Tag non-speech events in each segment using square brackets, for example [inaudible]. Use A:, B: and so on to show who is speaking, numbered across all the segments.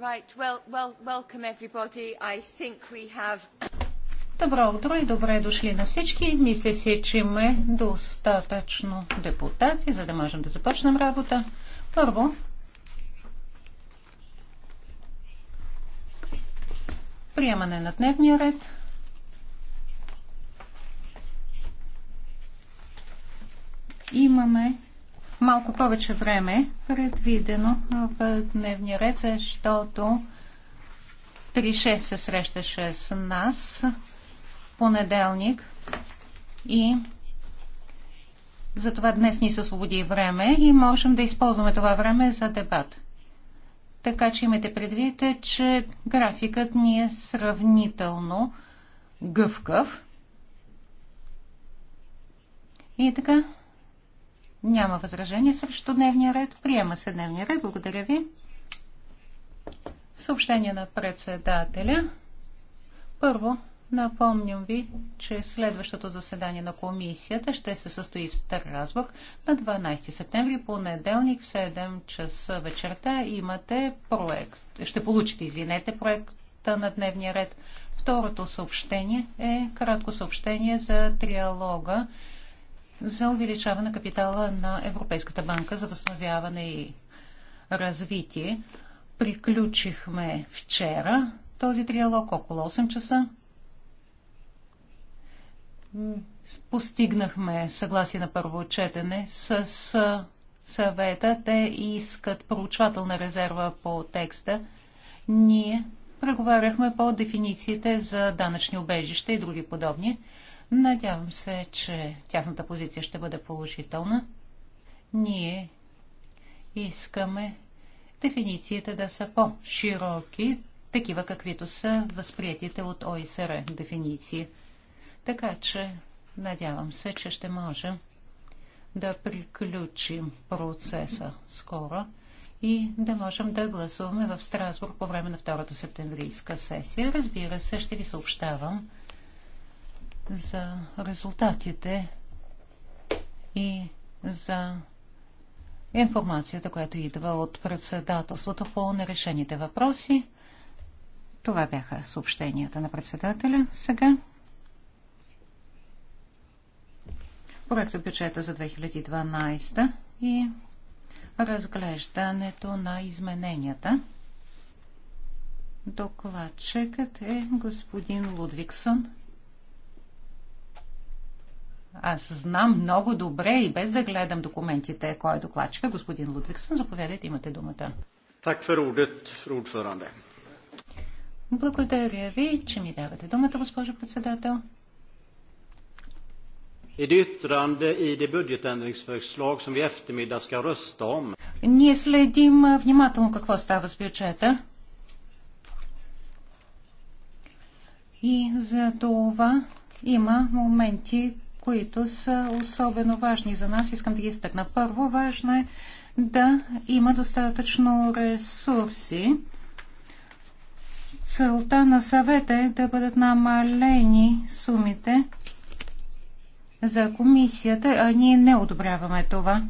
A: Right, well, welcome everybody. I think we have...
B: Добро утро и добре дошли на всички. Мисля си, че имаме достатъчно депутати, за да можем да започнем работа. Първо, приемане на дневния ред. Имаме малко повече време, предвидено в дневния ред, защото 36 се срещаше с нас в понеделник и затова днес ни се освободи време и можем да използваме това време за дебат. Така че имате предвид, че графикът ни е сравнително гъвкав. И така, няма възражение срещу дневния ред. Приема се дневния ред. Благодаря ви. Съобщение на председателя. Първо, напомням ви, че следващото заседание на комисията ще се състои в Страсбург на 12 септември, понеделник в 7 часа вечерта. Имате проект. Ще получите, извинете, проекта на дневния ред. Второто съобщение е кратко съобщение за триалога за увеличаване на капитала на Европейската банка за възстановяване и развитие. Приключихме вчера този триалог около 8 часа. Постигнахме съгласие на първо четене с съвета. Те искат проучвателна резерва по текста. Ние преговаряхме по дефинициите за данъчни обежища и други подобни. Надявам се, че тяхната позиция ще бъде положителна. Ние искаме дефинициите да са по-широки, такива каквито са възприятите от ОИСР дефиниции. Така че надявам се, че ще можем да приключим процеса скоро и да можем да гласуваме в Страсбург по време на втората септемврийска сесия. Разбира се, ще ви съобщавам за резултатите и за информацията, която идва от председателството по нерешените въпроси. Това бяха съобщенията на председателя. Сега проекта бюджета за 2012 и разглеждането на измененията. Докладчикът е господин Лудвиксън. Аз знам много добре и без да гледам документите, кой е докладчика. Господин Лудвиксън, заповядайте, имате думата. Так för ordet, Благодаря ви, че ми давате думата, госпожо председател. det yttrande i det budgetändringsförslag som vi eftermiddag ska rösta om. Ние следим внимателно какво става с бюджета. И за това има моменти, които са особено важни за нас. Искам да ги изтъкна. Първо, важно е да има достатъчно ресурси. Целта на съвета е да бъдат намалени сумите за комисията, а ние не одобряваме това.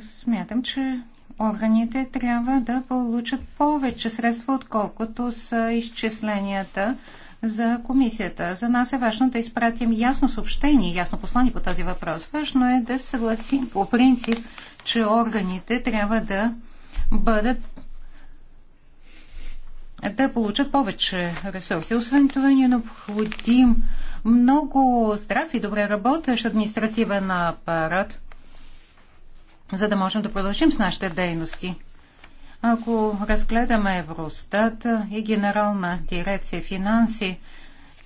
B: Смятам, че органите трябва да получат повече средства, отколкото са изчисленията за комисията. За нас е важно да изпратим ясно съобщение, ясно послание по този въпрос. Важно е да съгласим по принцип, че органите трябва да бъдат да получат повече ресурси. Освен това ни е необходим много здрав и добре работещ административен апарат, за да можем да продължим с нашите дейности. Ако разгледаме Евростат и Генерална дирекция финанси,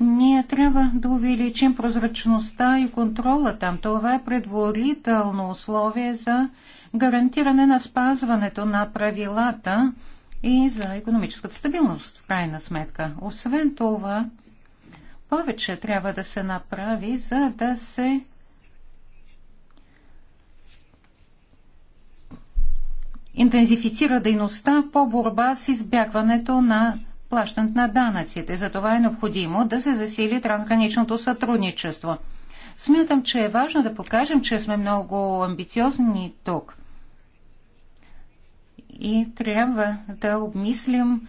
B: ние трябва да увеличим прозрачността и контрола там. Това е предварително условие за гарантиране на спазването на правилата и за економическата стабилност, в крайна сметка. Освен това, повече трябва да се направи, за да се интензифицира дейността по борба с избягването на плащането на данъците. Затова е необходимо да се засили трансграничното сътрудничество. Смятам, че е важно да покажем, че сме много амбициозни тук. И трябва да обмислим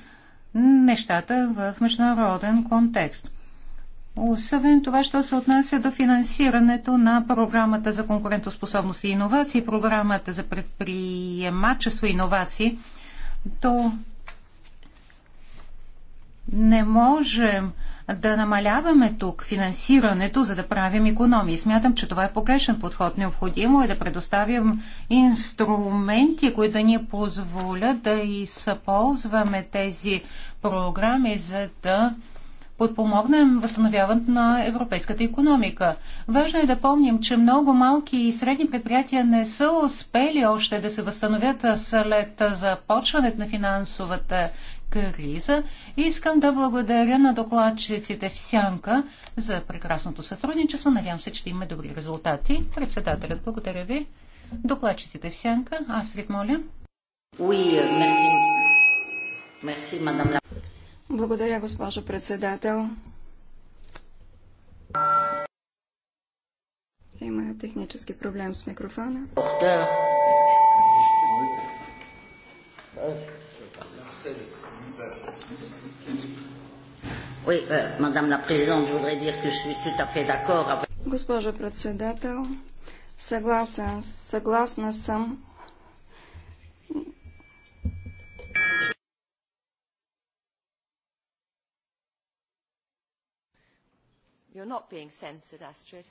B: нещата в международен контекст. Освен това, що се отнася до финансирането на програмата за конкурентоспособност и иновации, програмата за предприемачество и иновации, то не можем да намаляваме тук финансирането, за да правим економии. Смятам, че това е погрешен подход. Необходимо е да предоставим инструменти, които да ни позволят да използваме тези програми, за да подпомогнем възстановяването на европейската економика. Важно е да помним, че много малки и средни предприятия не са успели още да се възстановят след започването на финансовата криза. Искам да благодаря на докладчиците в Сянка за прекрасното сътрудничество. Надявам се, че ще имаме добри резултати. Председателят, благодаря ви. Докладчиците в Сянка. Астрид, моля. Oui, merci. Merci, madame.
A: Благодаря, госпожо председател. Има технически проблем с микрофона. Госпожо председател, съгласна съм
B: not being censored, Astrid.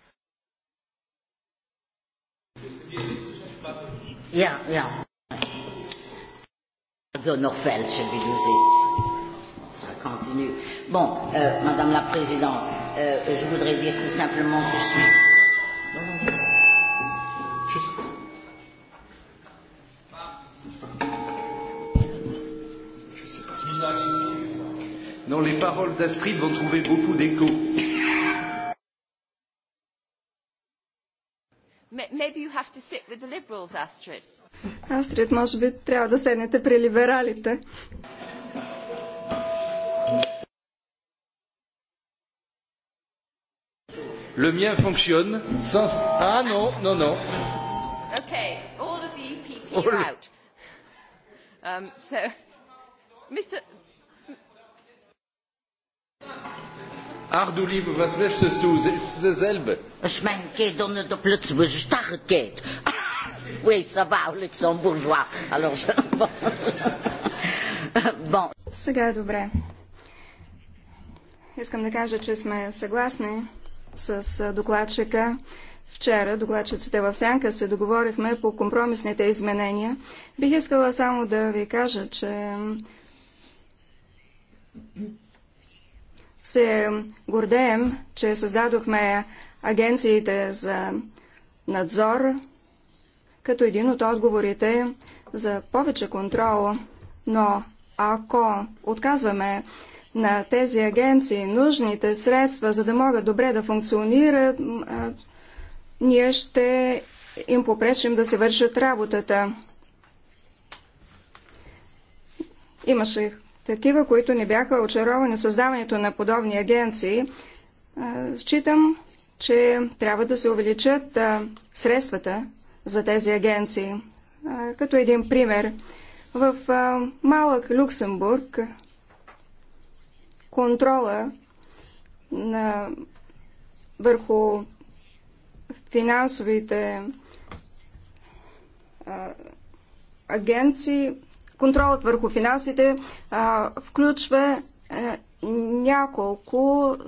B: Yeah, yeah. Also noch fälschen, wie du siehst.
C: Ça continue.
B: Bon, euh, Madame la Présidente, euh, je voudrais dire tout
C: simplement que je suis. Non, non, non. Juste.
A: Je sais pas ce qui
B: Non, les paroles d'Astrid vont trouver beaucoup d'écho. with the liberals, Astrid.
A: Астрид, може би трябва да седнете при либералите. Le mien fonctionne sans... Ah non, non, non.
B: OK, all of the EPP all... are out. Um, so, Mr...
A: Ach du liebe, was möchtest du? Es ist
C: dasselbe. Ich meine, geht ohne der Plötzlich, ich dachte, geht. Ach, Oui, ça va, luxembourgeois. Alors, je... bon.
A: Сега е добре. Искам да кажа, че сме съгласни с докладчика. Вчера докладчиците в Сянка се договорихме по компромисните изменения. Бих искала само да ви кажа, че се гордеем, че създадохме агенциите за надзор като един от отговорите за повече контрол. Но ако отказваме на тези агенции нужните средства, за да могат добре да функционират, ние ще им попречим да се вършат работата. Имаше такива, които не бяха очаровани създаването на подобни агенции. Считам, че трябва да се увеличат средствата за тези агенции. Като един пример, в малък Люксембург контрола на върху финансовите агенции, контролът върху финансите включва е, няколко е,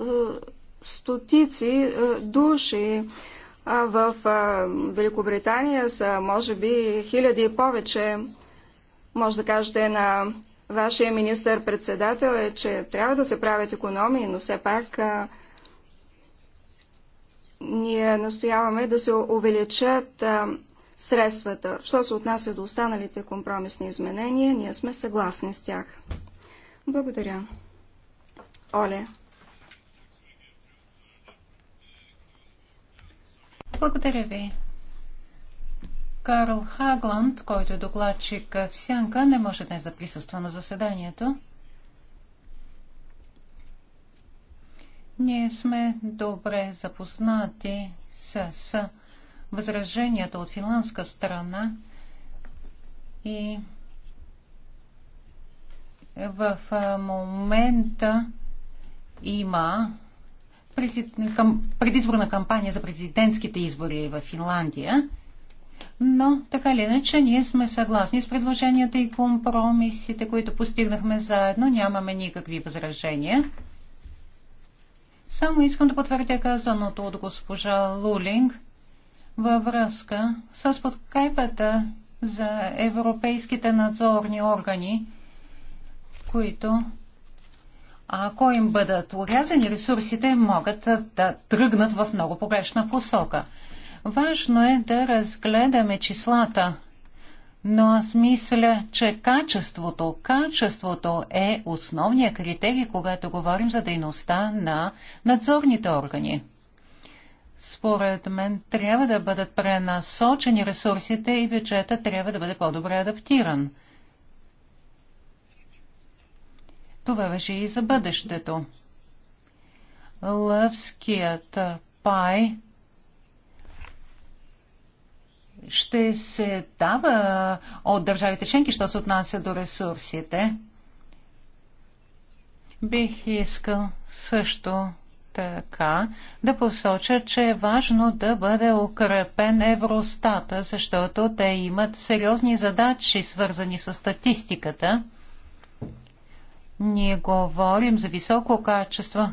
A: стотици е, души. В Великобритания са, може би, хиляди и повече. Може да кажете на вашия министър-председател е, че трябва да се правят економии, но все пак а, ние настояваме да се увеличат а, средствата. Що се отнася до останалите компромисни изменения, ние сме съгласни с тях. Благодаря. Оле.
B: Благодаря ви. Карл Хагланд, който е докладчик в Сянка, не може днес да присъства на заседанието. Ние сме добре запознати с възраженията от финландска страна и в момента има предизборна кампания за президентските избори е в Финландия, но така или иначе ние сме съгласни с предложенията и компромисите, които постигнахме заедно. Нямаме никакви възражения. Само искам да потвърдя казаното от госпожа Лулинг във връзка с подкрепата за европейските надзорни органи, които ако им бъдат урязани ресурсите, могат да тръгнат в много погрешна посока. Важно е да разгледаме числата, но аз мисля, че качеството, качеството е основния критерий, когато говорим за дейността на надзорните органи. Според мен трябва да бъдат пренасочени ресурсите и бюджета трябва да бъде по-добре адаптиран – Това беше и за бъдещето. Лъвският пай ще се дава от държавите членки, що се отнася до ресурсите. Бих искал също така да посоча, че е важно да бъде укрепен Евростата, защото те имат сериозни задачи, свързани с статистиката – ние говорим за високо качество,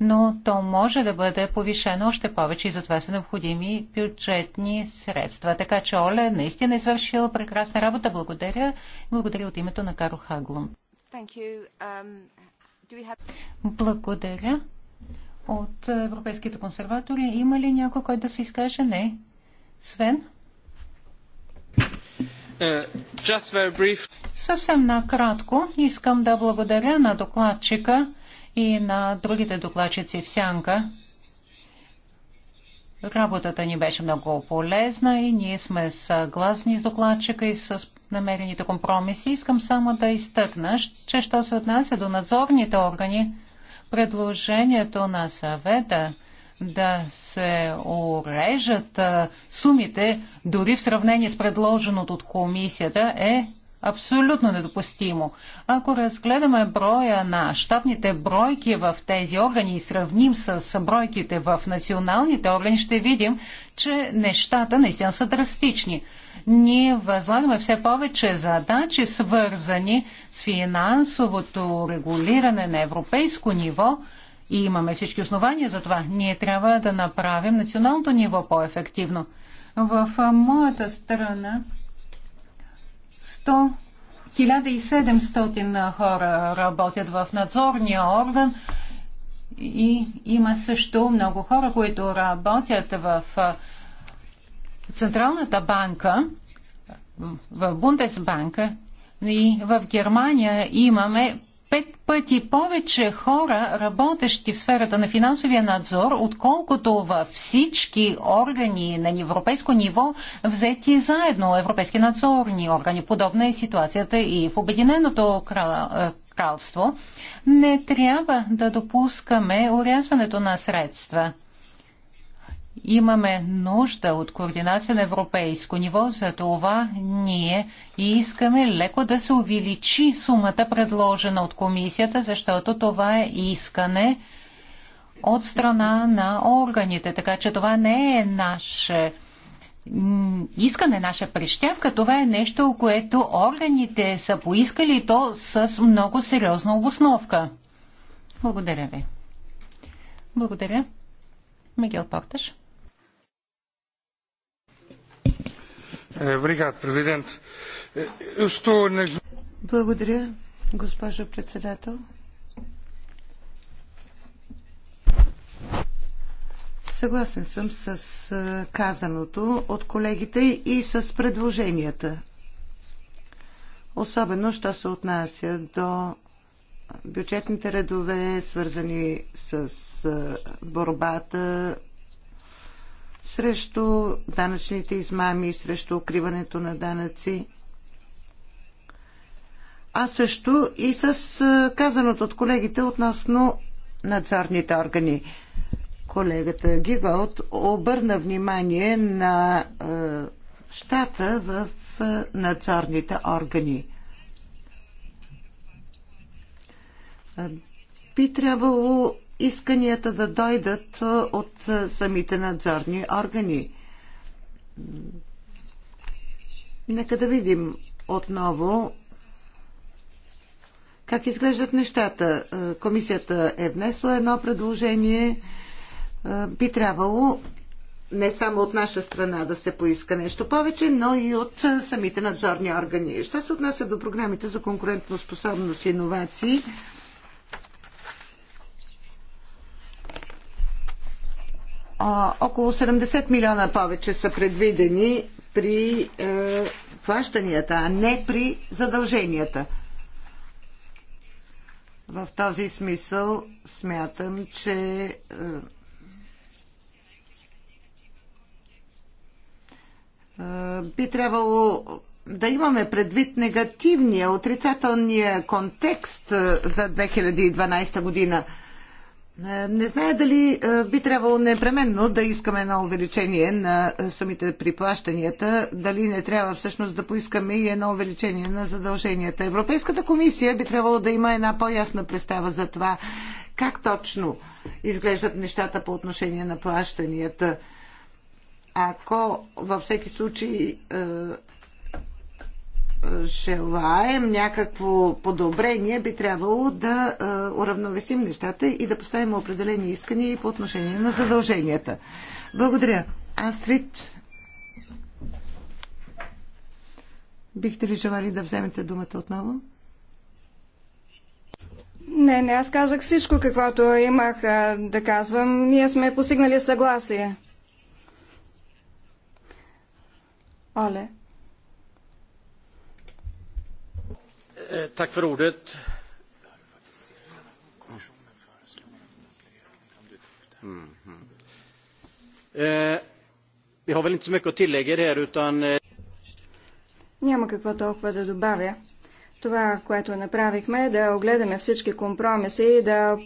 B: но то може да бъде повишено още повече и затова са необходими бюджетни средства. Така че Оле наистина е свършил прекрасна работа. Благодаря. Благодаря от името на Карл Хаглум.
A: Um,
B: Благодаря. От европейските консерватори има ли някой, който да се изкаже? Не. Свен? Uh, Съвсем накратко искам да благодаря на докладчика и на другите докладчици в Сянка. Работата ни беше много полезна и ние сме съгласни с докладчика и с намерените компромиси. Искам само да изтъкна, че що се отнася до надзорните органи, предложението на съвета да се орежат сумите, дори в сравнение с предложеното от комисията, е абсолютно недопустимо. Ако разгледаме броя на щатните бройки в тези органи и сравним с бройките в националните органи, ще видим, че нещата наистина са драстични. Ние възлагаме все повече задачи, свързани с финансовото регулиране на европейско ниво – и имаме всички основания за това. Ние трябва да направим националното ниво по-ефективно. В моята страна 100 1700 хора работят в надзорния орган и има също много хора, които работят в Централната банка, в Бундесбанка и в Германия имаме пет пъти повече хора, работещи в сферата на финансовия надзор, отколкото във всички органи на европейско ниво, взети заедно европейски надзорни органи. Подобна е ситуацията и в Обединеното е, кралство. Не трябва да допускаме урязването на средства имаме нужда от координация на европейско ниво, за това ние искаме леко да се увеличи сумата предложена от комисията, защото това е искане от страна на органите. Така че това не е наше искане, наша прищявка. Това е нещо, което органите са поискали то с много сериозна обосновка. Благодаря ви. Благодаря. Мигел
C: Пакташ.
A: Eh,
C: eh, Благодаря, госпожо председател. Съгласен съм с е, казаното от колегите и с предложенията. Особено, що се отнася до бюджетните редове, свързани с е, борбата срещу данъчните измами, срещу укриването на данъци. А също и с казаното от колегите относно надзорните органи. Колегата Гигалт обърна внимание на е, щата в надзорните органи. Би трябвало исканията да дойдат от самите надзорни органи. Нека да видим отново как изглеждат нещата. Комисията е внесла едно предложение. Би трябвало не само от наша страна да се поиска нещо повече, но и от самите надзорни органи. Що се отнася до програмите за конкурентоспособност и иновации, около 70 милиона повече са предвидени при е, плащанията, а не при задълженията. В този смисъл смятам, че е, е, би трябвало да имаме предвид негативния, отрицателния контекст е, за 2012 година – е, не зная дали е, би трябвало непременно да искаме едно увеличение на сумите при плащанията, дали не трябва всъщност да поискаме и едно увеличение на задълженията. Европейската комисия би трябвало да има една по-ясна представа за това как точно изглеждат нещата по отношение на плащанията. Ако във всеки случай е, желаем някакво подобрение, би трябвало да е, уравновесим нещата и да поставим определени искания и по отношение на задълженията. Благодаря. Астрид, бихте ли желали да вземете думата отново?
A: Не, не, аз казах всичко, каквото имах а, е, да казвам. Ние сме постигнали съгласие. Оле.
B: Eh,
C: mm-hmm.
A: eh, eh, Няма какво толкова да добавя. Това, което направихме е да огледаме всички компромиси и да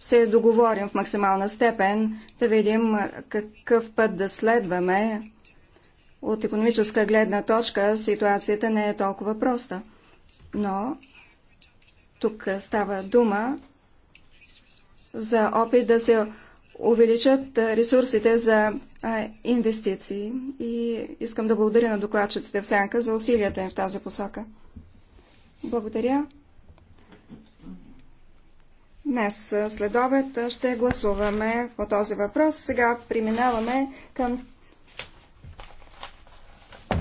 A: се договорим в максимална степен, да видим какъв път да следваме. От економическа гледна точка ситуацията не е толкова проста но тук става дума за опит да се увеличат ресурсите за инвестиции. И искам да благодаря на докладчиците в Сянка за усилията им в тази посока. Благодаря. Днес след обед ще гласуваме по този въпрос. Сега преминаваме към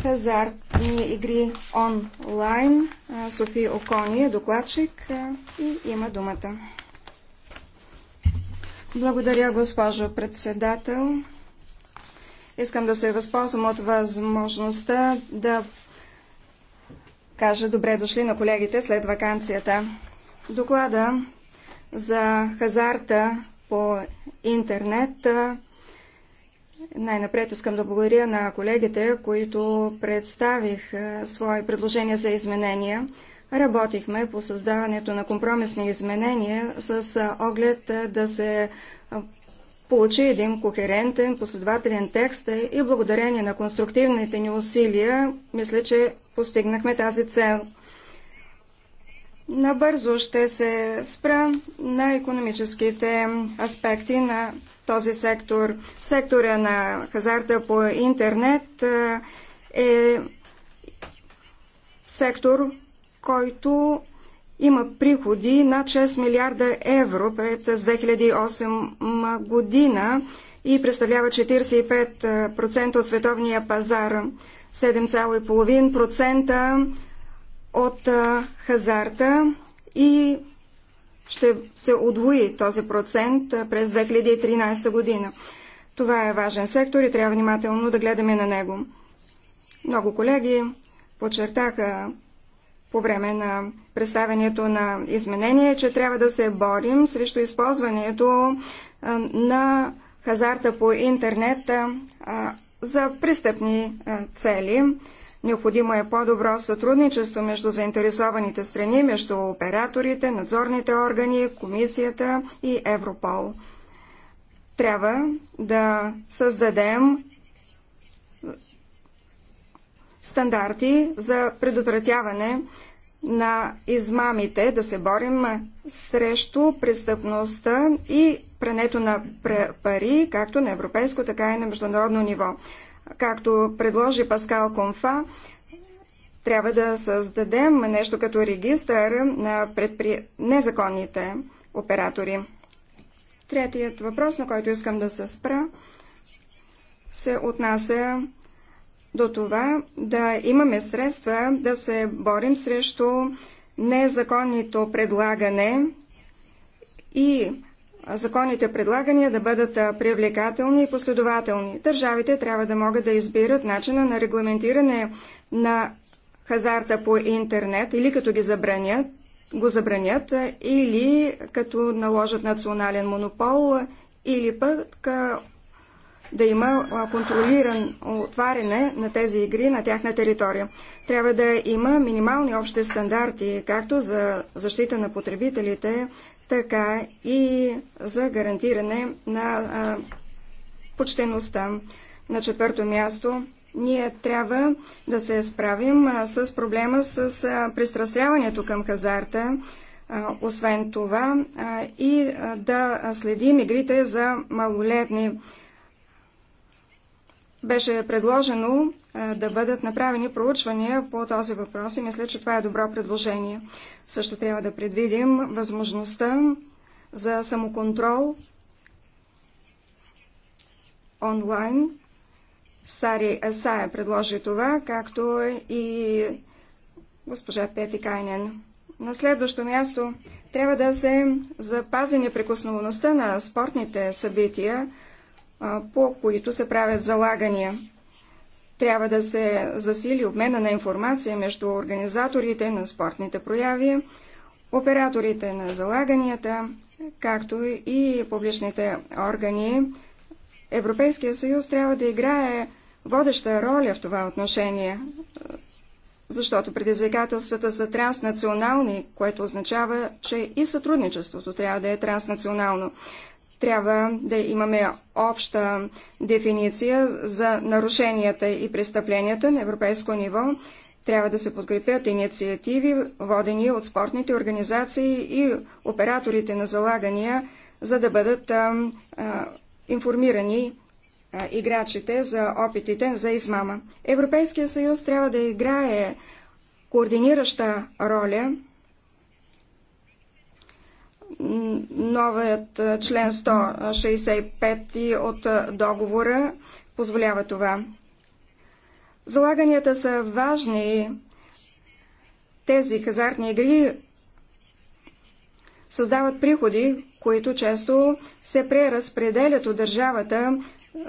A: хазартни игри онлайн. Софи Окони е докладчик и има думата. Благодаря, госпожо председател. Искам да се възползвам от възможността да кажа добре дошли на колегите след вакансията. Доклада за хазарта по интернет най-напред искам да благодаря на колегите, които представих е, свои предложения за изменения. Работихме по създаването на компромисни изменения с е, оглед е, да се получи един кохерентен, последователен текст и благодарение на конструктивните ни усилия, мисля, че постигнахме тази цел. Набързо ще се спра на економическите аспекти на този сектор. Сектора на хазарта по интернет е, е сектор, който има приходи над 6 милиарда евро пред 2008 година и представлява 45% от световния пазар, 7,5% от е, хазарта и ще се удвои този процент през 2013 година. Това е важен сектор и трябва внимателно да гледаме на него. Много колеги подчертаха по време на представянето на изменение, че трябва да се борим срещу използването на хазарта по интернет за престъпни цели. Необходимо е по-добро сътрудничество между заинтересованите страни, между операторите, надзорните органи, комисията и Европол. Трябва да създадем стандарти за предотвратяване на измамите, да се борим срещу престъпността и прането на пари, както на европейско, така и на международно ниво както предложи Паскал Конфа, трябва да създадем нещо като регистър на предпри... незаконните оператори. Третият въпрос, на който искам да се спра, се отнася до това да имаме средства да се борим срещу незаконното предлагане и законите предлагания да бъдат привлекателни и последователни. Държавите трябва да могат да избират начина на регламентиране на хазарта по интернет или като ги забранят, го забранят, или като наложат национален монопол, или пък да има контролиран отваряне на тези игри на тяхна територия. Трябва да има минимални общи стандарти, както за защита на потребителите, така и за гарантиране на а, почтеността. На четвърто място ние трябва да се справим а, с проблема с а, пристрастяването към хазарта, а, освен това и да следим игрите за малолетни. Беше предложено да бъдат направени проучвания по този въпрос и мисля, че това е добро предложение. Също трябва да предвидим възможността за самоконтрол онлайн. Сари Есая предложи това, както и госпожа Пети Кайнен. На следващо място трябва да се запази неприкосновеността на спортните събития, по които се правят залагания. Трябва да се засили обмена на информация между организаторите на спортните прояви, операторите на залаганията, както и публичните органи. Европейския съюз трябва да играе водеща роля в това отношение, защото предизвикателствата са транснационални, което означава, че и сътрудничеството трябва да е транснационално. Трябва да имаме обща дефиниция за нарушенията и престъпленията на европейско ниво. Трябва да се подкрепят инициативи, водени от спортните организации и операторите на залагания, за да бъдат а, а, информирани а, играчите за опитите за измама. Европейския съюз трябва да играе координираща роля – новият член 165 от договора позволява това. Залаганията са важни. Тези хазартни игри създават приходи, които често се преразпределят от държавата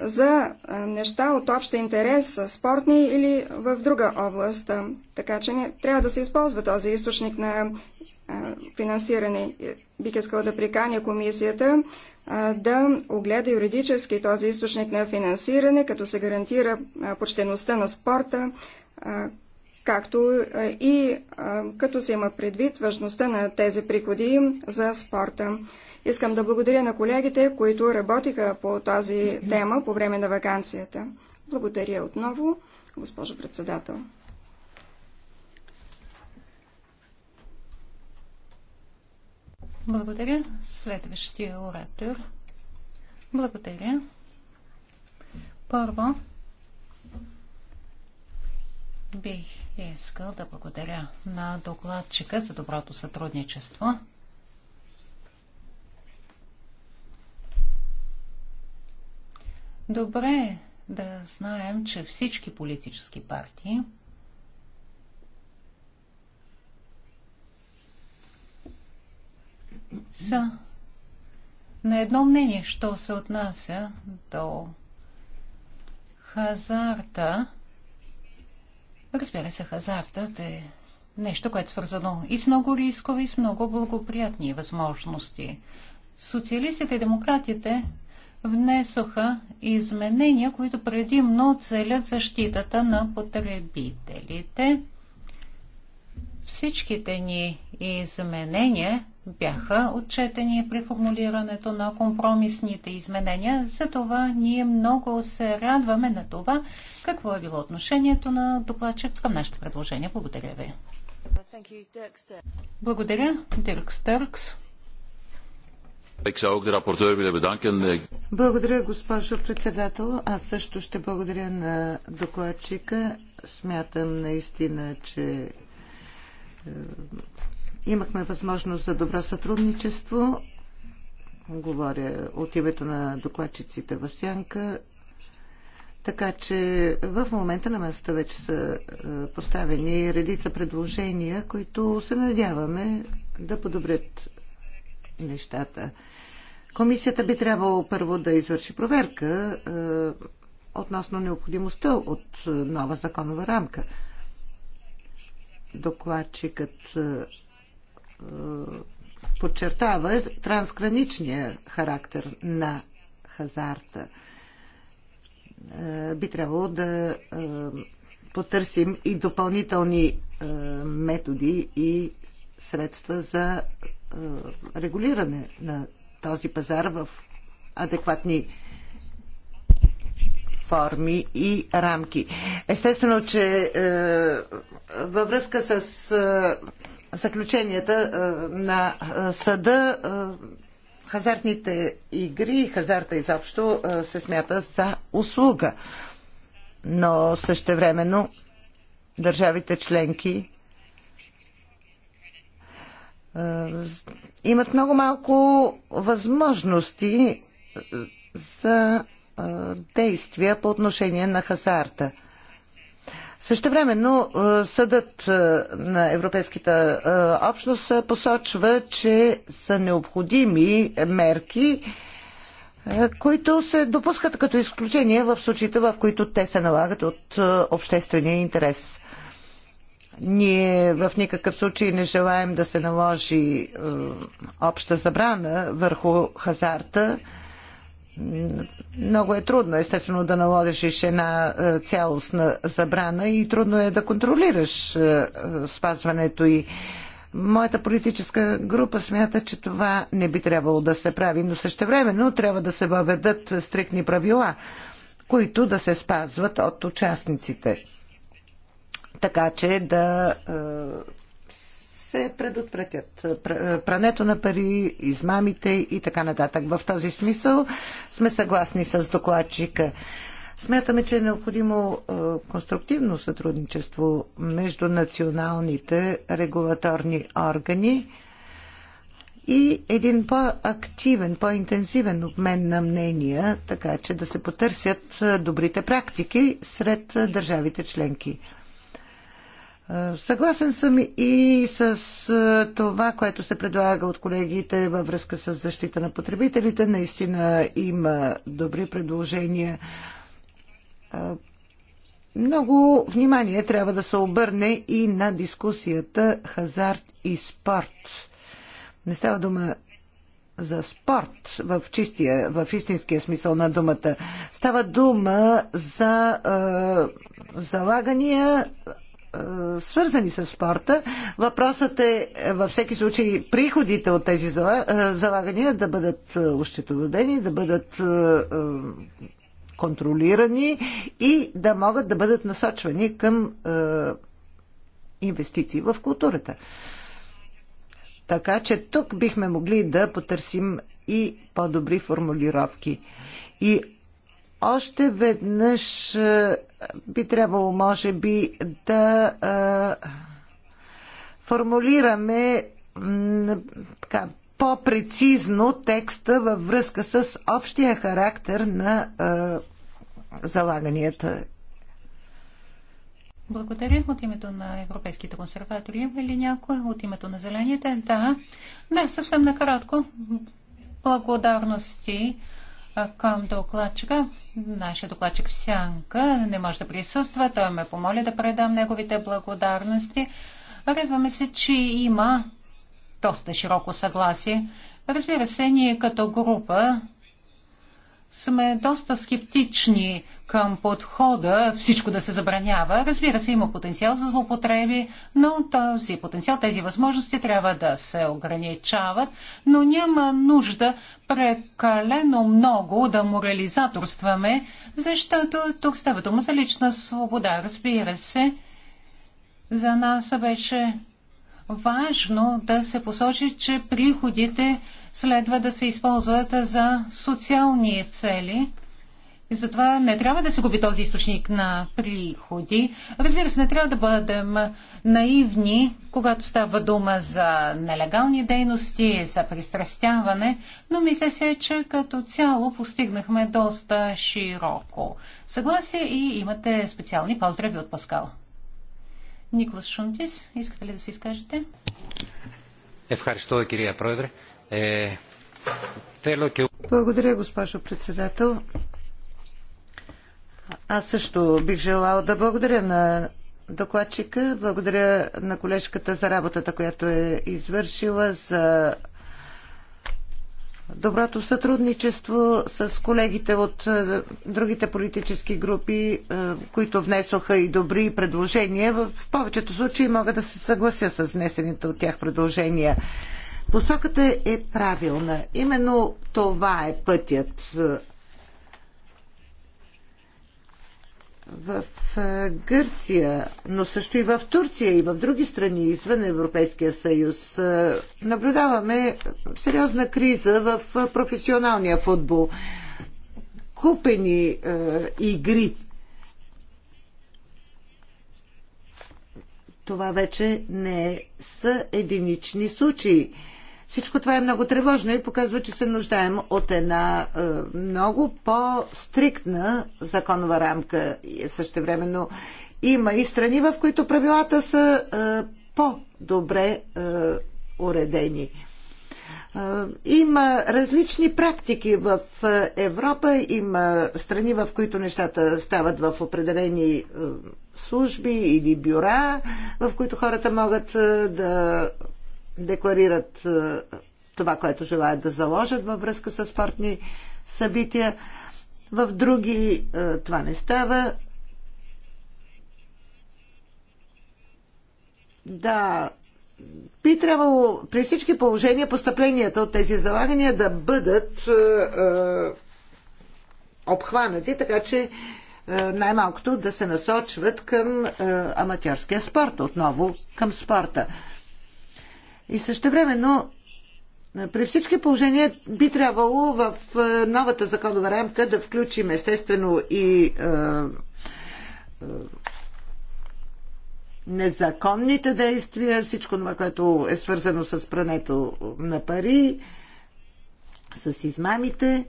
A: за неща от общ интерес, спортни или в друга област. Така че не, трябва да се използва този източник на а, финансиране. Бих искала да приканя комисията а, да огледа юридически този източник на финансиране, като се гарантира а, почтеността на спорта, както и като се има предвид важността на тези приходи за спорта. Искам да благодаря на колегите, които работиха по тази тема по време на вакансията. Благодаря отново, госпожо председател. Благодаря.
B: Следващия оратор. Благодаря. Първо, бих искал да благодаря на докладчика за доброто сътрудничество. Добре е да знаем, че всички политически партии са на едно мнение, що се отнася до хазарта. Разбира се, хазартът е нещо, което е свързано и с много рискове, и с много благоприятни възможности. Социалистите и демократите внесоха изменения, които предимно целят защитата на потребителите. Всичките ни изменения бяха отчетени при формулирането на компромисните изменения. Затова ние много се радваме на това, какво е било отношението на докладчик към нашите предложения. Благодаря ви. Благодаря, Дирк Стъркс.
C: Eh, благодаря, госпожо председател. Аз също ще благодаря на докладчика. Смятам наистина, че е, имахме възможност за добро сътрудничество. Говоря от името на докладчиците в Сянка. Така че в момента на масата вече са е, поставени редица предложения, които се надяваме да подобрят нещата. Комисията би трябвало първо да извърши проверка е, относно необходимостта от е, нова законова рамка. Докладчикът е, е, подчертава трансграничния характер на хазарта. Е, би трябвало да е, потърсим и допълнителни е, методи и средства за е, регулиране на този пазар в адекватни форми и рамки. Естествено, че е, във връзка с е, заключенията е, на е, съда е, хазартните игри и хазарта изобщо е, се смята за услуга. Но същевременно държавите членки е, имат много малко възможности е, за е, действия по отношение на хазарта. Същевременно съдът на Европейската общност посочва, че са необходими мерки, които се допускат като изключение в случаите, в които те се налагат от обществения интерес. Ние в никакъв случай не желаем да се наложи е, обща забрана върху хазарта. Много е трудно, естествено, да наложиш една е, цялостна забрана и трудно е да контролираш е, спазването и. Моята политическа група смята, че това не би трябвало да се прави, но същевременно трябва да се въведат стрикни правила, които да се спазват от участниците така че да е, се предотвратят е, прането на пари, измамите и така нататък. В този смисъл сме съгласни с докладчика. Смятаме, че е необходимо е, конструктивно сътрудничество между националните регулаторни органи и един по-активен, по-интензивен обмен на мнения, така че да се потърсят добрите практики сред държавите членки. Съгласен съм и с това, което се предлага от колегите във връзка с защита на потребителите. Наистина има добри предложения. Много внимание трябва да се обърне и на дискусията хазарт и спорт. Не става дума за спорт в чистия, в истинския смисъл на думата. Става дума за е, залагания е, свързани с спорта. Въпросът е във всеки случай приходите от тези е, залагания да бъдат е, ощетоводени, да бъдат контролирани и да могат да бъдат насочвани към инвестиции в културата. Така че тук бихме могли да потърсим и по-добри формулировки. И още веднъж е, би трябвало, може би, да е, формулираме така, по-прецизно текста във връзка с общия характер на а, е, залаганията.
B: Благодаря. От името на европейските консерватори има ли някой? От името на зелените? Да. Да, съвсем накратко. Благодарности към докладчика. Нашия докладчик Сянка не може да присъства. Той ме помоли да предам неговите благодарности. Радваме се, че има доста широко съгласие. Разбира се, ние като група сме доста скептични към подхода всичко да се забранява. Разбира се, има потенциал за злоупотреби, но този потенциал, тези възможности трябва да се ограничават, но няма нужда прекалено много да морализаторстваме, защото тук става дума за лична свобода. Разбира се, за нас беше важно да се посочи, че приходите следва да се използват за социални цели. И затова не трябва да се губи този източник на приходи. Разбира се, не трябва да бъдем наивни, когато става дума за нелегални дейности, за пристрастяване, но мисля се, че като цяло постигнахме доста широко. Съгласие и имате специални поздрави от Паскал. Никлас Шунтис,
C: искате ли да се изкажете?
B: Евхаристо, кирия проедре. Е, е,
C: Благодаря, госпожо председател. Аз също бих желала да благодаря на докладчика, благодаря на колежката за работата, която е извършила, за доброто сътрудничество с колегите от е, другите политически групи, е, които внесоха и добри предложения. В повечето случаи мога да се съглася с внесените от тях предложения. Посоката е правилна. Именно това е пътят. В Гърция, но също и в Турция и в други страни извън Европейския съюз наблюдаваме сериозна криза в професионалния футбол. Купени е, игри. Това вече не са единични случаи. Всичко това е много тревожно и показва, че се нуждаем от една е, много по-стриктна законова рамка. Същевременно има и страни, в които правилата са е, по-добре е, уредени. Е, има различни практики в е, Европа, има страни, в които нещата стават в определени е, служби или бюра, в които хората могат да декларират е, това, което желаят да заложат във връзка с спортни събития. В други е, това не става. Да, би трябвало при всички положения постъпленията от тези залагания да бъдат е, е, обхванати, така че е, най-малкото да се насочват към е, аматьорския спорт, отново към спорта. И също времено е, при всички положения би трябвало в е, новата законова рамка да включим естествено и е, е, незаконните действия, всичко това, което е свързано с прането на пари, с измамите.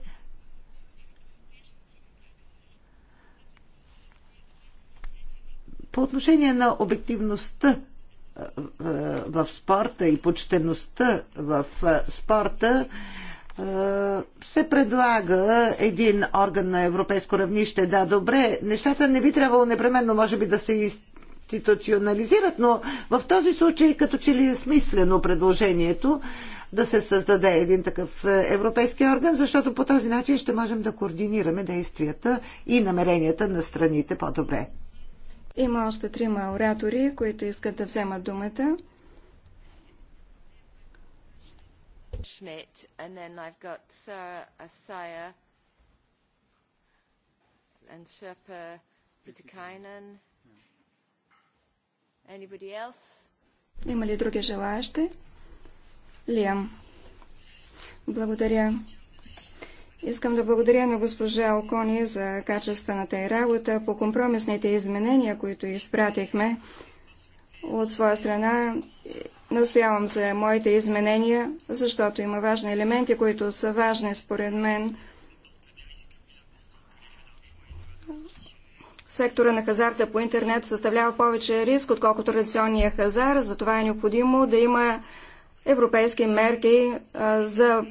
C: По отношение на обективността в спорта и почтеността в спорта се предлага един орган на европейско равнище. Да, добре, нещата не би трябвало непременно, може би, да се институционализират, но в този случай като че ли е смислено предложението да се създаде един такъв европейски орган, защото по този начин ще можем да координираме действията и намеренията на страните по-добре.
A: Има още трима оратори, които искат да вземат думата. Schmidt, and then I've got Sarah Asaya and Sherpa Pitikainen. Anybody else? Има ли други желаящи? Лиам. Благодаря. Искам да благодаря на госпожа Окони за качествената й работа по компромисните изменения, които изпратихме. От своя страна настоявам за моите изменения, защото има важни елементи, които са важни според мен. Сектора на хазарта по интернет съставлява повече риск, отколкото традиционния хазар, затова е необходимо да има европейски мерки за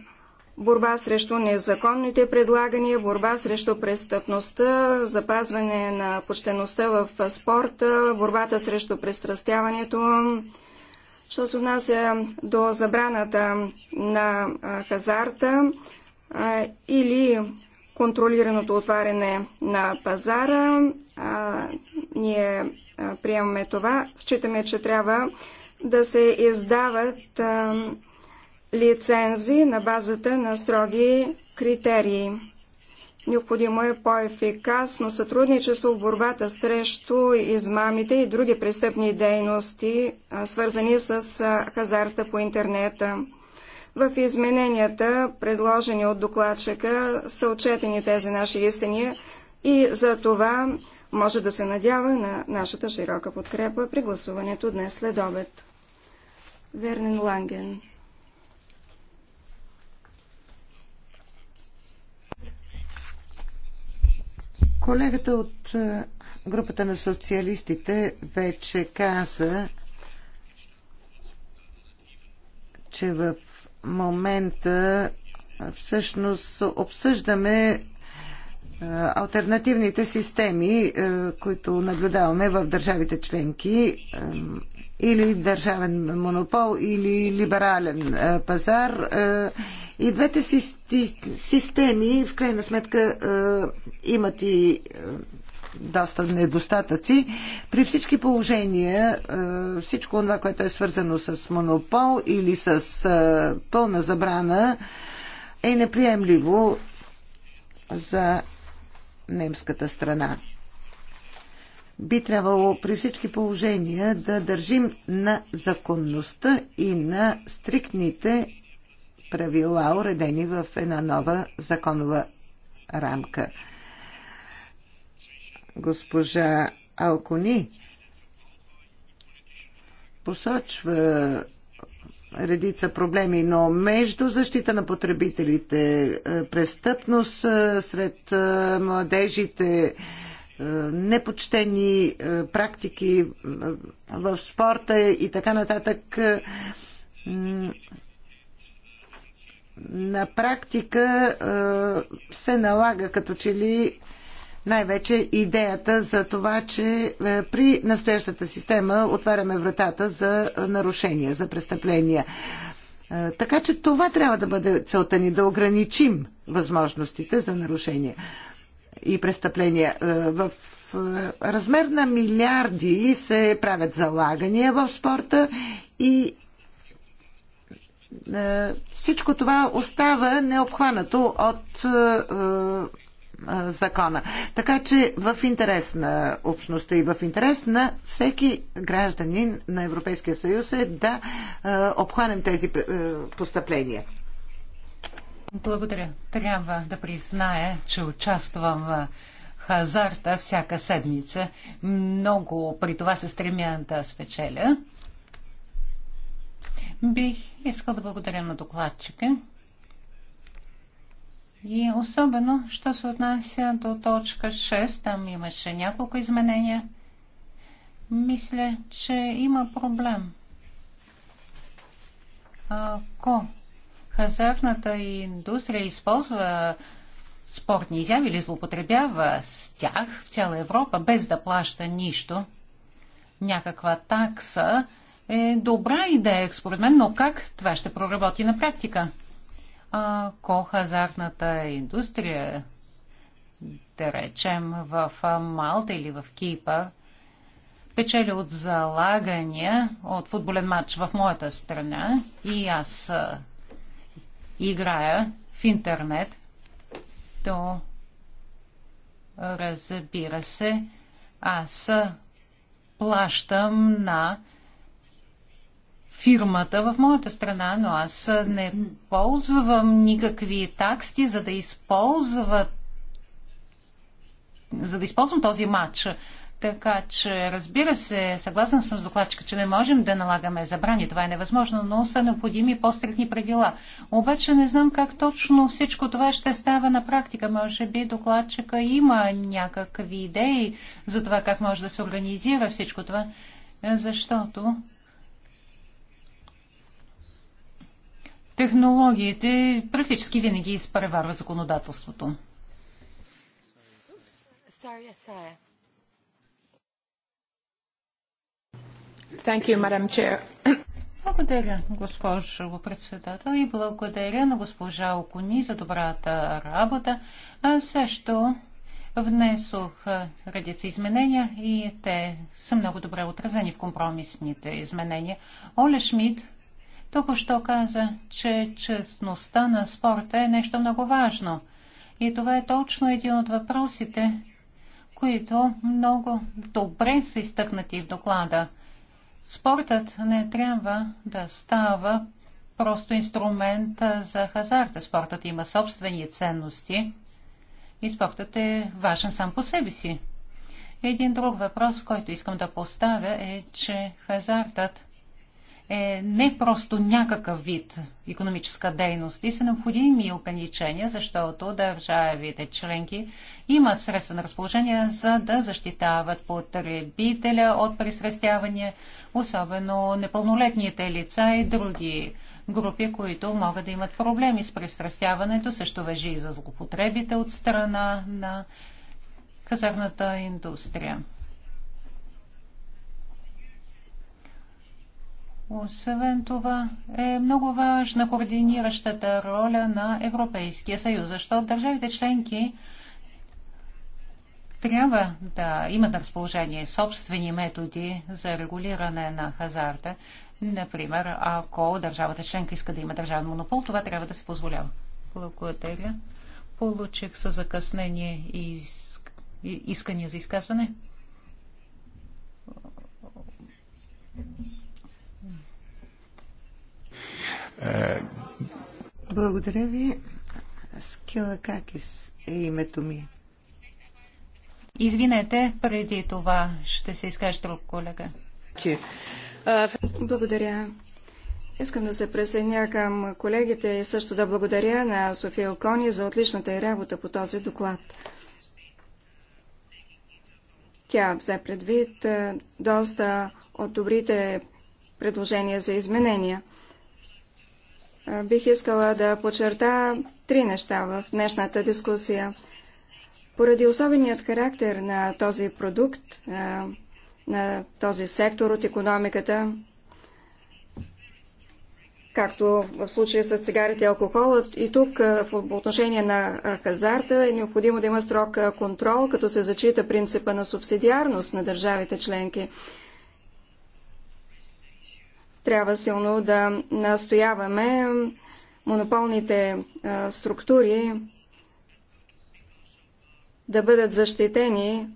A: борба срещу незаконните предлагания, борба срещу престъпността, запазване на почтеността в спорта, борбата срещу престрастяването. Що се отнася до забраната на хазарта или контролираното отваряне на пазара, ние приемаме това. Считаме, че трябва да се издават лицензи на базата на строги критерии. Необходимо е по-ефикасно сътрудничество в борбата срещу измамите и други престъпни дейности, свързани с хазарта по интернета. В измененията, предложени от докладчика, са отчетени тези наши истини, и за това може да се надява на нашата широка подкрепа при гласуването днес след обед. Вернен Ланген Колегата
C: от е, групата на социалистите вече каза, че в момента всъщност обсъждаме е, альтернативните системи, е, които наблюдаваме в държавите членки или държавен монопол, или либерален е, пазар. Е, и двете системи, в крайна сметка, е, имат и доста недостатъци. При всички положения всичко това, което е свързано с монопол или с пълна забрана, е неприемливо за немската страна би трябвало при всички положения да държим на законността и на стриктните правила, уредени в една нова законова рамка. Госпожа Алкони посочва редица проблеми, но между защита на потребителите, престъпност сред младежите, е, непочтени е, практики е, в спорта и така нататък. На практика се налага като че ли най-вече идеята за това, че при настоящата система отваряме вратата за нарушения, за престъпления. Така че това трябва да бъде целта ни, да ограничим възможностите за нарушения и престъпления. Е, в е, размер на милиарди се правят залагания в спорта и е, всичко това остава необхванато от закона. Така че в интерес на общността и в интерес на всеки гражданин на Европейския съюз е да обхванем тези постъпления.
B: Благодаря. Трябва да призная, че участвам в хазарта всяка седмица. Много при това се стремя да спечеля. Бих искал да благодаря на докладчика. И особено, що се отнася до точка 6, там имаше няколко изменения. Мисля, че има проблем. Ако хазартната индустрия използва спортни изяви или злоупотребява с тях в цяла Европа, без да плаща нищо. Някаква такса е добра идея, според мен, но как това ще проработи на практика? Ако хазартната индустрия, да речем, в Малта или в Кипър, печели от залагания от футболен матч в моята страна и аз играя в интернет, то разбира се, аз плащам на фирмата в моята страна, но аз не ползвам никакви такси, за да използват за да използвам този матч. Така че, разбира се, съгласен съм с докладчика, че не можем да налагаме забрани. Това е невъзможно, но са необходими по стрихни правила. Обаче не знам как точно всичко това ще става на практика. Може би докладчика има някакви идеи за това как може да се организира всичко това, защото технологиите практически винаги изпреварват законодателството. Oops, sorry. Благодаря, госпожо председател, и благодаря на госпожа Окуни за добрата работа. А също внесох редица изменения и те са много добре отразени в компромисните изменения. Оле Шмидт току-що каза, че честността на спорта е нещо много важно. И това е точно един от въпросите, които много добре са изтъкнати в доклада – Спортът не трябва да става просто инструмент за хазарта. Спортът има собствени ценности и спортът е важен сам по себе си. Един друг въпрос, който искам да поставя е, че хазартът е не просто някакъв вид економическа дейност и са необходими ограничения, защото държавите членки имат средства на разположение, за да защитават потребителя от присвестяване, особено непълнолетните лица и други групи, които могат да имат проблеми с пристрастяването, също въжи и за злопотребите от страна на казарната индустрия. Освен това е много важна координиращата роля на Европейския съюз, защото държавите членки трябва да имат на разположение собствени методи за регулиране на хазарта. Например, ако държавата членка иска да има държавен монопол, това трябва да се позволява. Благодаря. Получих със закъснение и искания за изказване.
C: Благодаря ви. Скила Какис е името ми.
B: Извинете, преди това ще се изкаже друг колега.
A: Благодаря. Искам да се присъединя към колегите и също да благодаря на София Окони за отличната работа по този доклад. Тя взе предвид доста от добрите предложения за изменения бих искала да подчерта три неща в днешната дискусия. Поради особеният характер на този продукт, на този сектор от економиката, както в случая с цигарите и алкохолът, и тук по отношение на хазарта е необходимо да има строг контрол, като се зачита принципа на субсидиарност на държавите членки. Трябва силно да настояваме монополните структури да бъдат защитени,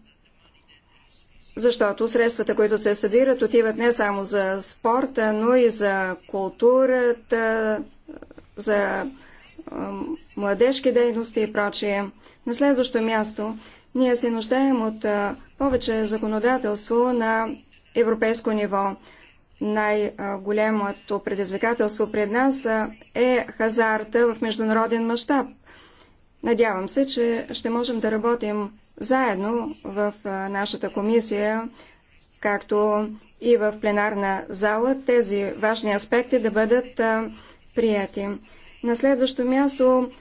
A: защото средствата, които се събират, отиват не само за спорта, но и за културата, за младежки дейности и прочие. На следващо място, ние се нуждаем от повече законодателство на европейско ниво най-голямото предизвикателство пред нас е хазарта в международен мащаб. Надявам се, че ще можем да работим заедно в нашата комисия, както и в пленарна зала, тези важни аспекти да бъдат прияти. На следващо място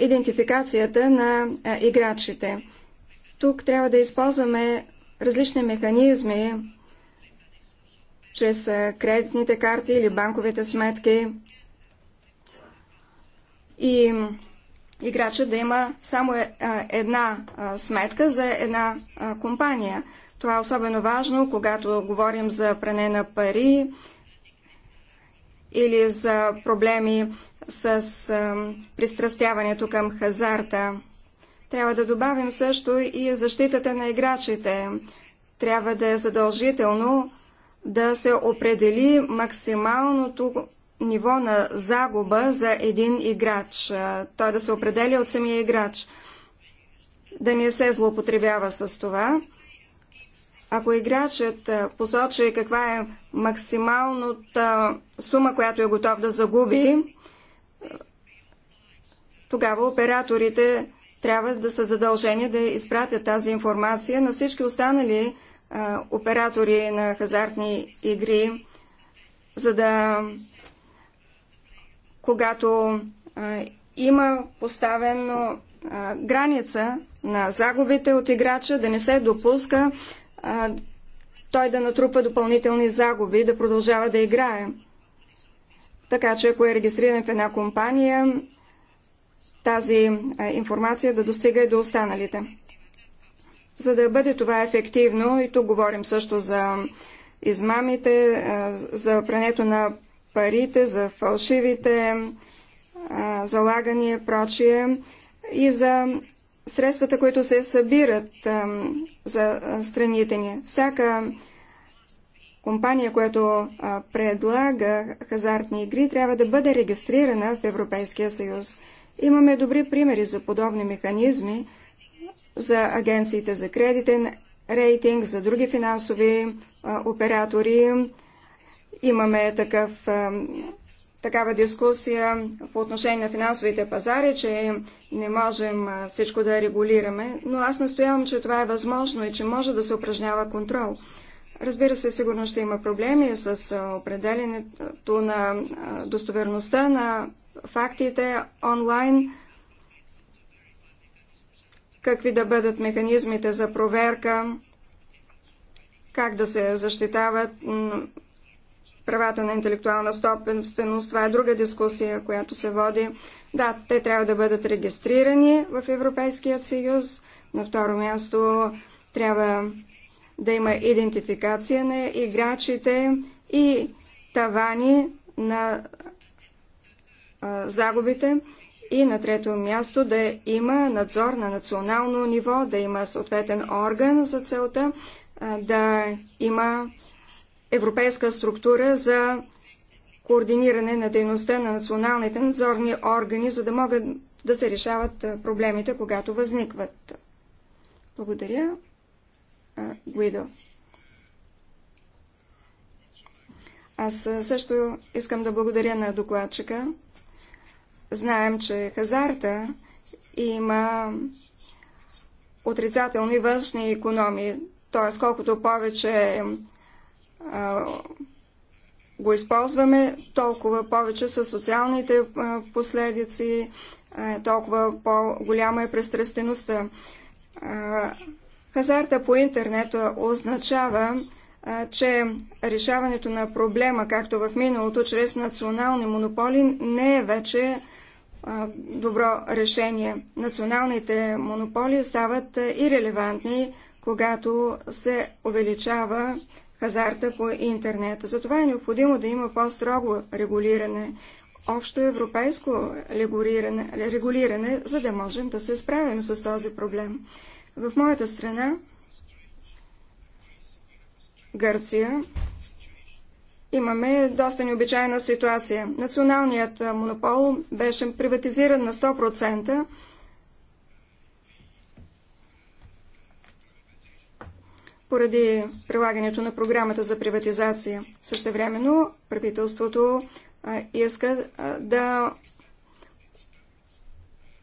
A: идентификацията на играчите. Тук трябва да използваме различни механизми, чрез кредитните карти или банковите сметки и играча да има само е, една сметка за една компания. Това е особено важно, когато говорим за пране на пари или за проблеми с пристрастяването към хазарта. Трябва да добавим също и защитата на играчите. Трябва да е задължително да се определи максималното ниво на загуба за един играч. Той да се определя от самия играч. Да не се злоупотребява с това. Ако играчът посочи каква е максималната сума, която е готов да загуби, тогава операторите трябва да са задължени да изпратят тази информация на всички останали оператори на хазартни игри, за да когато има поставено граница на загубите от играча, да не се допуска той да натрупа допълнителни загуби, да продължава да играе. Така че ако е регистриран в една компания, тази информация да достига и до останалите. За да бъде това ефективно, и тук говорим също за измамите, за прането на парите, за фалшивите залагания и прочие, и за средствата, които се събират за страните ни. Всяка компания, която предлага хазартни игри, трябва да бъде регистрирана в Европейския съюз. Имаме добри примери за подобни механизми, за агенциите за кредитен рейтинг, за други финансови оператори. Имаме такъв, такава дискусия по отношение на финансовите пазари, че не можем всичко да регулираме, но аз настоявам, че това е възможно и че може да се упражнява контрол. Разбира се, сигурно ще има проблеми с определенето на достоверността на фактите онлайн, какви да бъдат механизмите за проверка, как да се защитават правата на интелектуална стопенственост. Това е друга дискусия, която се води. Да, те трябва да бъдат регистрирани в Европейския съюз. На второ място трябва да има идентификация на играчите и тавани на а, загубите. И на трето място да има надзор на национално ниво, да има съответен орган за целта, да има европейска структура за координиране на дейността на националните надзорни органи, за да могат да се решават проблемите, когато възникват. Благодаря. Гуидо. Аз също искам да благодаря на докладчика. Знаем, че хазарта има отрицателни външни економии, т.е. колкото повече а, го използваме, толкова повече са социалните а, последици, а, толкова по-голяма е престрастеността. Хазарта по интернет означава, че решаването на проблема, както в миналото, чрез национални монополи, не е вече добро решение. Националните монополи стават ирелевантни, когато се увеличава хазарта по интернет. Затова е необходимо да има по-строго регулиране, общо европейско регулиране, регулиране, за да можем да се справим с този проблем. В моята страна, Гърция, имаме доста необичайна ситуация. Националният монопол беше приватизиран на 100%. поради прилагането на програмата за приватизация. Същевременно правителството иска да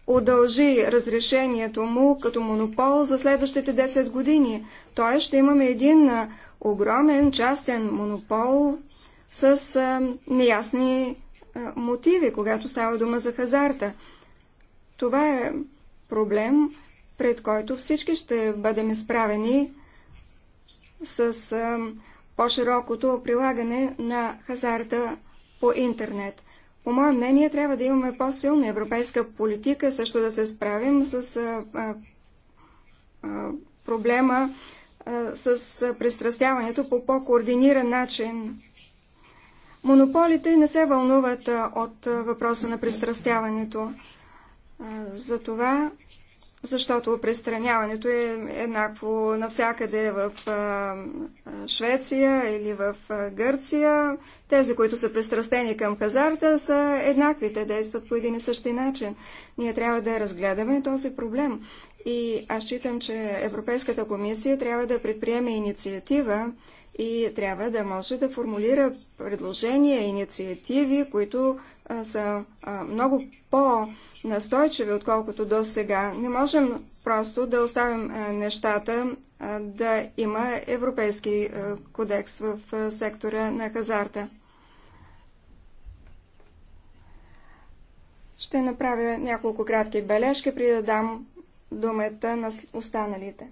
A: удължи разрешението му като монопол за следващите 10 години. Тоест ще имаме един огромен частен монопол с а, неясни а, мотиви, когато става дума за хазарта. Това е проблем, пред който всички ще бъдем изправени с а, по-широкото прилагане на хазарта по интернет. По мое мнение, трябва да имаме по-силна европейска политика, също да се справим с а, а, проблема с пристрастяването по по-координиран начин. Монополите не се вълнуват от въпроса на пристрастяването. Затова защото престраняването е еднакво навсякъде в Швеция или в Гърция. Тези, които са пристрастени към хазарта, са еднакви. Те действат по един и същи начин. Ние трябва да разгледаме този проблем. И аз считам, че Европейската комисия трябва да предприеме инициатива и трябва да може да формулира предложения, инициативи, които са много по-настойчиви, отколкото до сега. Не можем просто да оставим нещата да има европейски кодекс в сектора на хазарта. Ще направя няколко кратки бележки, преди да дам думата на останалите.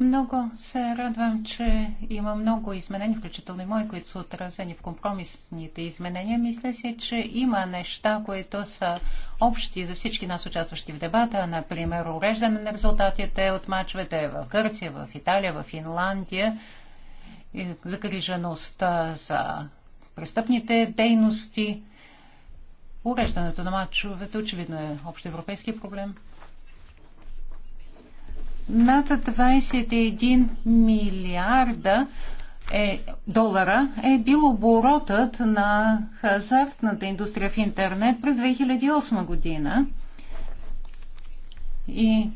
B: Много се радвам, че има много изменения, включително и мои, които са отразени в компромисните изменения. Мисля си, че има неща, които са общи за всички нас участващи в дебата, например уреждане на резултатите от мачовете в Гърция, в Италия, в Финландия, загрижеността за престъпните дейности. Уреждането на мачовете очевидно е общоевропейски проблем над 21 милиарда е, долара е бил оборотът на хазартната индустрия в интернет през 2008 година. И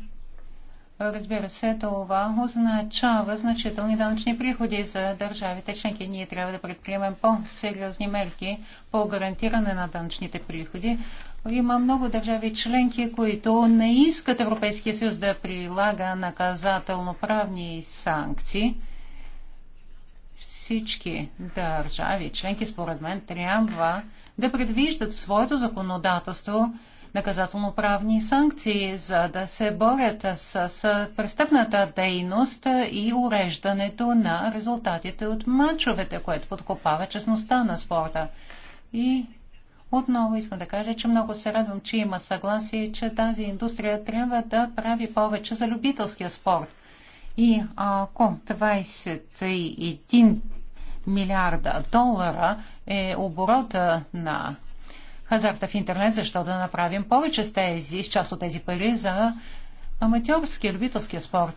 B: Разбира се, това означава значителни данъчни приходи за държавите членки. Ние трябва да предприемем по-сериозни мерки по гарантиране на данъчните приходи. Има много държави членки, които не искат Европейския съюз да прилага наказателно-правни санкции. Всички държави членки, според мен, трябва да предвиждат в своето законодателство наказателно-правни санкции, за да се борят с, престъпната дейност и уреждането на резултатите от матчовете, което подкопава честността на спорта. И отново искам да кажа, че много се радвам, че има съгласие, че тази индустрия трябва да прави повече за любителския спорт. И ако 21 милиарда долара е оборота на хазарта в интернет, защо да направим повече с тези, с част от тези пари за аматьорския любителския спорт.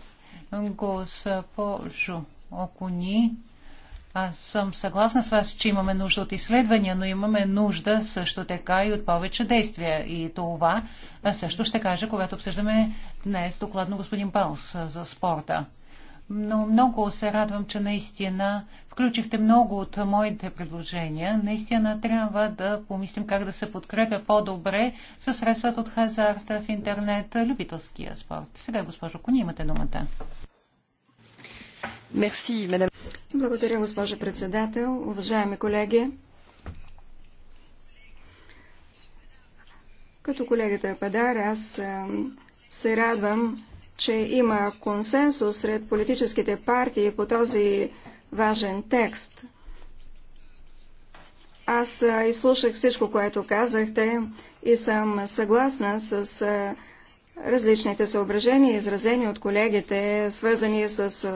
B: Госпожо Окуни, аз съм съгласна с вас, че имаме нужда от изследвания, но имаме нужда също така и от повече действия. И това също ще кажа, когато обсъждаме днес докладно господин Балс за спорта. Но много се радвам, че наистина включихте много от моите предложения. Наистина трябва да помислим как да се подкрепя по-добре със средствата от хазарта в интернет, любителския спорт. Сега, госпожо Кони, имате думата.
A: Мерси, мадам. Благодаря, госпожо председател. Уважаеми колеги, като колегата Падар, аз се радвам, че има консенсус сред политическите партии по този важен текст. Аз изслушах всичко, което казахте и съм съгласна с различните съображения, изразени от колегите, свързани с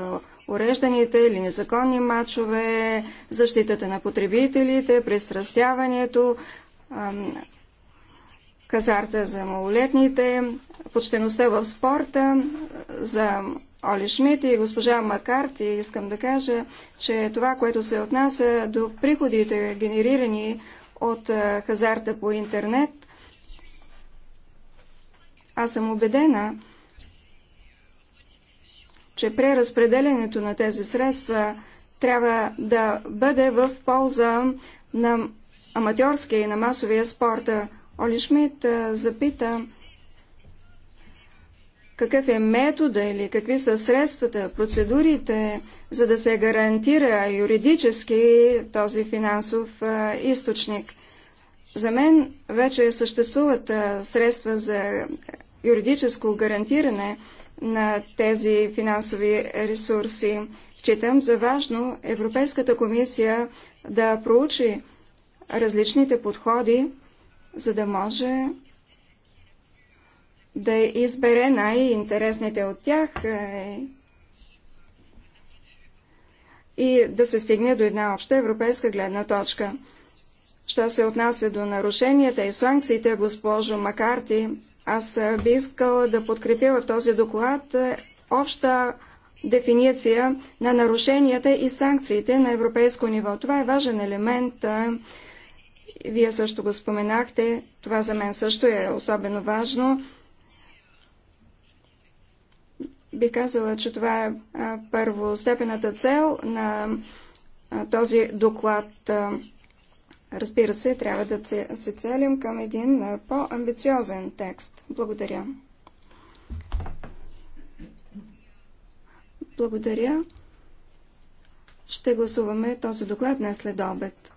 A: урежданите или незаконни матчове, защитата на потребителите, пристрастяването, казарта за малолетните, почтеността в спорта, за Оли Шмидт и госпожа Макарти, искам да кажа, че това, което се отнася до приходите, генерирани от хазарта по интернет, аз съм убедена, че преразпределянето на тези средства трябва да бъде в полза на аматьорския и на масовия спорта. Оли Шмидт запита какъв е метода или какви са средствата, процедурите, за да се гарантира юридически този финансов а, източник. За мен вече съществуват а, средства за юридическо гарантиране на тези финансови ресурси. Считам за важно Европейската комисия да проучи различните подходи, за да може да избере най-интересните от тях е, и да се стигне до една обща европейска гледна точка. Що се отнася до нарушенията и санкциите, госпожо Макарти, аз би искала да подкрепя в този доклад е, обща дефиниция на нарушенията и санкциите на европейско ниво. Това е важен елемент. Е, вие също го споменахте. Това за мен също е особено важно би казала, че това е първостепената цел на този доклад. Разбира се, трябва да се целим към един по-амбициозен текст. Благодаря. Благодаря. Ще гласуваме този доклад днес след обед.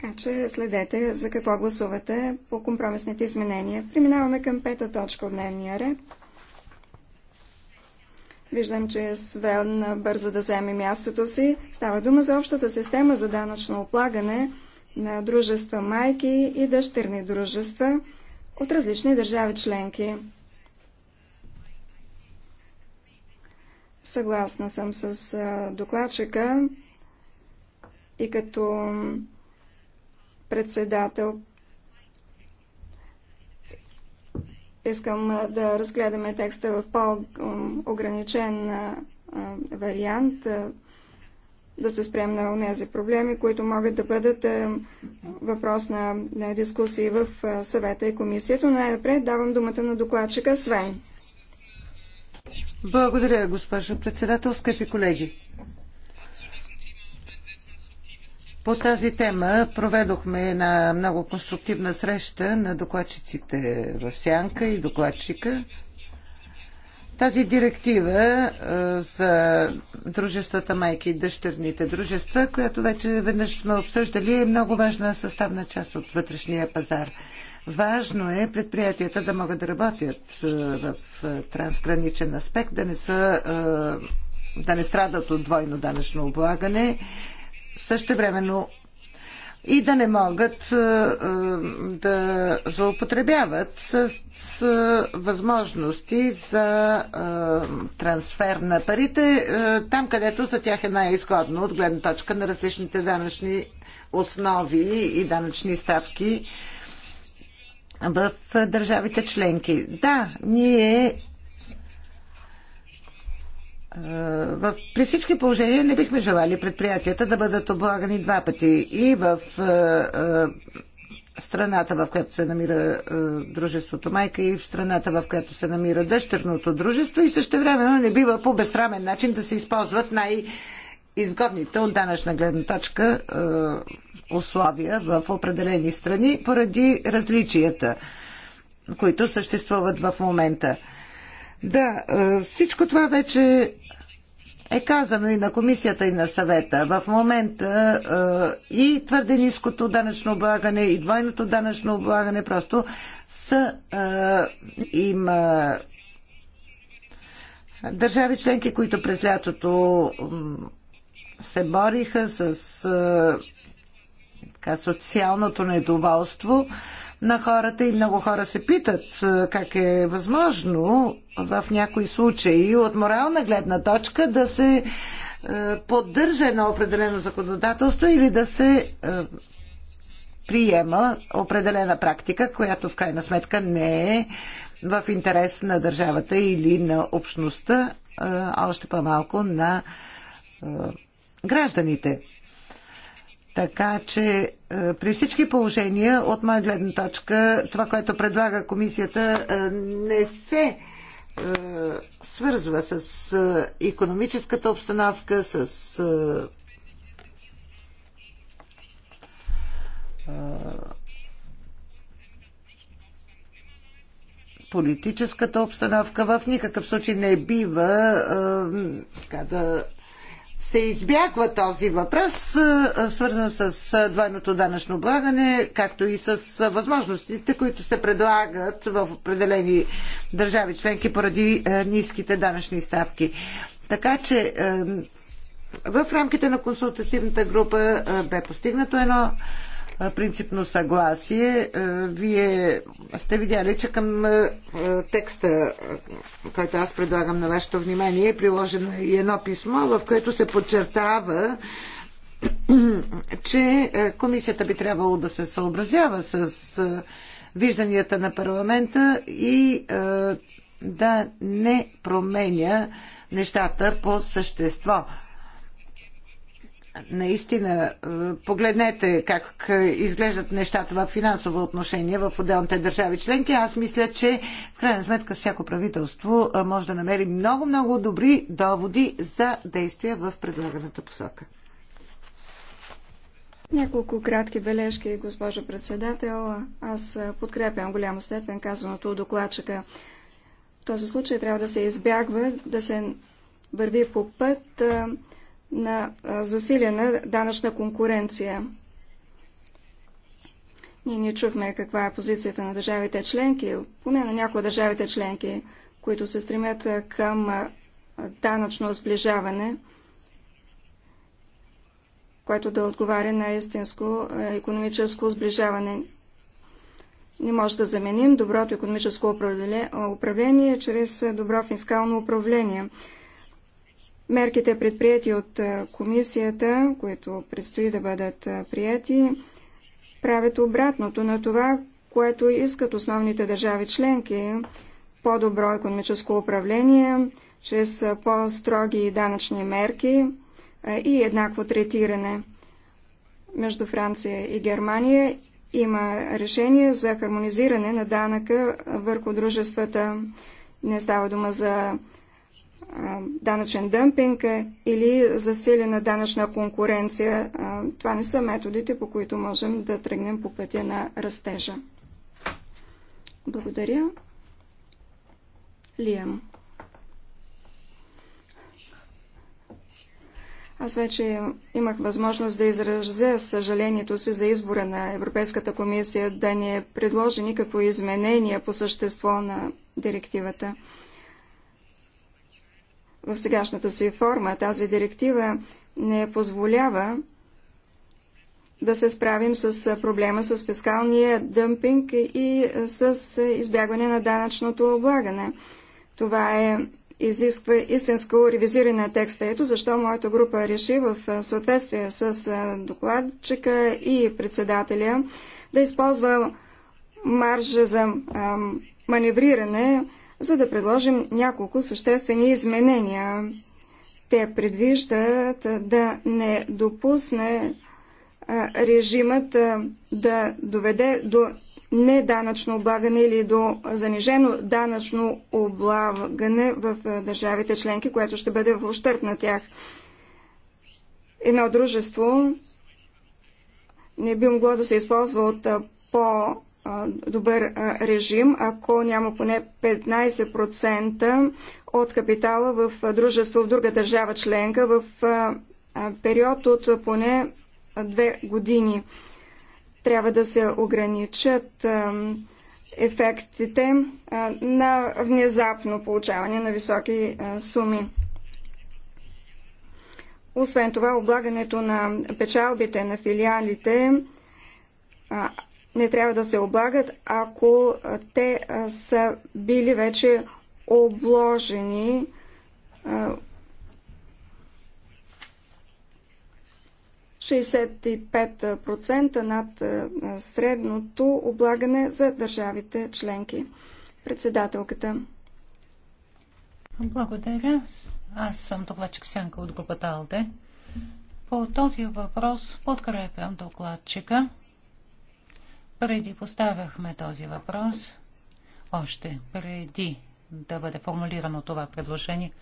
A: Така че следете за какво гласувате по компромисните изменения. Преминаваме към пета точка от дневния ред. Виждам, че е Свен бързо да вземе мястото си. Става дума за общата система за данъчно оплагане на дружества майки и дъщерни дружества от различни държави членки. Съгласна съм с докладчика и като председател. Искам да разгледаме текста в по-ограничен вариант, да се спрем на тези проблеми, които могат да бъдат въпрос на, на дискусии в съвета и комисията. Най-напред давам думата на докладчика Свен. Благодаря,
C: госпожо председател, скъпи колеги. По тази тема проведохме една много конструктивна среща на докладчиците в Сянка и докладчика. Тази директива е, за дружествата майки и дъщерните дружества, която вече веднъж сме обсъждали, е много важна съставна част от вътрешния пазар. Важно е предприятията да могат да работят е, в е, трансграничен аспект, да не са да не страдат от двойно данъчно облагане, същевременно и да не могат е, е, да злоупотребяват с възможности за е, трансфер на парите там, където за тях е най-изгодно от гледна точка на различните данъчни основи и данъчни ставки в държавите членки. Да, ние е, в при всички положения не бихме желали предприятията да бъдат облагани два пъти и в е, е, страната, в която се намира дружеството майка и в страната, в която се намира дъщерното дружество и също времено не бива по безсрамен начин да се използват най- изгодните от данъчна гледна точка условия в определени страни поради различията, които съществуват в момента. Да, всичко това вече е казано и на комисията и на съвета. В момента е, и твърде ниското данъчно облагане, и двойното данъчно облагане просто са е, има държави членки, които през лятото се бориха с е, така, социалното недоволство на хората и много хора се питат е, как е възможно в някои случаи от морална гледна точка да се е, поддържа едно определено законодателство или да се е, приема определена практика, която в крайна сметка не е в интерес на държавата или на общността, а още по-малко на гражданите. Така че е, при всички положения, от моя гледна точка, това, което предлага комисията, е, не се е, свързва с економическата обстановка, с политическата обстановка. В никакъв случай не бива така да се избягва този въпрос, свързан с двойното данъчно облагане, както и с възможностите, които се предлагат в определени държави членки поради ниските данъчни ставки. Така че в рамките на консултативната група бе постигнато едно принципно съгласие. Вие сте видяли, че към текста, който аз предлагам на вашето внимание, е приложено и едно писмо, в което се подчертава, [clears throat] че комисията би трябвало да се съобразява с вижданията на парламента и да не променя нещата по същество Наистина, е, погледнете как е, изглеждат нещата в финансово отношение в отделните държави членки. Аз мисля, че в крайна сметка всяко правителство е, може да намери много-много добри доводи за действия в предлаганата посока.
A: Няколко кратки бележки, госпожа председател. Аз подкрепям голяма степен казаното от докладчика. В този случай трябва да се избягва, да се върви по път на засилена данъчна конкуренция. Ние не чухме каква е позицията на държавите членки, поне на някои държавите членки, които се стремят към данъчно сближаване, което да отговаря на истинско економическо сближаване. Не може да заменим доброто економическо управление чрез добро фискално управление. Мерките, предприяти от комисията, които предстои да бъдат прияти, правят обратното на това, което искат основните държави членки – по-добро економическо управление, чрез по-строги данъчни мерки и еднакво третиране. Между Франция и Германия има решение за хармонизиране на данъка върху дружествата. Не става дума за данъчен дъмпинг е, или засилена данъчна конкуренция. Това не са методите, по които можем да тръгнем по пътя на растежа. Благодаря. Лиам. Аз вече имах възможност да изразя съжалението си за избора на Европейската комисия да не предложи никакво изменение по същество на директивата в сегашната си форма. Тази директива не позволява да се справим с проблема с фискалния дъмпинг и с избягване на данъчното облагане. Това е изисква истинско ревизиране на текста. Ето защо моята група реши в съответствие с докладчика и председателя да използва маржа за маневриране за да предложим няколко съществени изменения. Те предвиждат да не допусне режимът да доведе до неданъчно облагане или до занижено данъчно облагане в държавите членки, което ще бъде в ущърп на тях. Едно дружество не би могло да се използва от по добър режим, ако няма поне 15% от капитала в дружество в друга държава членка в период от поне две години. Трябва да се ограничат ефектите на внезапно получаване на високи суми. Освен това, облагането на печалбите на филиалите не трябва да се облагат, ако те са били вече обложени а, 65% над средното облагане за държавите членки. Председателката. Благодаря.
B: Аз съм докладчик Сянка от групата АЛДЕ. По този въпрос подкрепям докладчика. Преди поставяхме този въпрос, още преди да бъде формулирано това предложение,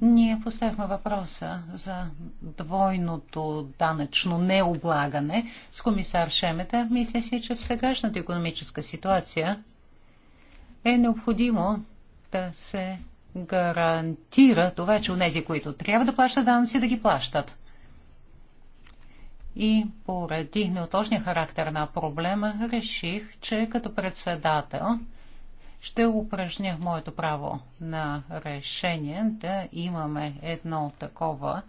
B: ние поставяхме въпроса за двойното данъчно необлагане с комисар Шемета. Мисля си, че в сегашната економическа ситуация е необходимо да се гарантира това, че у нези, които трябва да плащат данъци, да ги плащат и поради неотложния характер на проблема реших, че като председател ще упражня моето право на решение да имаме едно такова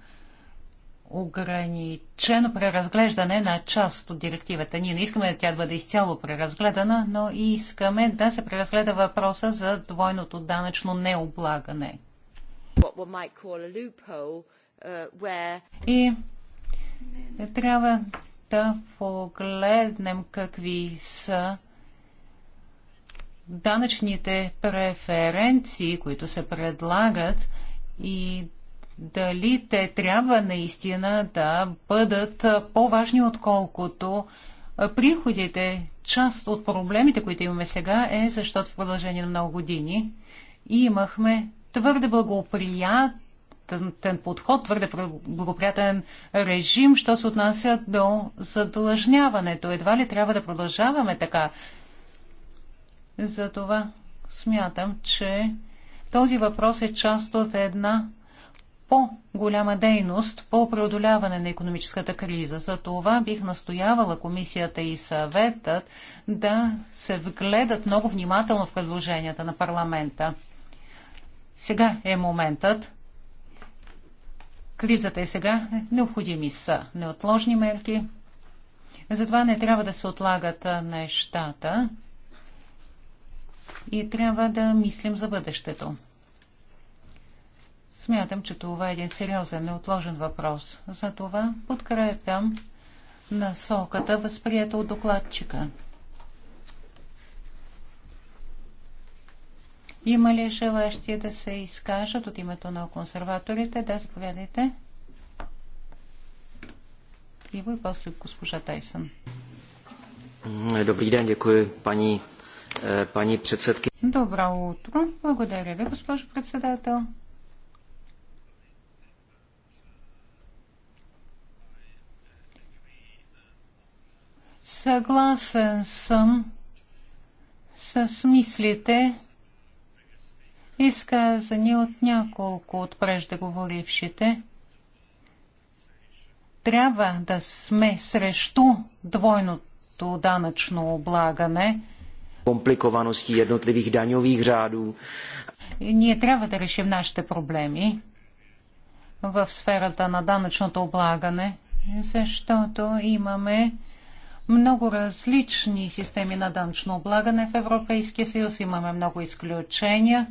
B: ограничено преразглеждане на част от директивата. Ние не искаме да тя бъде изцяло преразгледана, но искаме да се преразгледа въпроса за двойното данъчно необлагане.
A: Uh,
B: и трябва да погледнем какви са данъчните преференции, които се предлагат и дали те трябва наистина да бъдат по-важни, отколкото приходите. Част от проблемите, които имаме сега, е защото в продължение на много години имахме твърде благоприятно благоприятен подход, твърде благоприятен режим, що се отнася до задлъжняването. Едва ли трябва да продължаваме така? Затова смятам, че този въпрос е част от една по-голяма дейност по преодоляване на економическата криза. За това бих настоявала комисията и съветът да се вгледат много внимателно в предложенията на парламента. Сега е моментът Кризата е сега. Необходими са неотложни мерки. Затова не трябва да се отлагат нещата и трябва да мислим за бъдещето. Смятам, че това е един сериозен, неотложен въпрос. Затова подкрепям насоката, възприета от докладчика. Има ли желащи да се изкажат от името на консерваторите? Да, заповядайте. Иво и после госпожа Тайсън.
A: Добри ден, дякую, пани,
B: е, пани председки. Добро утро. Благодаря ви, госпожо председател. Съгласен съм с мислите, изказани от няколко от преждеговорившите, трябва да сме срещу двойното данъчно облагане.
A: Компликованости jednotlivých daňových жаду.
B: Ние трябва да решим нашите проблеми в сферата на данъчното облагане, защото имаме много различни системи на данъчно облагане в Европейския съюз. Имаме много изключения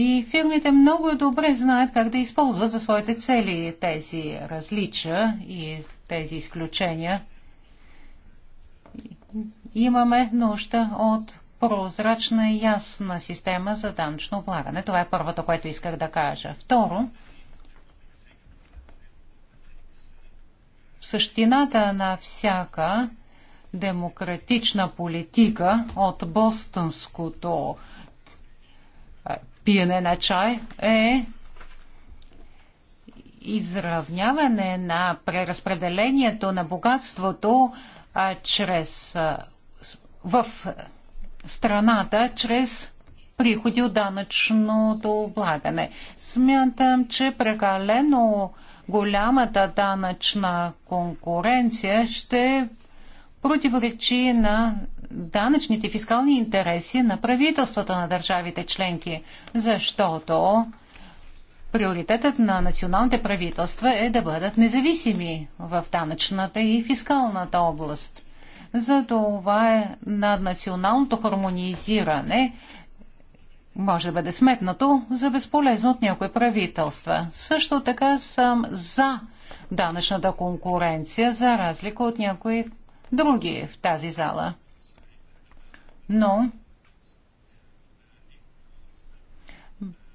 B: и фирмите много добре знаят как да използват за своите цели тези различия и тези изключения. Имаме нужда от прозрачна и ясна система за данъчно облагане. Това е първото, което исках да кажа. Второ, в същината на всяка демократична политика от бостонското пиене на чай е изравняване на преразпределението на богатството а, чрез, а, в страната чрез приходи от данъчното облагане. Смятам, че прекалено голямата данъчна конкуренция ще противоречи на данъчните фискални интереси на правителствата на държавите членки, защото приоритетът на националните правителства е да бъдат независими в данъчната и фискалната област. Затова е над националното хармонизиране може да бъде сметнато за безполезно от някои правителства. Също така съм за данъчната конкуренция, за разлика от някои други в тази зала. Но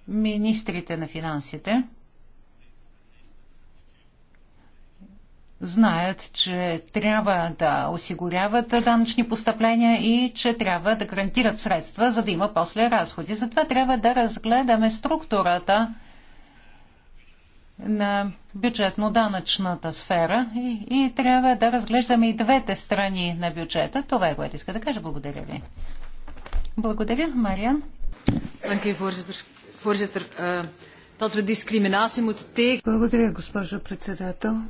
B: министрите на финансите знаят, че трябва да осигуряват данъчни постъпления и че трябва да гарантират средства, за да има после разходи. Затова трябва да разгледаме структурата на бюджетно-данъчната сфера и, и трябва да разглеждаме и двете страни на бюджета. Това е което иска да кажа. Благодаря ви. Благодаря, Мариан. Eh,
C: Благодаря, госпожо председател.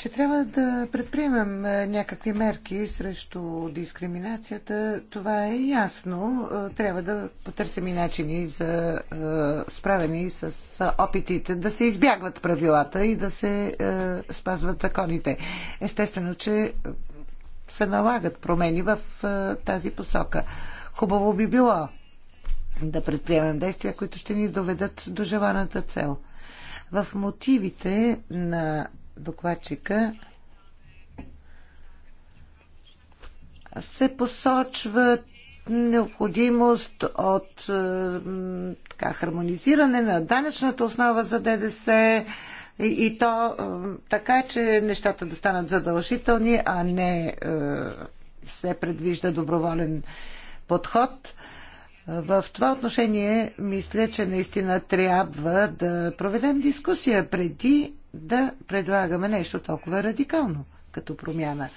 C: че трябва да предприемем е, някакви мерки срещу дискриминацията. Това е ясно. Е, трябва да потърсим и начини за е, справяне с опитите да се избягват правилата и да се спазват законите. Естествено, че се налагат промени в тази посока. Хубаво би било да предприемем действия, които ще ни доведат до желаната цел. В мотивите на докладчика се посочва необходимост от е, така, хармонизиране на данъчната основа за ДДС и, и то е, така, че нещата да станат задължителни, а не е, се предвижда доброволен подход. В това отношение мисля, че наистина трябва да проведем дискусия преди да предлагаме нещо толкова радикално като промяна.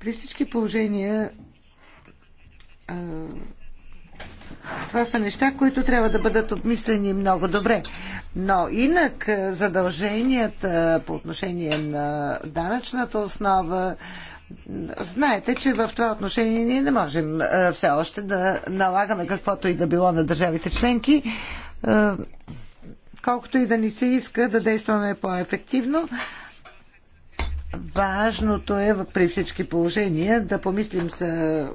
C: При всички положения това са неща, които трябва да бъдат обмислени много добре. Но инак задълженията по отношение на данъчната основа, Знаете, че в това отношение ние не можем все още да налагаме каквото и да било на държавите членки. Колкото и да ни се иска да действаме по-ефективно, важното е при всички положения да помислим за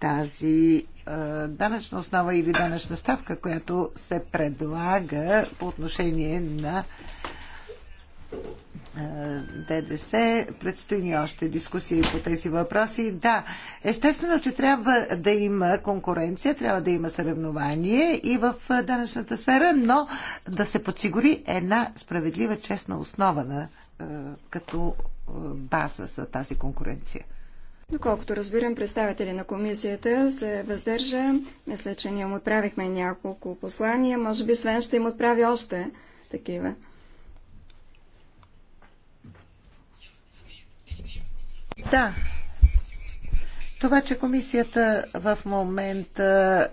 C: тази данъчна основа или данъчна ставка, която се предлага по отношение на е, ДДС. Предстои ни още дискусии по тези въпроси. Да, естествено, че трябва да има конкуренция, трябва да има съревнование и в е, данъчната сфера, но да се подсигури една справедлива, честна основа на, е, като база за тази конкуренция.
A: Доколкото разбирам, представители на комисията се въздържа. Мисля, че ние му отправихме няколко послания. Може би Свен ще им отправи още такива.
C: Да. Това, че комисията в момента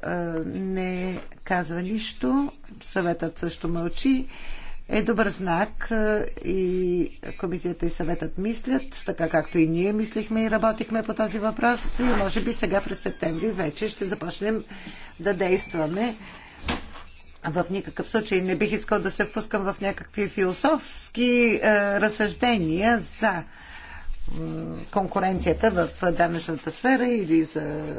C: не казва нищо, съветът също мълчи, е добър знак и комисията и съветът мислят, така както и ние мислихме и работихме по този въпрос и може би сега през септември вече ще започнем да действаме. В никакъв случай не бих искал да се впускам в някакви философски а, разсъждения за конкуренцията в данъчната сфера или за е,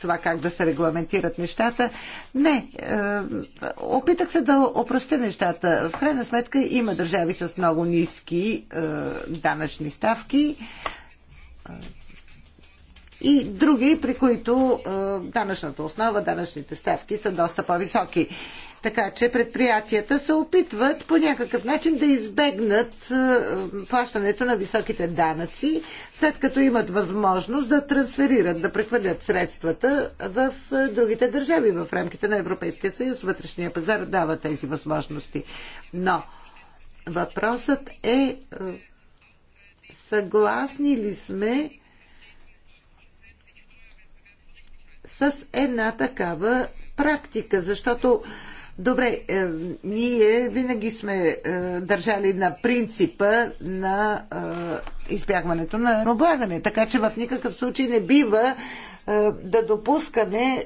C: това как да се регламентират нещата. Не, е, опитах се да опростя нещата. В крайна сметка има държави с много ниски е, данъчни ставки и други, при които данъчната основа, данъчните ставки са доста по-високи. Така че предприятията се опитват по някакъв начин да избегнат плащането на високите данъци, след като имат възможност да трансферират, да прехвърлят средствата в другите държави в рамките на Европейския съюз. Вътрешния пазар дава тези възможности. Но въпросът е съгласни ли сме с една такава практика, защото Добре, е, ние винаги сме е, държали на принципа на е, избягването на облагане, така че в никакъв случай не бива е, да допускаме е,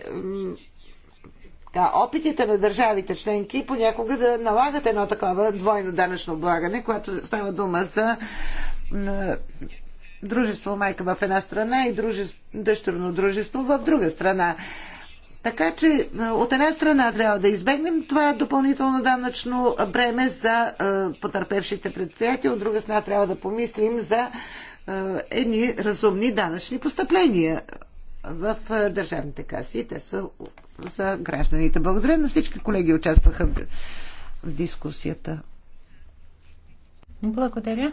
C: опитите на държавите членки понякога да налагат едно такова двойно данъчно облагане, когато става дума за дружество майка в една страна и дружество, дъщерно дружество в друга страна. Така че от една страна трябва да избегнем това допълнително данъчно бреме за потърпевшите предприятия, от друга страна трябва да помислим за едни разумни данъчни постъпления в държавните каси. Те са за гражданите. Благодаря на всички колеги, участваха в дискусията.
B: Благодаря.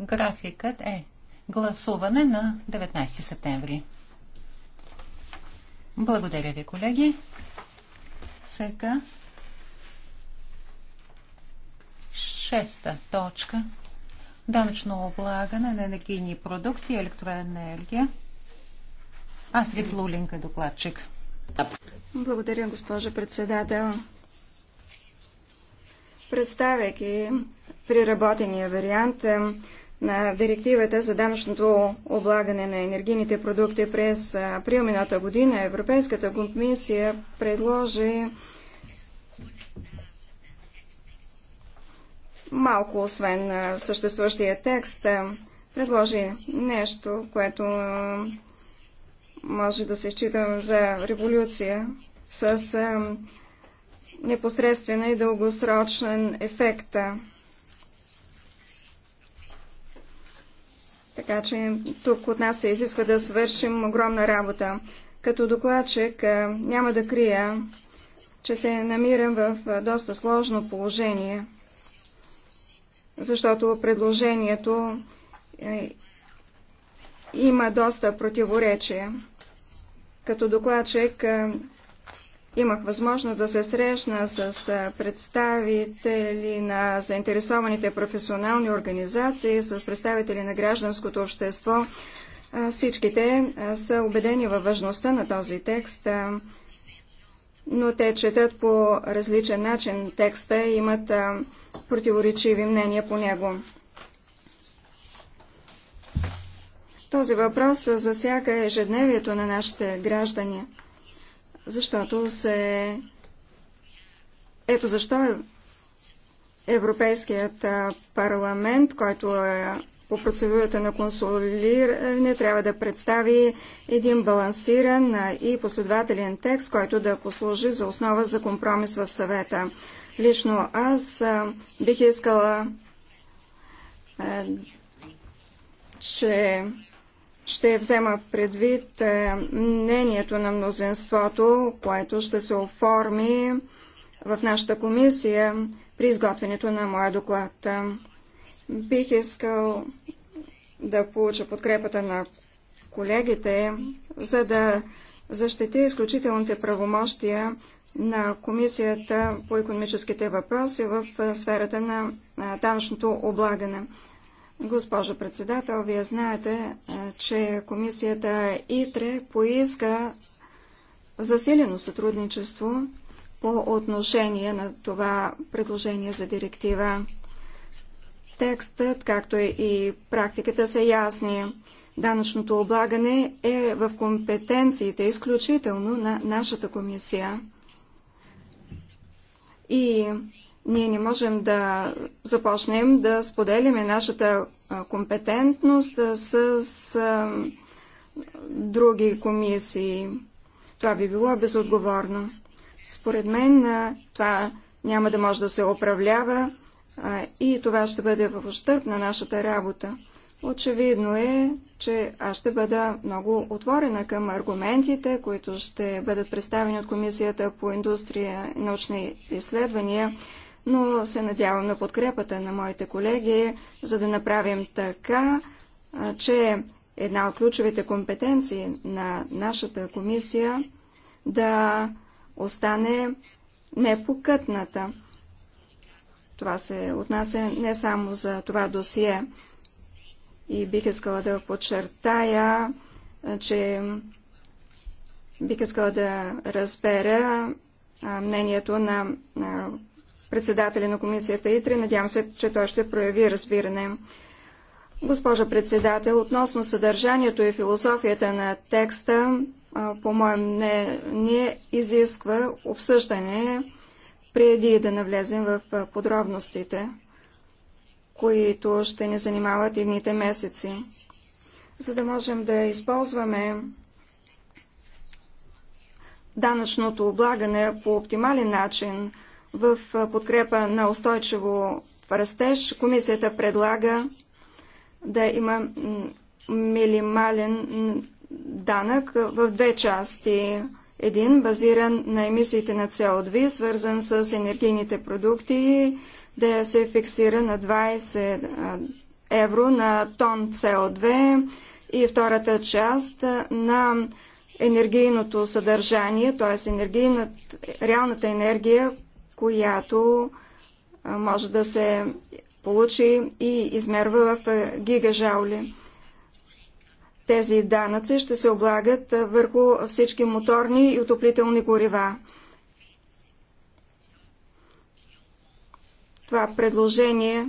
B: Графикът е гласуване на 19 септември. Благодаря ви, колеги. Сега шеста точка. Данъчно облагане на енергийни продукти и електроенергия. Астрид Лулинка е докладчик.
A: Благодаря, госпожа председател. Представяйки приработения вариант, на директивата за данъчното облагане на енергийните продукти през април миналата година Европейската комисия предложи малко освен съществуващия текст, предложи нещо, което може да се счита за революция с непосредствен и дългосрочен ефект. Така че тук от нас се изисква да свършим огромна работа. Като докладчик няма да крия, че се намирам в доста сложно положение, защото предложението е, има доста противоречия. Като докладчик Имах възможност да се срещна с представители на заинтересованите професионални организации, с представители на гражданското общество. Всичките са убедени във важността на този текст, но те четат по различен начин текста и имат противоречиви мнения по него. Този въпрос засяга ежедневието на нашите граждани – защото се... Ето защо е Европейският парламент, който е по процедурата на консолидиране, трябва да представи един балансиран и последователен текст, който да послужи за основа за компромис в съвета. Лично аз бих искала, че ще взема предвид е, мнението на мнозинството, което ще се оформи в нашата комисия при изготвянето на моя доклад. Бих искал да получа подкрепата на колегите, за да защити изключителните правомощия на Комисията по економическите въпроси в сферата на данъчното облагане. Госпожо председател, вие знаете, че комисията ИТРЕ поиска засилено сътрудничество по отношение на това предложение за директива. Текстът, както и практиката са ясни. Данъчното облагане е в компетенциите изключително на нашата комисия. И ние не можем да започнем да споделяме нашата компетентност с други комисии. Това би било безотговорно. Според мен това няма да може да се управлява и това ще бъде в ущърп на нашата работа. Очевидно е, че аз ще бъда много отворена към аргументите, които ще бъдат представени от Комисията по индустрия и научни изследвания но се надявам на подкрепата на моите колеги, за да направим така, че една от ключовите компетенции на нашата комисия да остане непокътната. Това се отнася не само за това досие. И бих искала да подчертая, че бих искала да разбера мнението на председателя на комисията ИТРИ. Надявам се, че той ще прояви разбиране. Госпожа председател, относно съдържанието и философията на текста, по мое мнение, изисква обсъждане преди да навлезем в подробностите, които ще ни занимават едните месеци. За да можем да използваме данъчното облагане по оптимален начин – в подкрепа на устойчиво растеж. Комисията предлага да има минимален данък в две части. Един базиран на емисиите на CO2, свързан с енергийните продукти, да се фиксира на 20 евро на тон CO2 и втората част на енергийното съдържание, т.е. реалната енергия, която може да се получи и измерва в гигажаули. Тези данъци ще се облагат върху всички моторни и отоплителни горива. Това предложение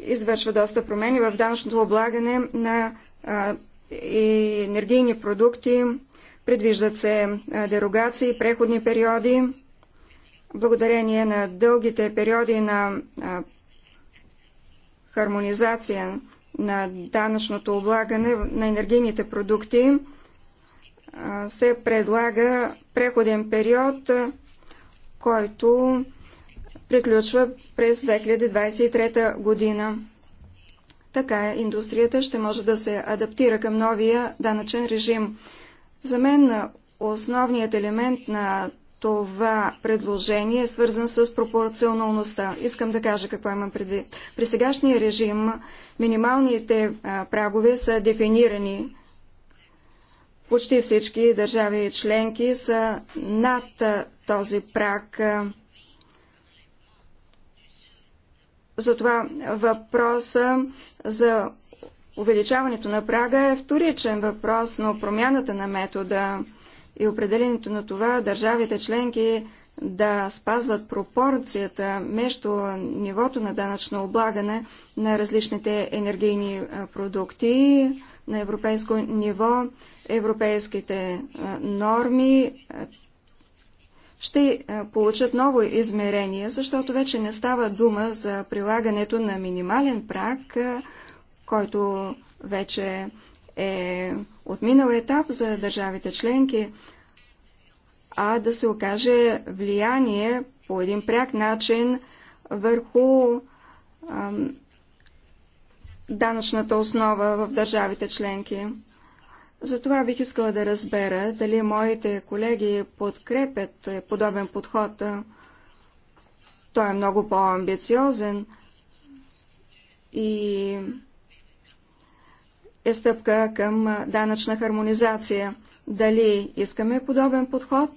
A: извършва доста промени в данъчното облагане на енергийни продукти, Предвиждат се дерогации, преходни периоди. Благодарение на дългите периоди на хармонизация на данъчното облагане на енергийните продукти се предлага преходен период, който приключва през 2023 година. Така е, индустрията ще може да се адаптира към новия данъчен режим. За мен основният елемент на това предложение е свързан с пропорционалността. Искам да кажа какво имам предвид. При сегашния режим минималните прагове са дефинирани. Почти всички държави и членки са над този праг. Затова въпроса за Увеличаването на прага е вторичен въпрос, но промяната на метода и определението на това държавите членки да спазват пропорцията между нивото на данъчно облагане на различните енергийни продукти на европейско ниво, европейските норми ще получат ново измерение, защото вече не става дума за прилагането на минимален прак, който вече е отминал етап за държавите членки, а да се окаже влияние по един пряк начин върху ам, данъчната основа в държавите членки. Затова бих искала да разбера дали моите колеги подкрепят подобен подход. Той е много по-амбициозен и е стъпка към данъчна хармонизация. Дали искаме подобен подход,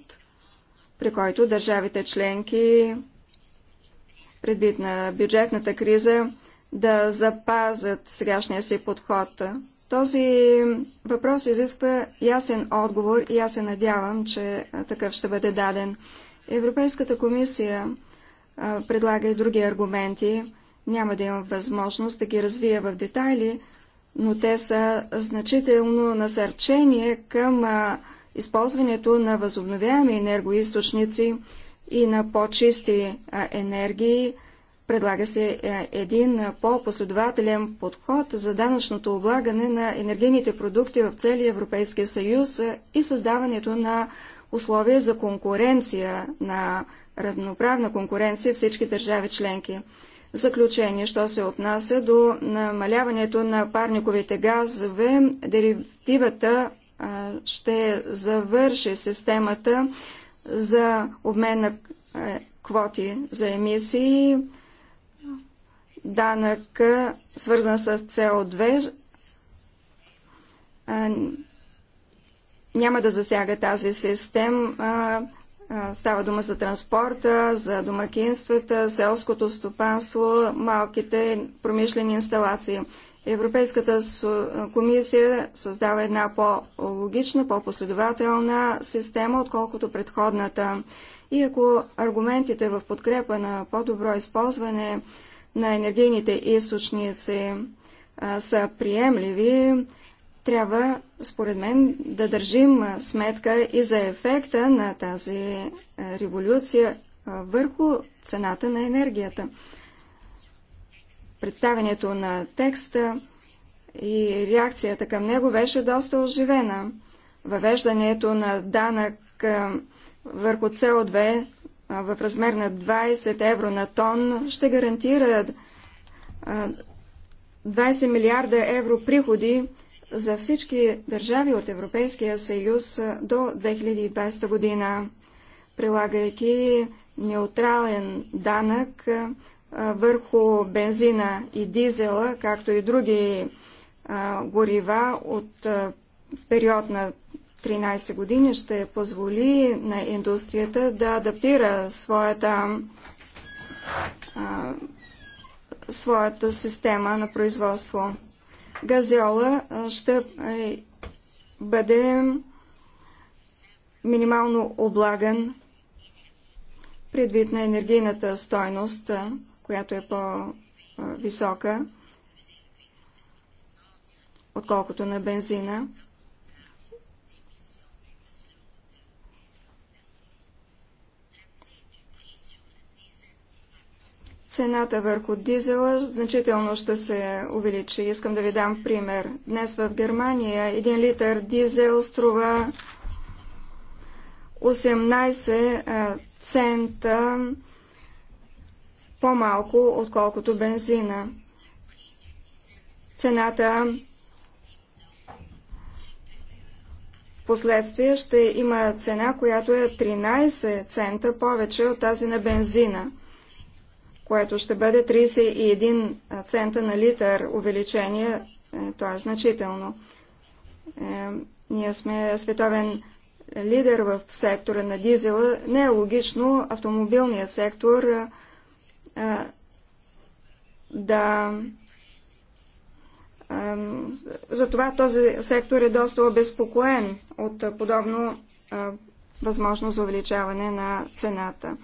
A: при който държавите членки, предвид на бюджетната криза, да запазят сегашния си подход. Този въпрос изисква ясен отговор и аз се надявам, че такъв ще бъде даден. Европейската комисия предлага и други аргументи. Няма да имам възможност да ги развия в детайли, но те са значително насърчение към използването на възобновяеми енергоисточници и на по-чисти енергии. Предлага се е, един по-последователен подход за данъчното облагане на енергийните продукти в целия Европейския съюз и създаването на условия за конкуренция, на равноправна конкуренция всички държави членки заключение, що се отнася до намаляването на парниковите газове, директивата ще завърши системата за обмен на квоти за емисии, данък, свързан с CO2, няма да засяга тази система Става дума за транспорта, за домакинствата, селското стопанство, малките промишлени инсталации. Европейската комисия създава една по-логична, по-последователна система, отколкото предходната. И ако аргументите в подкрепа на по-добро използване на енергийните източници са приемливи, трябва, според мен, да държим сметка и за ефекта на тази революция върху цената на енергията. Представянето на текста и реакцията към него беше доста оживена. Въвеждането на данък върху CO2 в размер на 20 евро на тон ще гарантира 20 милиарда евро приходи за всички държави от Европейския съюз до 2020 година, прилагайки неутрален данък върху бензина и дизела, както и други горива от период на 13 години ще позволи на индустрията да адаптира своята, а, своята система на производство газиола ще бъде минимално облаган предвид на енергийната стойност, която е по-висока, отколкото на бензина. Цената върху дизела значително ще се увеличи. Искам да ви дам пример. Днес в Германия един литър дизел струва 18 цента по-малко, отколкото бензина. Цената последствие ще има цена, която е 13 цента повече от тази на бензина което ще бъде 31 цента на литър увеличение. Е, това е значително. Е, ние сме световен лидер в сектора на дизела. Не е логично автомобилния сектор е, да затова този сектор е доста обезпокоен от подобно възможност за увеличаване на цената.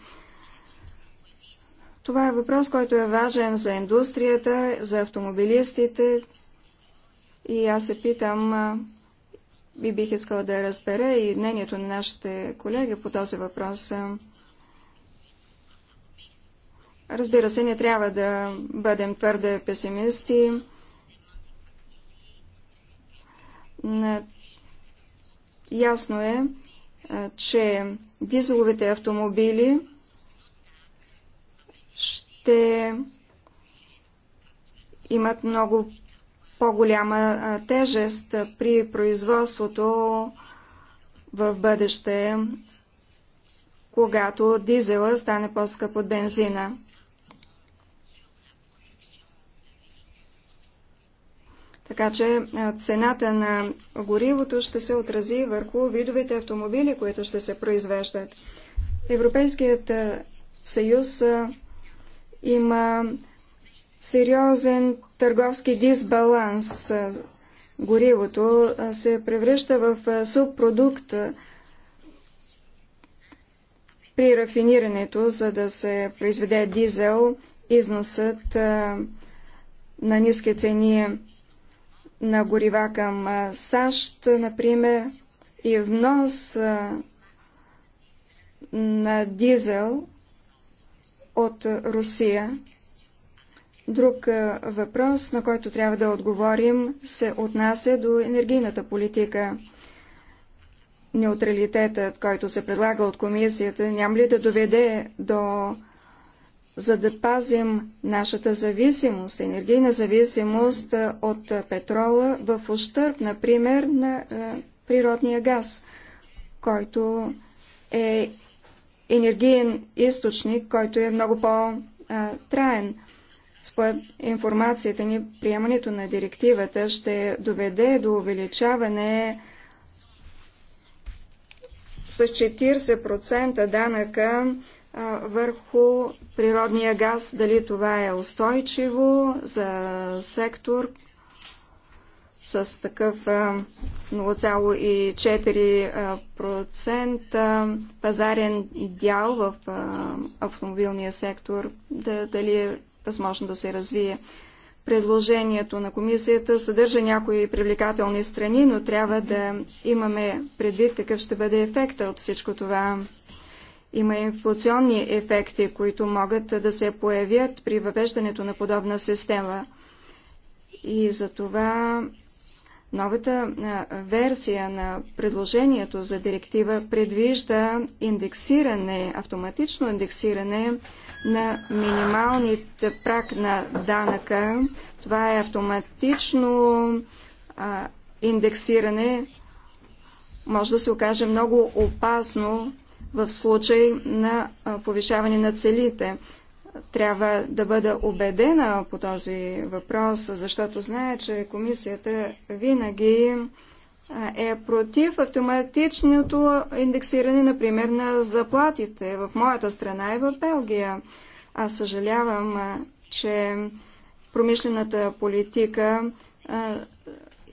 A: Това е въпрос, който е важен за индустрията, за автомобилистите. И аз се питам и бих искал да разбера и мнението на нашите колеги по този въпрос. Разбира се, не трябва да бъдем твърде песимисти. Ясно е, че дизеловите автомобили ще имат много по-голяма тежест при производството в бъдеще, когато дизела стане по-скъп от бензина. Така че цената на горивото ще се отрази върху видовете автомобили, които ще се произвеждат. Европейският съюз има сериозен търговски дисбаланс. Горивото се превръща в субпродукт при рафинирането, за да се произведе дизел, износът на ниски цени на горива към САЩ, например, и внос на дизел от Русия. Друг е, въпрос, на който трябва да отговорим, се отнася до енергийната политика. Неутралитетът, който се предлага от комисията, няма ли да доведе до за да пазим нашата зависимост, енергийна зависимост е, от петрола в ущърп, например, на е, природния газ, който е енергиен източник, който е много по-траен. Според информацията ни, приемането на директивата ще доведе до увеличаване с 40% данъка върху природния газ, дали това е устойчиво за сектор, с такъв 0,4% пазарен дял в автомобилния сектор, дали е възможно да се развие. Предложението на комисията съдържа някои привлекателни страни, но трябва да имаме предвид какъв ще бъде ефекта от всичко това. Има инфлационни ефекти, които могат да се появят при въвеждането на подобна система. И за това Новата версия на предложението за директива предвижда индексиране, автоматично индексиране на минималните прак на данъка. Това е автоматично а, индексиране. Може да се окаже много опасно в случай на повишаване на целите трябва да бъда убедена по този въпрос, защото знае, че комисията винаги е против автоматичното индексиране, например, на заплатите в моята страна и в Белгия. Аз съжалявам, че промишлената политика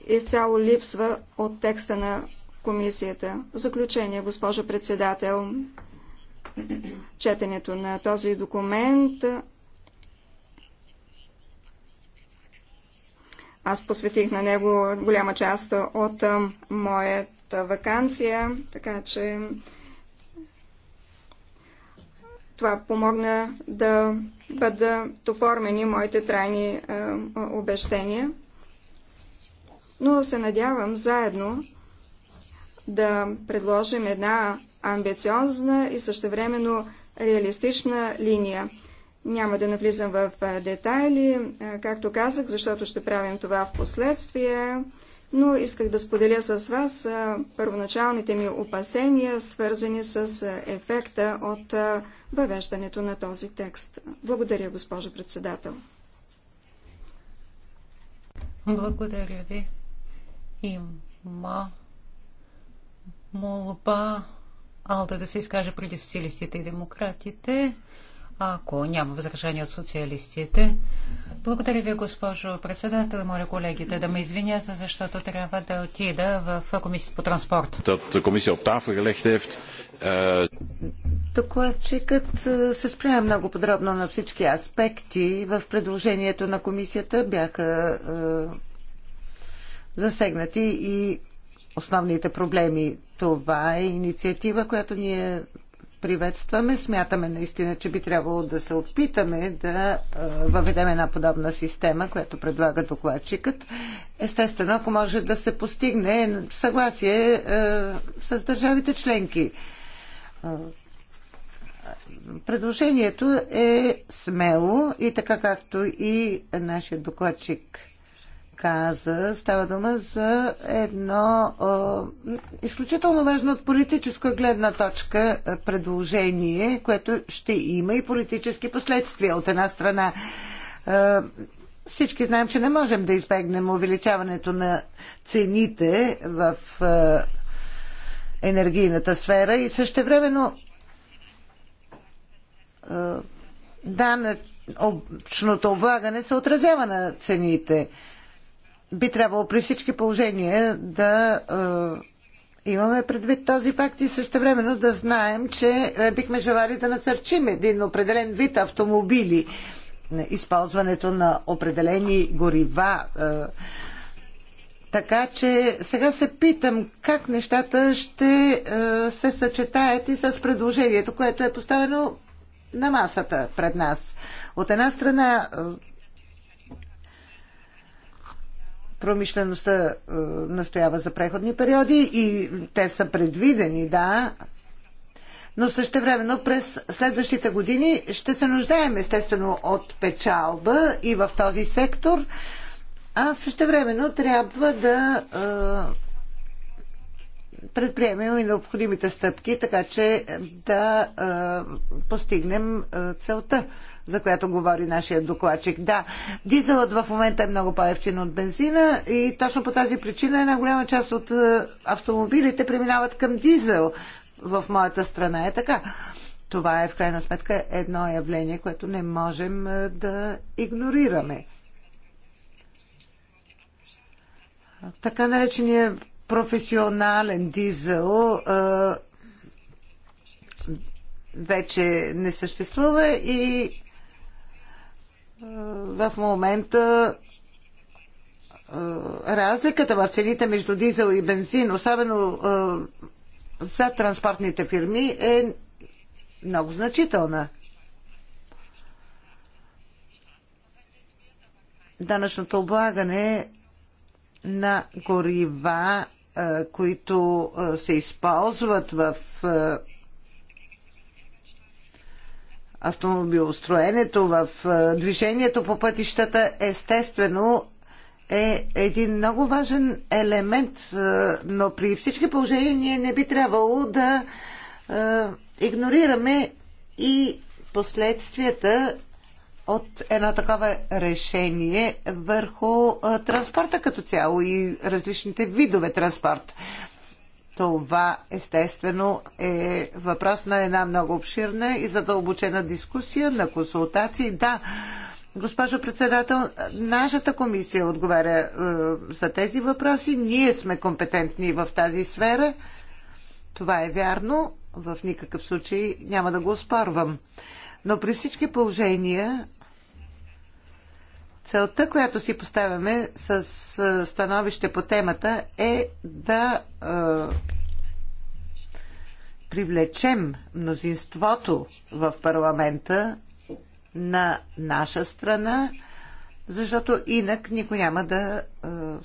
A: изцяло липсва от текста на комисията. Заключение, госпожо председател четенето на този документ. Аз посветих на него голяма част от моята вакансия, така че това помогна да бъдат оформени моите трайни обещения. Но се надявам заедно да предложим една амбициозна и същевременно реалистична линия. Няма да навлизам в детайли, както казах, защото ще правим това в последствие, но исках да споделя с вас първоначалните ми опасения, свързани с ефекта от въвеждането на този текст. Благодаря, госпожо председател.
B: Благодаря ви. Има молба Алта да се изкаже преди социалистите и демократите, ако няма възражение от социалистите. Благодаря ви, госпожо председател. Моля колегите да ме извинят, защото
C: трябва да отида в комисията по транспорт. Eh, Докладчикът э, се спря много подробно на всички аспекти. В предложението на комисията бяха е, засегнати и основните проблеми това е инициатива, която ние приветстваме. Смятаме наистина, че би трябвало да се опитаме да въведем една подобна система, която предлага докладчикът. Естествено, ако може да се постигне съгласие е, с държавите членки. Предложението е смело и така както и нашия докладчик каза, става дума за едно а, изключително важно от политическа гледна точка предложение, което ще има и политически последствия. От една страна, а, всички знаем, че не можем да избегнем увеличаването на цените в а, енергийната сфера и същевременно времено данъчното облагане се отразява на цените би трябвало при всички положения да е, имаме предвид този факт и също времено да знаем, че е, бихме желали да насърчим един определен вид автомобили, използването на определени горива. Е, така че сега се питам как нещата ще е, се съчетаят и с предложението, което е поставено на масата пред нас. От една страна е, промишлеността е, настоява за преходни периоди и те са предвидени, да, но времено през следващите години ще се нуждаем естествено от печалба и в този сектор, а времено трябва да е, предприемем и необходимите стъпки, така че е, да е, постигнем е, целта, за която говори нашия докладчик. Да, дизелът в момента е много по-ефтин от бензина и точно по тази причина една голяма част от автомобилите преминават към дизел в моята страна. Е така. Това е в крайна сметка едно явление, което не можем да игнорираме. Така наречения професионален дизел вече не съществува и в момента разликата в цените между дизел и бензин, особено за транспортните фирми, е много значителна. Данъчното облагане на горива които се използват в автомобилостроенето, в движението по пътищата, естествено е един много важен елемент, но при всички положения ние не би трябвало да игнорираме и последствията от едно такова решение върху транспорта като цяло и различните видове транспорт. Това естествено е въпрос на една много обширна и задълбочена дискусия, на консултации. Да, госпожо председател, нашата комисия отговаря е, за тези въпроси. Ние сме компетентни в тази сфера. Това е вярно. В никакъв случай няма да го спорвам. Но при всички положения Целта, която си поставяме с становище по темата е да е, привлечем мнозинството в парламента на наша страна, защото инак никой няма да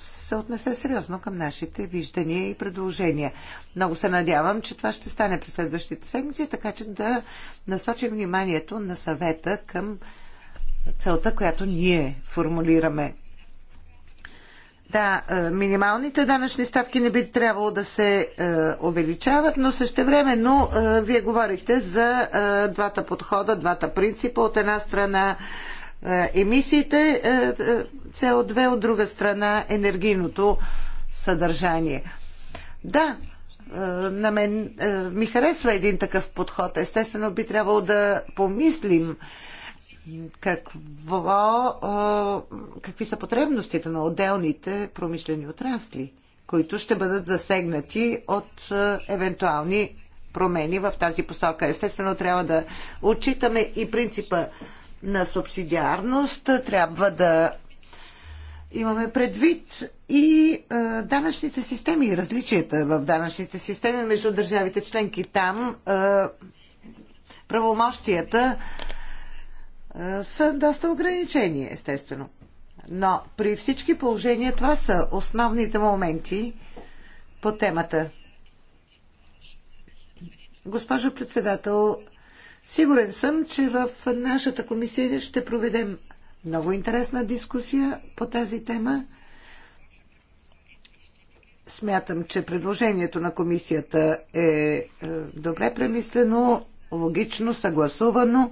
C: се отнесе сериозно към нашите виждания и предложения. Много се надявам, че това ще стане през следващите седмици, така че да насочим вниманието на съвета към целта, която ние формулираме. Да, е, минималните данъчни ставки не би трябвало да се е, увеличават, но същевременно е, вие говорихте за двата подхода, двата принципа. От една страна емисиите CO2, от друга страна енергийното съдържание. Да, на мен ми харесва един такъв подход. Естествено би трябвало да помислим какво, какви са потребностите на отделните промишлени отрасли, които ще бъдат засегнати от евентуални промени в тази посока. Естествено, трябва да отчитаме и принципа на субсидиарност, трябва да имаме предвид и а, данъчните системи и различията в данъчните системи между държавите членки. Там а, правомощията са доста ограничени, естествено. Но при всички положения това са основните моменти по темата. Госпожо председател, сигурен съм, че в нашата комисия ще проведем много интересна дискусия по тази тема. Смятам, че предложението на комисията е, е добре премислено, логично, съгласувано.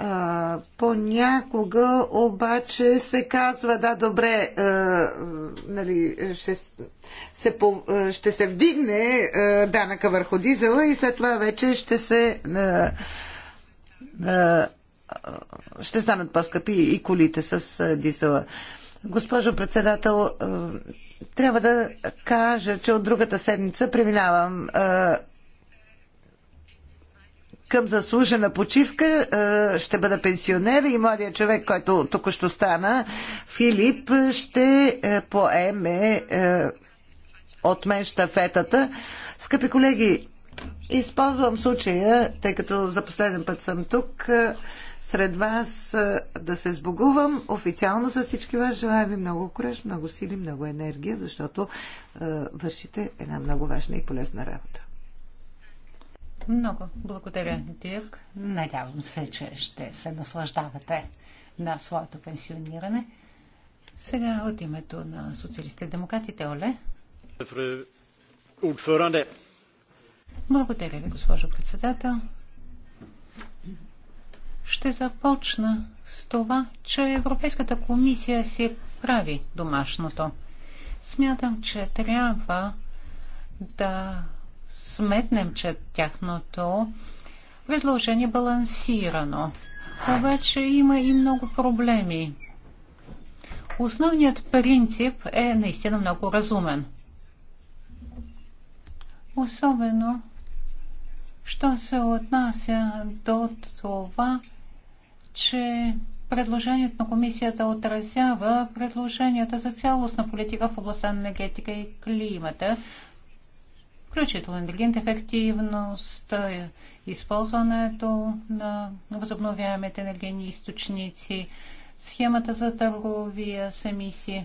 C: А, понякога обаче се казва, да, добре, а, нали, ще, се, ще се вдигне а, данъка върху дизела и след това вече ще се. А, а, ще станат по-скъпи и колите с дизела. Госпожо председател, трябва да кажа, че от другата седмица преминавам към заслужена почивка. Е, ще бъда пенсионер и младия човек, който току-що стана, Филип, ще е, поеме е, от мен штафетата. Скъпи колеги, използвам случая, тъй като за последен път съм тук, сред вас да се сбогувам официално за всички вас. Желая ви много кореш, много сили, много енергия, защото вършите една много важна и полезна работа.
B: Много благодаря, Дирк. Надявам се, че ще се наслаждавате на своето пенсиониране. Сега от името на социалистите демократите, Оле. Благодаря ви, госпожо председател. Ще започна с това, че Европейската комисия си прави домашното. Смятам, че трябва да сметнем, че тяхното предложение е балансирано. Обаче има и много проблеми. Основният принцип е наистина много разумен. Особено, що се отнася до това, че предложението на комисията отразява предложенията за цялостна политика в областта на енергетика и климата, включително енергийната ефективност, използването на възобновяемите енергийни източници, схемата за търговия с емисии.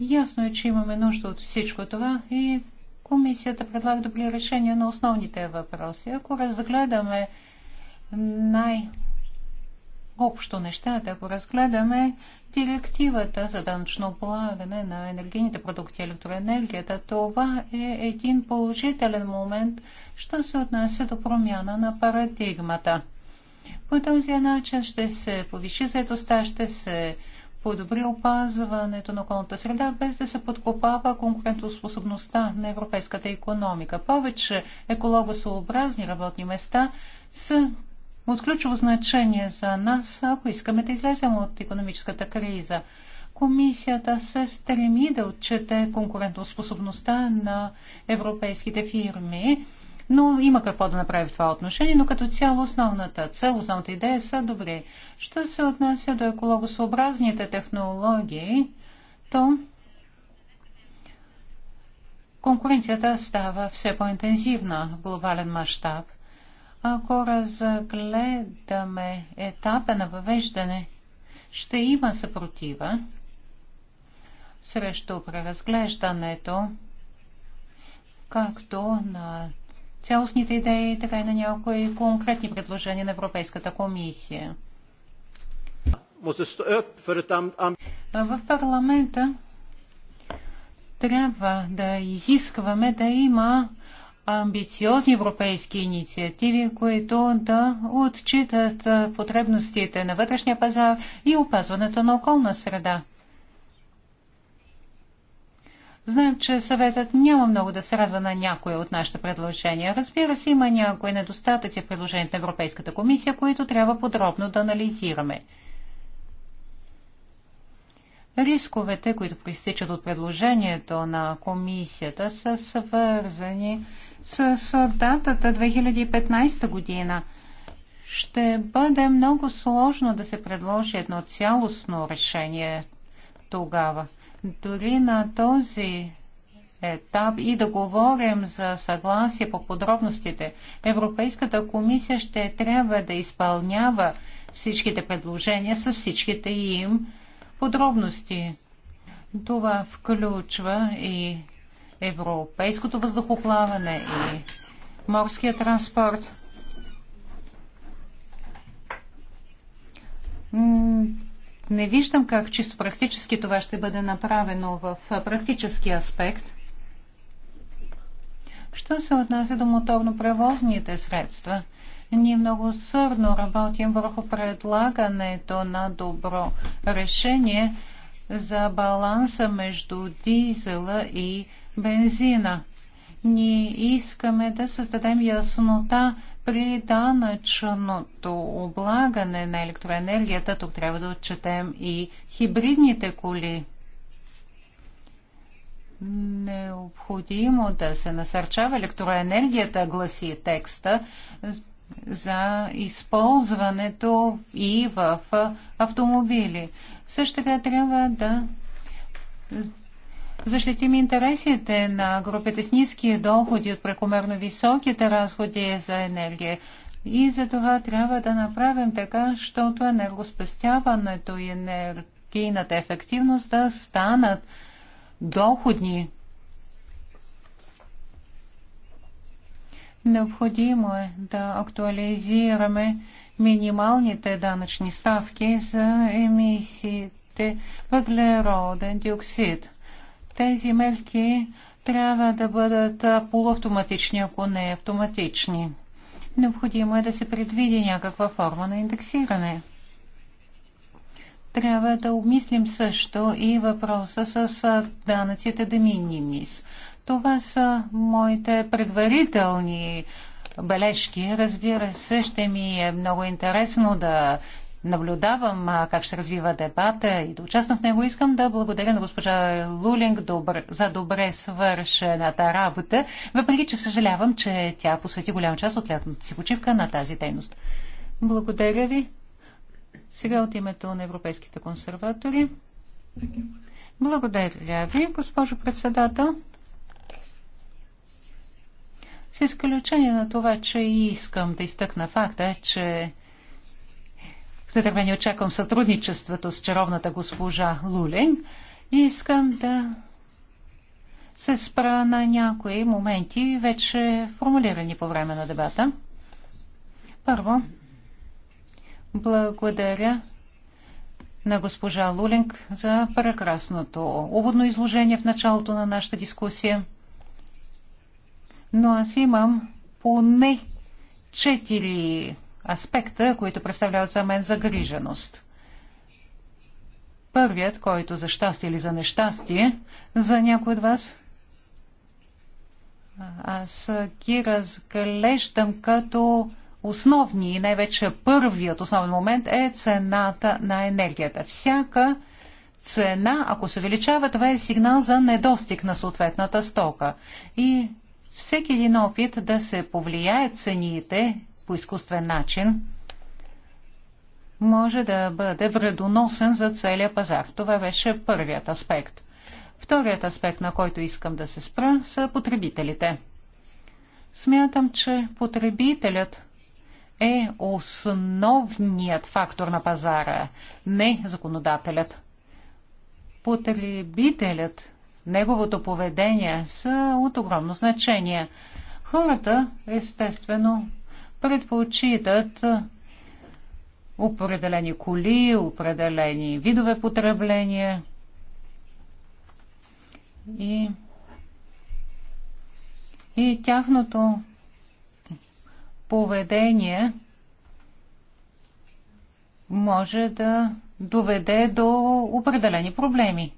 B: Ясно е, че имаме нужда от всичко това и комисията предлага добри решения на основните въпроси. Ако разгледаме най- общо нещата, ако разгледаме директивата за данъчно облагане на енергийните продукти и електроенергията, това е един положителен момент, що се отнася до промяна на парадигмата. По този начин ще се повиши заедостта, ще се подобри опазването на околната среда, без да се подкопава конкурентоспособността на европейската економика. Повече екологосообразни работни места са от ключово значение за нас, ако искаме да излезем от економическата криза. Комисията се стреми да отчете конкурентоспособността на европейските фирми, но има какво да направи в това отношение, но като цяло основната цел, основната идея са добри. Що се отнася до екологосъобразните технологии, то конкуренцията става все по-интензивна в глобален мащаб – ако разгледаме етапа на въвеждане, ще има съпротива срещу преразглеждането, както на цялостните идеи, така и на някои конкретни предложения на Европейската комисия. В парламента трябва да изискваме да има амбициозни европейски инициативи, които да отчитат потребностите на вътрешния пазар и опазването на околна среда. Знаем, че съветът няма много да се радва на някои от нашите предложения. Разбира се, има някои недостатъци в предложението на Европейската комисия, които трябва подробно да анализираме. Рисковете, които проистичат от предложението на комисията, са свързани с датата 2015 година. Ще бъде много сложно да се предложи едно цялостно решение тогава. Дори на този етап и да говорим за съгласие по подробностите, Европейската комисия ще трябва да изпълнява всичките предложения с всичките им подробности. Това включва и европейското въздухоплаване и морския транспорт. Не виждам как чисто практически това ще бъде направено в практически аспект. Що се отнася до моторно-превозните средства? Ние много сърно работим върху предлагането на добро решение за баланса между дизела и бензина. Ние искаме да създадем яснота при данъчното облагане на електроенергията. Тук трябва да отчетем и хибридните коли. Необходимо да се насърчава електроенергията, гласи текста, за използването и в автомобили. Също така трябва да защитим интересите на групите с ниски доходи от прекомерно високите разходи за енергия. И за това трябва да направим така, защото енергоспестяването и енергийната ефективност да станат доходни. Необходимо е да актуализираме минималните данъчни ставки за емисиите въглероден диоксид. Тези мерки трябва да бъдат полуавтоматични, ако не автоматични. Необходимо е да се предвиди някаква форма на индексиране. Трябва да обмислим също и въпроса с данъците de minimis. Това са моите предварителни бележки. Разбира се, ще ми е много интересно да наблюдавам как ще развива дебата и да участвам в него. Искам да благодаря на госпожа Лулинг добър, за добре свършената работа, въпреки че съжалявам, че тя посвети голяма част от лятната си почивка на тази дейност. Благодаря ви. Сега от името на европейските консерватори. Благодаря ви, госпожо председател. С изключение на това, че искам да изтъкна факта, че с нетърпение очаквам сътрудничеството с чаровната госпожа Лулин и искам да се спра на някои моменти, вече формулирани по време на дебата. Първо, благодаря на госпожа Лулинг за прекрасното уводно изложение в началото на нашата дискусия. Но аз имам поне четири аспекта, които представляват за мен загриженост. Първият, който за щастие или за нещастие, за някой от вас, аз ги разглеждам като основни и най-вече първият основен момент е цената на енергията. Всяка цена, ако се увеличава, това е сигнал за недостиг на съответната стока. И всеки един опит да се повлияе цените по изкуствен начин, може да бъде вредоносен за целия пазар. Това беше първият аспект. Вторият аспект, на който искам да се спра, са потребителите. Смятам, че потребителят е основният фактор на пазара, не законодателят. Потребителят, неговото поведение са от огромно значение. Хората, естествено, предпочитат определени коли, определени видове потребления и, и тяхното поведение може да доведе до определени проблеми.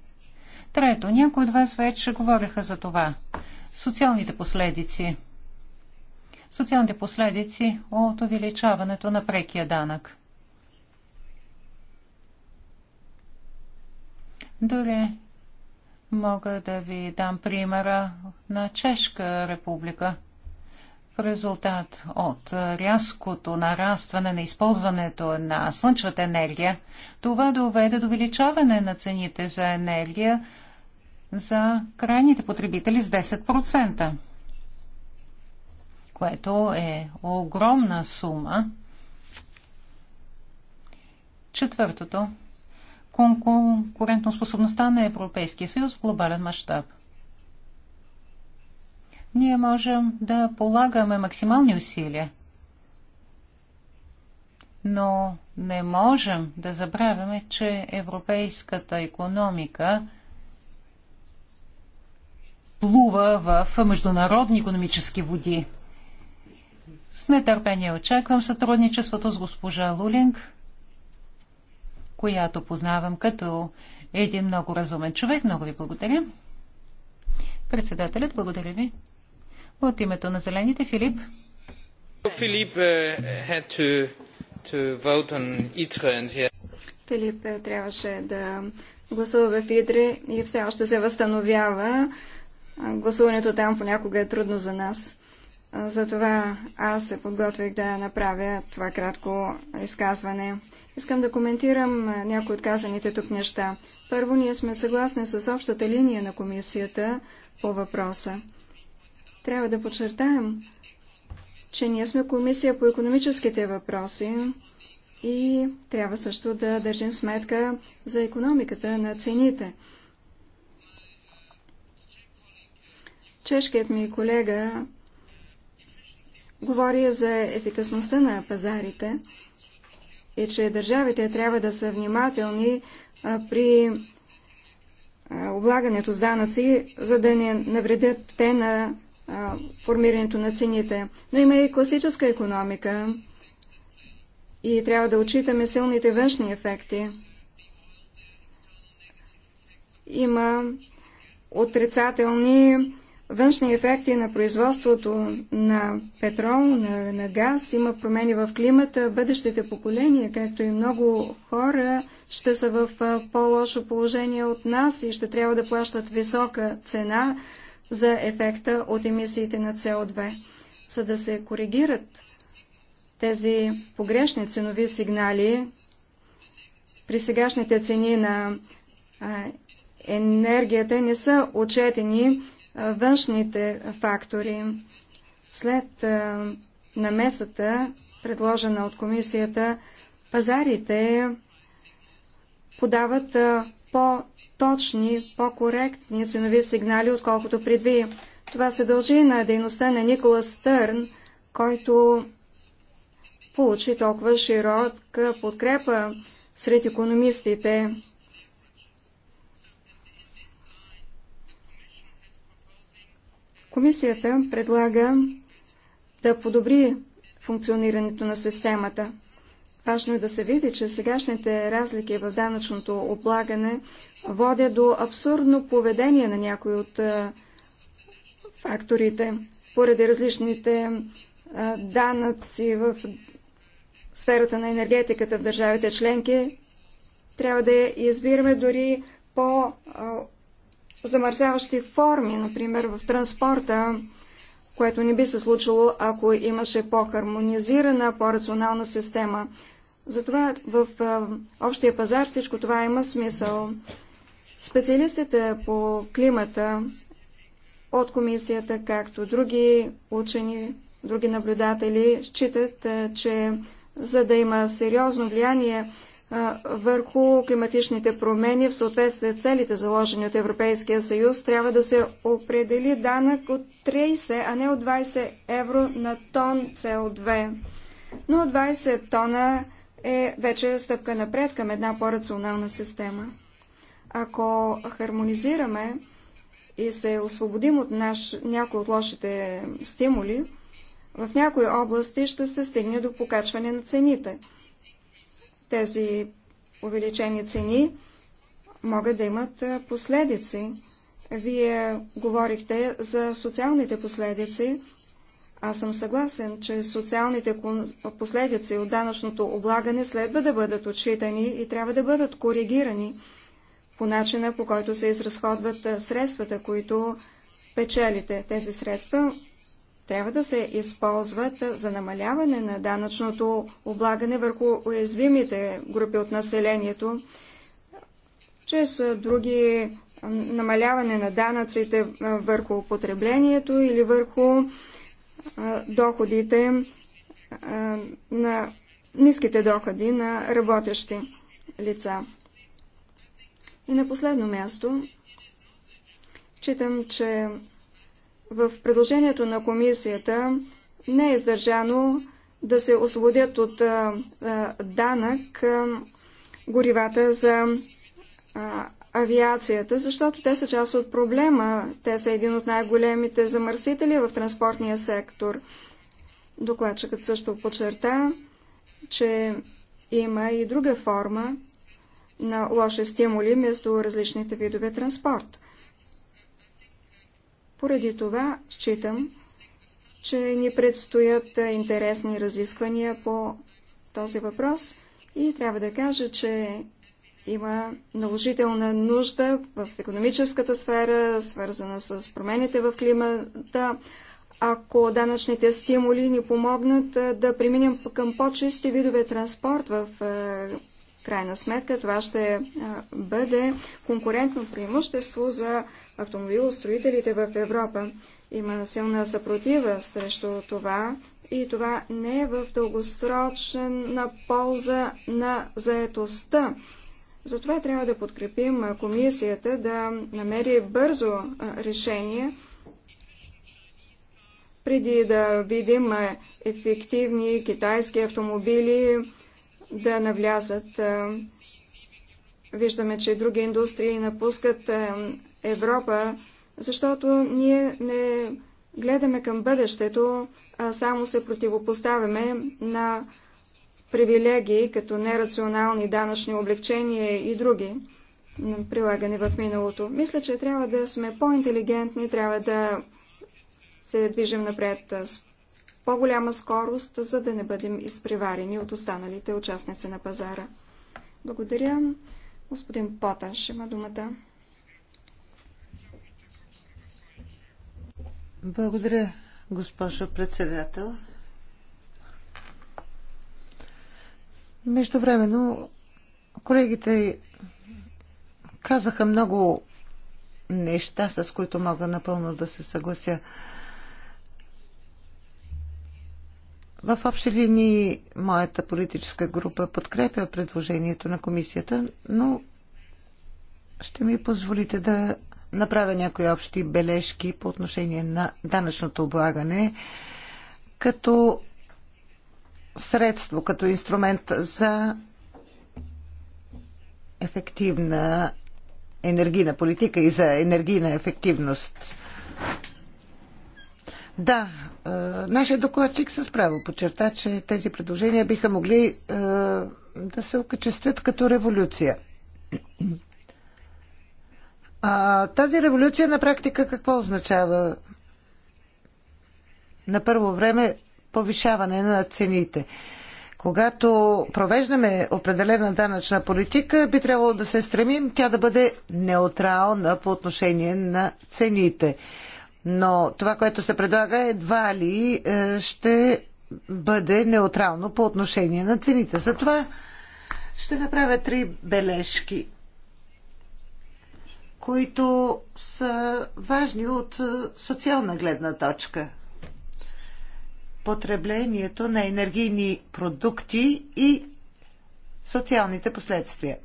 B: Трето, някои от вас вече говориха за това. Социалните последици – социалните последици от увеличаването на прекия данък. Дори мога да ви дам примера на Чешка република. В резултат от рязкото нарастване на използването на слънчевата енергия, това доведе до увеличаване на цените за енергия за крайните потребители с 10% което е огромна сума. Четвъртото конкурентоспособността на Европейския съюз в глобален мащаб. Ние можем да полагаме максимални усилия, но не можем да забравяме, че европейската економика плува в международни економически води. С нетърпение очаквам сътрудничеството с госпожа Лулинг, която познавам като един много разумен човек. Много ви благодаря. Председателят, благодаря ви. От името на Зелените, Филип.
C: Филип, е,
A: Филип е, трябваше да гласува в Идре и все още се възстановява. Гласуването там понякога е трудно за нас. Затова аз се подготвих да направя това кратко изказване. Искам да коментирам някои от казаните тук неща. Първо, ние сме съгласни с общата линия на комисията по въпроса. Трябва да подчертаем, че ние сме комисия по економическите въпроси и трябва също да държим сметка за економиката на цените. Чешкият ми колега говори за ефикасността на пазарите и че държавите трябва да са внимателни при облагането с данъци, за да не навредят те на формирането на цените. Но има и класическа економика и трябва да отчитаме силните външни ефекти. Има отрицателни външни ефекти на производството на петрол, на, на газ, има промени в климата, бъдещите поколения, както и много хора, ще са в по-лошо положение от нас и ще трябва да плащат висока цена за ефекта от емисиите на СО2. За да се коригират тези погрешни ценови сигнали при сегашните цени на енергията не са отчетени външните фактори. След намесата, предложена от комисията, пазарите подават по-точни, по-коректни ценови сигнали, отколкото предви. Това се дължи на дейността на Никола Стърн, който получи толкова широка подкрепа сред економистите. Комисията предлага да подобри функционирането на системата. Важно е да се види, че сегашните разлики в данъчното облагане водят до абсурдно поведение на някои от факторите, поради различните данъци в сферата на енергетиката в държавите членки, трябва да избираме дори по замърсяващи форми, например в транспорта, което не би се случило, ако имаше по-хармонизирана, по-рационална система. Затова в общия пазар всичко това има смисъл. Специалистите по климата от комисията, както други учени, други наблюдатели, считат, че за да има сериозно влияние върху климатичните промени в съответствие с целите заложени от Европейския съюз, трябва да се определи данък от 30, а не от 20 евро на тон со 2 Но 20 тона е вече стъпка напред към една по-рационална система. Ако хармонизираме и се освободим от наш, някои от лошите стимули, в някои области ще се стигне до покачване на цените – тези увеличени цени могат да имат последици. Вие говорихте за социалните последици. Аз съм съгласен, че социалните последици от данъчното облагане следва да бъдат отчитани и трябва да бъдат коригирани по начина, по който се изразходват средствата, които печелите. Тези средства трябва да се използват за намаляване на данъчното облагане върху уязвимите групи от населението, чрез други намаляване на данъците върху потреблението или върху доходите на ниските доходи на работещи лица. И на последно място, читам, че в предложението на комисията не е издържано да се освободят от а, а, данък а, горивата за а, авиацията, защото те са част от проблема. Те са един от най-големите замърсители в транспортния сектор. Докладчикът също подчерта, че има и друга форма на лоши стимули между различните видове транспорт – поради това считам, че ни предстоят интересни разисквания по този въпрос и трябва да кажа, че има наложителна нужда в економическата сфера, свързана с промените в климата. Ако данъчните стимули ни помогнат да преминем към по-чисти видове транспорт в крайна сметка, това ще бъде конкурентно преимущество за автомобилостроителите в Европа. Има силна съпротива срещу това и това не е в дългосрочна полза на заетостта. Затова трябва да подкрепим комисията да намери бързо решение, преди да видим ефективни китайски автомобили да навлязат. Виждаме, че други индустрии напускат Европа, защото ние не гледаме към бъдещето, а само се противопоставяме на привилегии, като нерационални данъчни облегчения и други прилагани в миналото. Мисля, че трябва да сме по-интелигентни, трябва да се движим напред с по-голяма скорост, за да не бъдем изпреварени от останалите участници на пазара. Благодаря. Господин Поташ има думата.
C: Благодаря, госпожо председател. Междувременно колегите казаха много неща, с които мога напълно да се съглася. В общи линии моята политическа група подкрепя предложението на комисията, но ще ми позволите да направя някои общи бележки по отношение на данъчното облагане като средство, като инструмент за ефективна енергийна политика и за енергийна ефективност. Да, е, нашия докладчик с право подчерта, че тези предложения биха могли е, да се окачестват като революция. А, тази революция на практика какво означава? На първо време повишаване на цените. Когато провеждаме определена данъчна политика, би трябвало да се стремим тя да бъде неутрална по отношение на цените. Но това, което се предлага, едва ли е, ще бъде неутрално по отношение на цените. Затова ще направя три бележки които са важни от е, социална гледна точка. Потреблението на енергийни продукти и социалните последствия.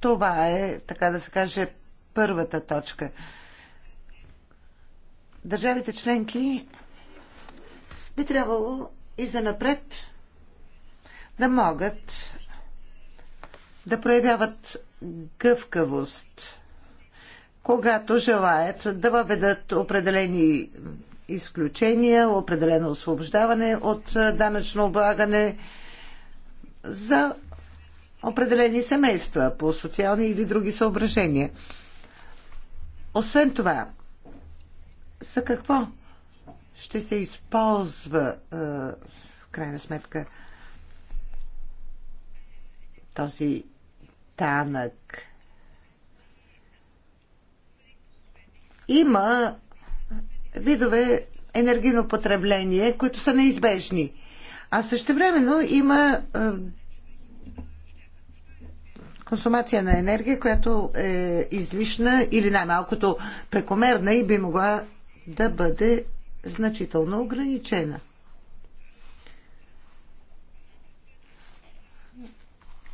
C: Това е, така да се каже, първата точка. Държавите членки би трябвало и за напред да могат да проявяват гъвкавост, когато желаят да въведат определени изключения, определено освобождаване от данъчно облагане за определени семейства по социални или други съображения. Освен това, за какво ще се използва в крайна сметка този танък. Има видове енергийно потребление, които са неизбежни. А същевременно има консумация на енергия, която е излишна или най-малкото прекомерна и би могла да бъде значително ограничена.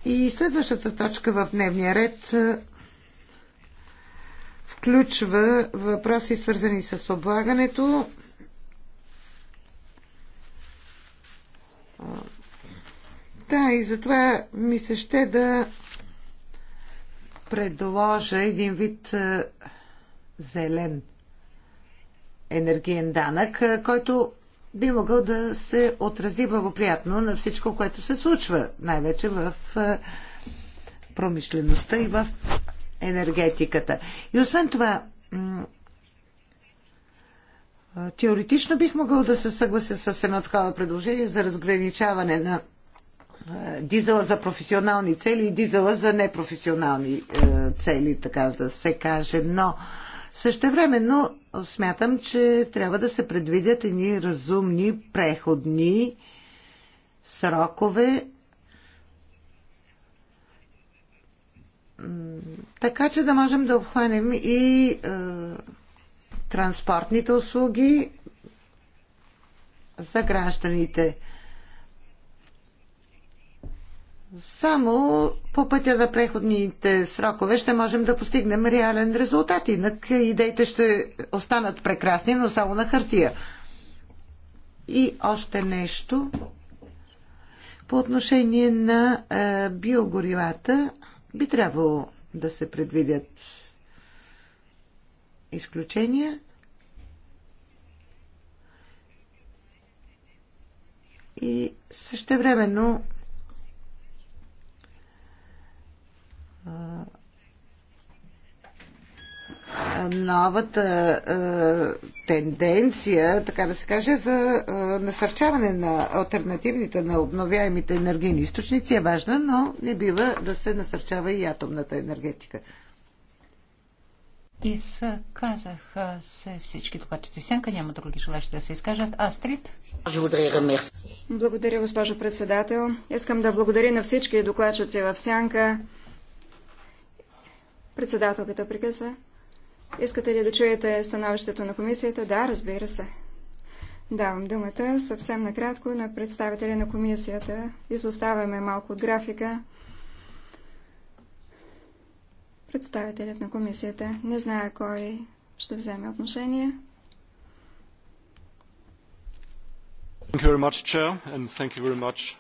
C: И следващата точка в дневния ред е, включва въпроси свързани с облагането. Е, да, и затова ми се ще да предложа един вид е, зелен енергиен данък, който би могъл да се отрази благоприятно на всичко, което се случва, най-вече в промишлеността и в енергетиката. И освен това, теоретично бих могъл да се съглася с едно такова предложение за разграничаване на дизела за професионални цели и дизела за непрофесионални е, цели, така да се каже. Но същевременно смятам, че трябва да се предвидят едни разумни преходни срокове, така че да можем да обхванем и е, транспортните услуги за гражданите. Само по пътя на преходните срокове ще можем да постигнем реален резултат. Инак идеите ще останат прекрасни, но само на хартия. И още нещо по отношение на е, биогоривата би трябвало да се предвидят изключения. И същевременно новата а, тенденция, така да се каже, за а, насърчаване на альтернативните, на обновяемите енергийни източници е важна, но не бива да се насърчава и атомната енергетика.
B: Изказах се всички докладчици. Сянка няма други желащи да се изкажат.
A: Астрид? Благодаря, госпожо председател. Искам да благодаря на всички докладчици в Сянка. Председателката прекъсва. Искате ли да чуете становището на комисията? Да, разбира се. Давам думата съвсем накратко на представителя на комисията. Изоставяме малко от графика. Представителят на комисията не знае кой ще вземе отношение.
C: Much, chair, much,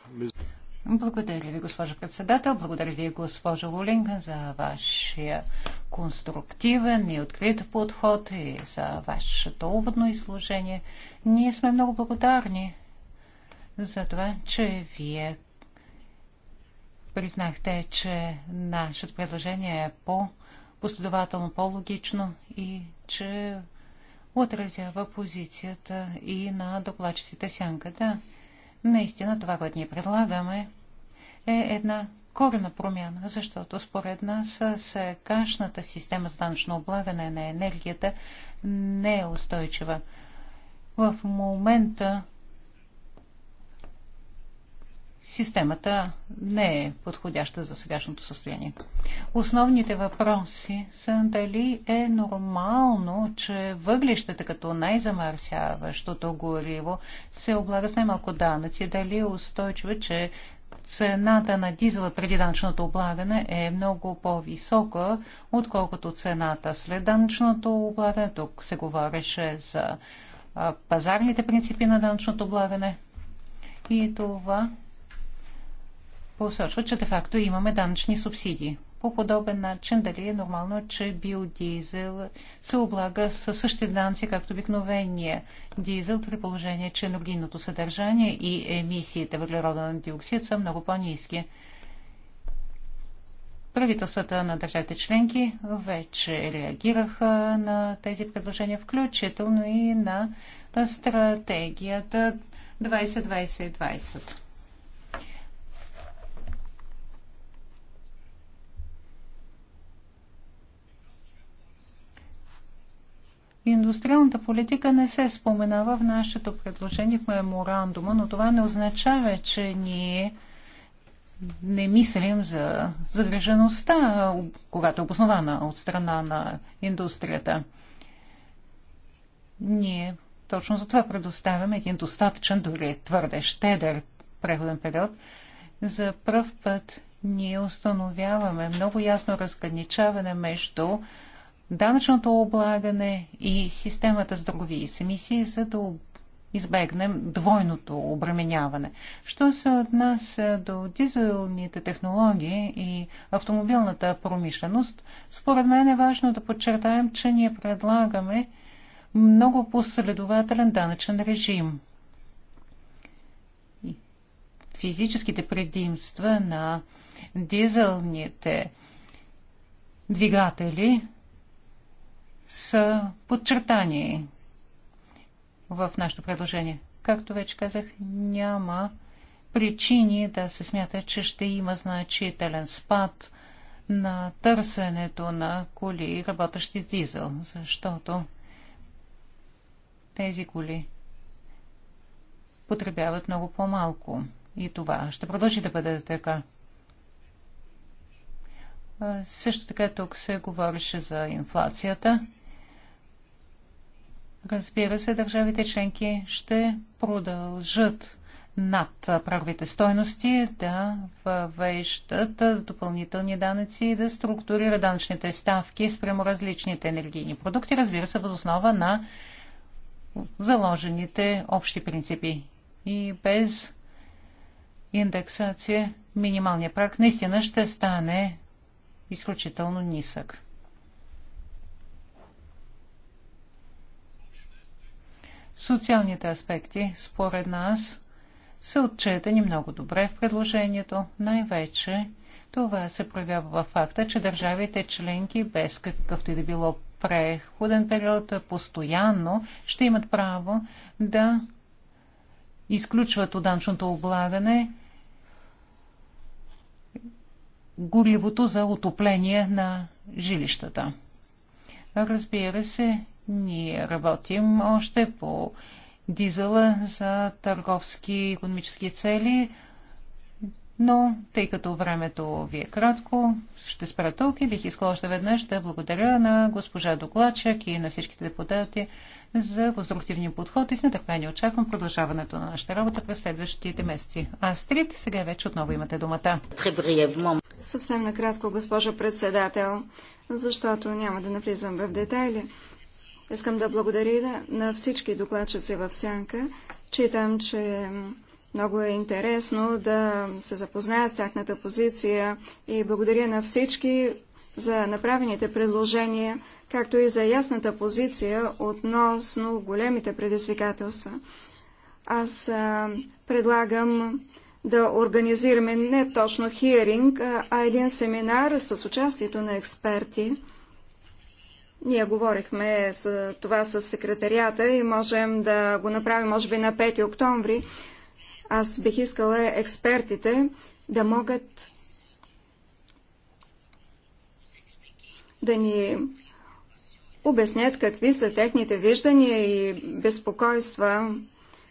A: благодаря ви, госпожа
B: председател. Благодаря ви, госпожа Лулинга, за вашия конструктивен и открит подход и за вашето уводно изложение. Ние сме много благодарни за това, че вие признахте, че нашето предложение е по-последователно, по-логично и че отразява позицията и на докладчиците сянка. Да, Наистина това, което ние предлагаме, е една корена промяна, защото според нас сегашната система за данъчно облагане на енергията не е устойчива. В момента системата не е подходяща за сегашното състояние. Основните въпроси са дали е нормално, че въглищата като най-замърсяващото гориво се облага с най-малко данъци, дали е устойчиво, че цената на дизела преди данъчното облагане е много по-висока, отколкото цената след данъчното облагане. Тук се говореше за пазарните принципи на данъчното облагане. И това посочват, че де-факто имаме данъчни субсидии. По подобен начин, дали е нормално, че биодизел се облага със същите данци, както обикновения дизел, при положение, че енергийното съдържание и емисиите въглероден диоксид са много по-низки. Правителствата на държавите членки вече реагираха на тези предложения, включително и на стратегията 2020-2020. Индустриалната политика не се споменава в нашето предложение в меморандума, но това не означава, че ние не мислим за загрежеността, когато е обоснована от страна на индустрията. Ние точно за това предоставяме един достатъчен, дори твърде щедър преходен период. За пръв път ние установяваме много ясно разграничаване между данъчното облагане и системата с други с емисии, за да избегнем двойното обременяване. Що се отнася до дизелните технологии и автомобилната промишленост, според мен е важно да подчертаем, че ние предлагаме много последователен данъчен режим. Физическите предимства на дизелните двигатели са подчертани в нашето предложение. Както вече казах, няма причини да се смята, че ще има значителен спад на търсенето на коли, работещи с дизел, защото тези коли потребяват много по-малко. И това ще продължи да бъде така. Също така тук се говореше за инфлацията. Разбира се, държавите членки ще продължат над правите стойности да въвеждат допълнителни данъци и да структурира данъчните ставки спрямо различните енергийни продукти, разбира се, възоснова на заложените общи принципи. И без индексация минималният прак, наистина ще стане изключително нисък. Социалните аспекти, според нас, са отчетени много добре в предложението. Най-вече това се проявява във факта, че държавите членки без какъвто и да било преходен период постоянно ще имат право да изключват от данчното облагане горивото за отопление на жилищата. Разбира се, ние работим още по дизела за търговски и економически цели, но тъй като времето ви е кратко, ще спра тук и бих искала още веднъж да благодаря на госпожа Доклачак и на всичките депутати за конструктивния подход и с нетърпение очаквам продължаването на нашата работа през следващите месеци. Астрид, сега вече отново имате думата.
A: Съвсем накратко, госпожа председател, защото няма да навлизам в детайли. Искам да благодаря на всички докладчици в Сянка. Читам, че много е интересно да се запозная с тяхната позиция и благодаря на всички за направените предложения, както и за ясната позиция относно големите предизвикателства. Аз а, предлагам да организираме не точно хиринг, а един семинар с участието на експерти, ние говорихме с това с секретарията и можем да го направим, може би, на 5 октомври. Аз бих искала експертите да могат да ни обяснят какви са техните виждания и безпокойства.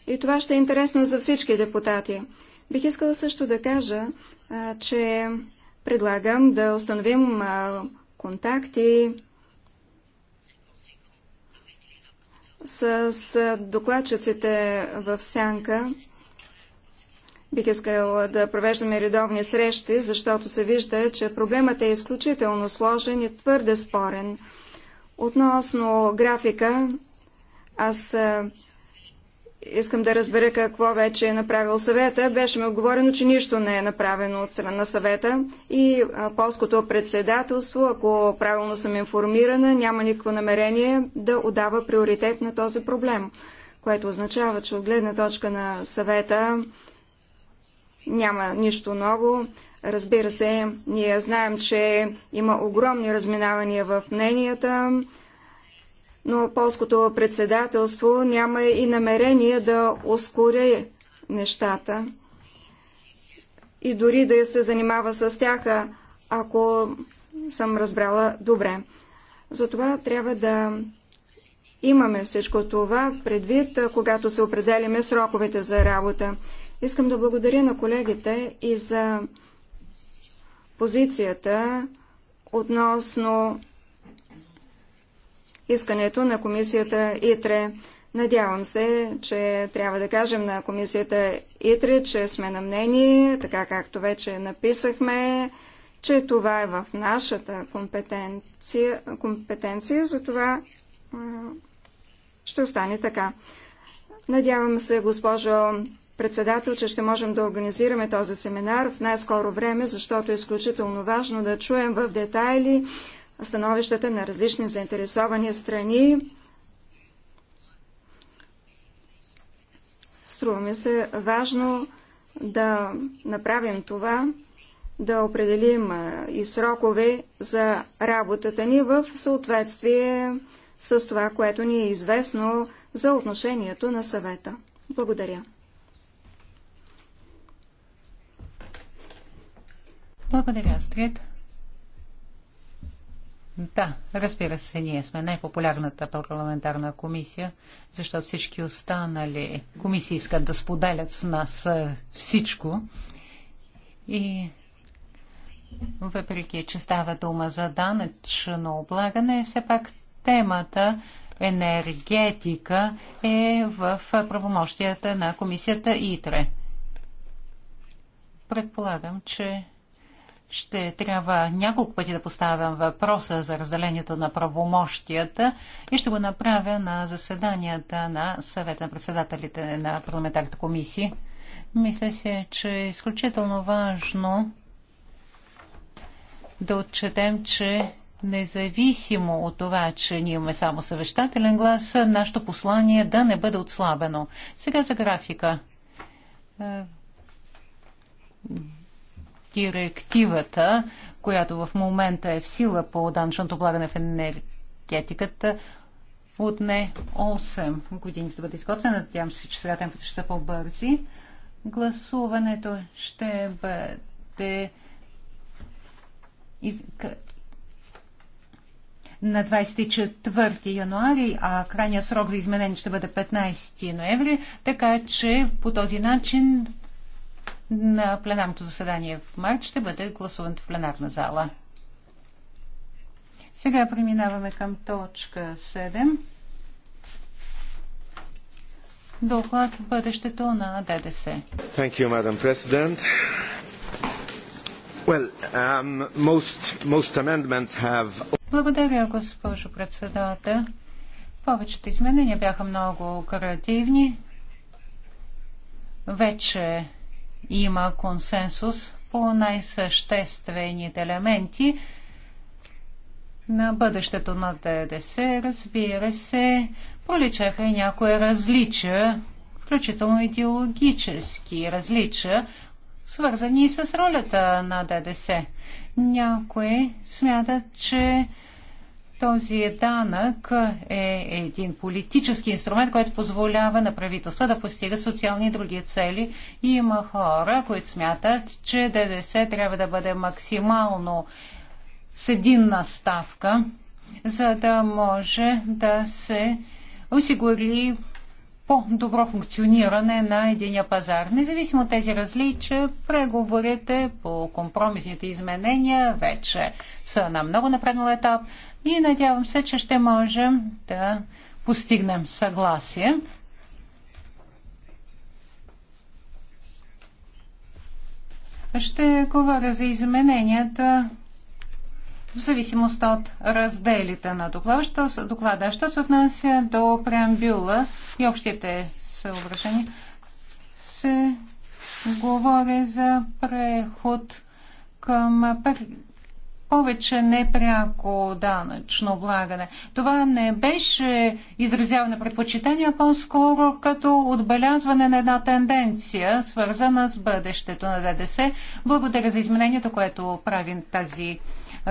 A: И това ще е интересно за всички депутати. Бих искала също да кажа, че предлагам да установим контакти с докладчиците в Сянка. Бих искала да провеждаме редовни срещи, защото се вижда, че проблемът е изключително сложен и твърде спорен. Относно графика, аз Искам да разбера какво вече е направил съвета. Беше ми отговорено, че нищо не е направено от страна на съвета и полското председателство, ако правилно съм информирана, няма никакво намерение да отдава приоритет на този проблем, което означава, че от гледна точка на съвета няма нищо ново. Разбира се, ние знаем, че има огромни разминавания в мненията но полското председателство няма и намерение да ускори нещата и дори да се занимава с тях, ако съм разбрала добре. Затова трябва да имаме всичко това предвид, когато се определиме сроковете за работа. Искам да благодаря на колегите и за позицията относно искането на комисията ИТРЕ. Надявам се, че трябва да кажем на комисията ИТРЕ, че сме на мнение, така както вече написахме, че това е в нашата компетенция, компетенция затова ще остане така. Надявам се, госпожо председател, че ще можем да организираме този семинар в най-скоро време, защото е изключително важно да чуем в детайли становищата на различни заинтересовани страни. Струва ми се важно да направим това, да определим и срокове за работата ни в съответствие с това, което ни е известно за отношението на съвета. Благодаря.
B: Благодаря, Астрид. Да, разбира се, ние сме най-популярната парламентарна комисия, защото всички останали комисии искат да споделят с нас всичко. И въпреки, че става дума за данъчно облагане, все пак темата енергетика е в правомощията на комисията ИТРЕ. Предполагам, че ще трябва няколко пъти да поставям въпроса за разделението на правомощията и ще го направя на заседанията на съвета на председателите на парламентарните комисии. Мисля се, че е изключително важно да отчетем, че независимо от това, че ние имаме само съвещателен глас, нашето послание да не бъде отслабено. Сега за графика директивата, която в момента е в сила по данъчното облагане в енергетиката, отне 8 години да бъде изготвена. Надявам се, че сега темпите ще са по-бързи. Гласуването ще бъде на 24 януари, а крайният срок за изменение ще бъде 15 ноември, така че по този начин на пленарното заседание в март ще бъде гласуван в пленарна зала. Сега преминаваме към точка 7. Доклад в бъдещето на ДДС.
A: Thank you, Madam President.
C: Well, um, most, most amendments have...
B: Благодаря, госпожо председател. Повечето изменения бяха много оперативни. Вече има консенсус по най-съществените елементи на бъдещето на ДДС. Разбира се, проличаха и някои различия, включително идеологически различия, свързани и с ролята на ДДС. Някои смятат, че този данък е един политически инструмент, който позволява на правителства да постигат социални и други цели. И има хора, които смятат, че ДДС трябва да бъде максимално с единна ставка, за да може да се осигури по-добро функциониране на единия пазар. Независимо от тези различия, преговорите по компромисните изменения вече са на много напреднал етап и надявам се, че ще можем да постигнем съгласие. Ще говоря за измененията в зависимост от разделите на доклада. Що, доклада. Що се отнася до преамбюла и общите съображения, се говори за преход към повече непряко данъчно облагане. Това не беше изразяване предпочитания, по-скоро като отбелязване на една тенденция, свързана с бъдещето на ДДС. Благодаря за изменението, което правим тази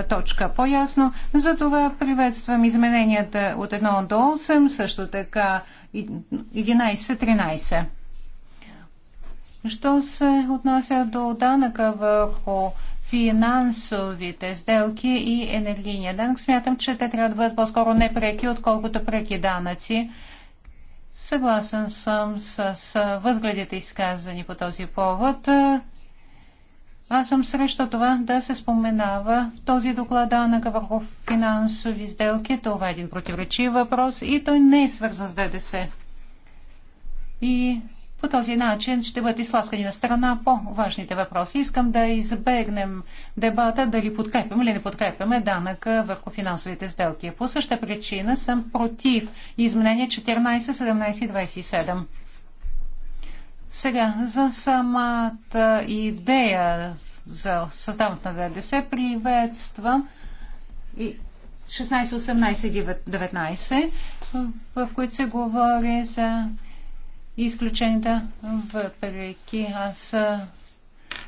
B: точка по-ясно. Затова приветствам измененията от 1 до 8, също така 11-13. Що се отнася до данъка върху финансовите сделки и енергийния данък. Смятам, че те трябва да бъдат по-скоро непреки, отколкото преки данъци. Съгласен съм с, с възгледите изказани по този повод. Аз съм срещу това да се споменава в този доклад данъка върху финансови сделки. Това е един противоречив въпрос и той не е свързан с ДДС. И по този начин ще бъдат изласкани на страна по-важните въпроси. Искам да избегнем дебата дали подкрепяме или не подкрепяме данъка върху финансовите сделки. По същата причина съм против изменения 14, 17 и 27. Сега, за самата идея за създаването на ДДС приветствам 16, 18 и 19, в които се говори за изключенията, въпреки аз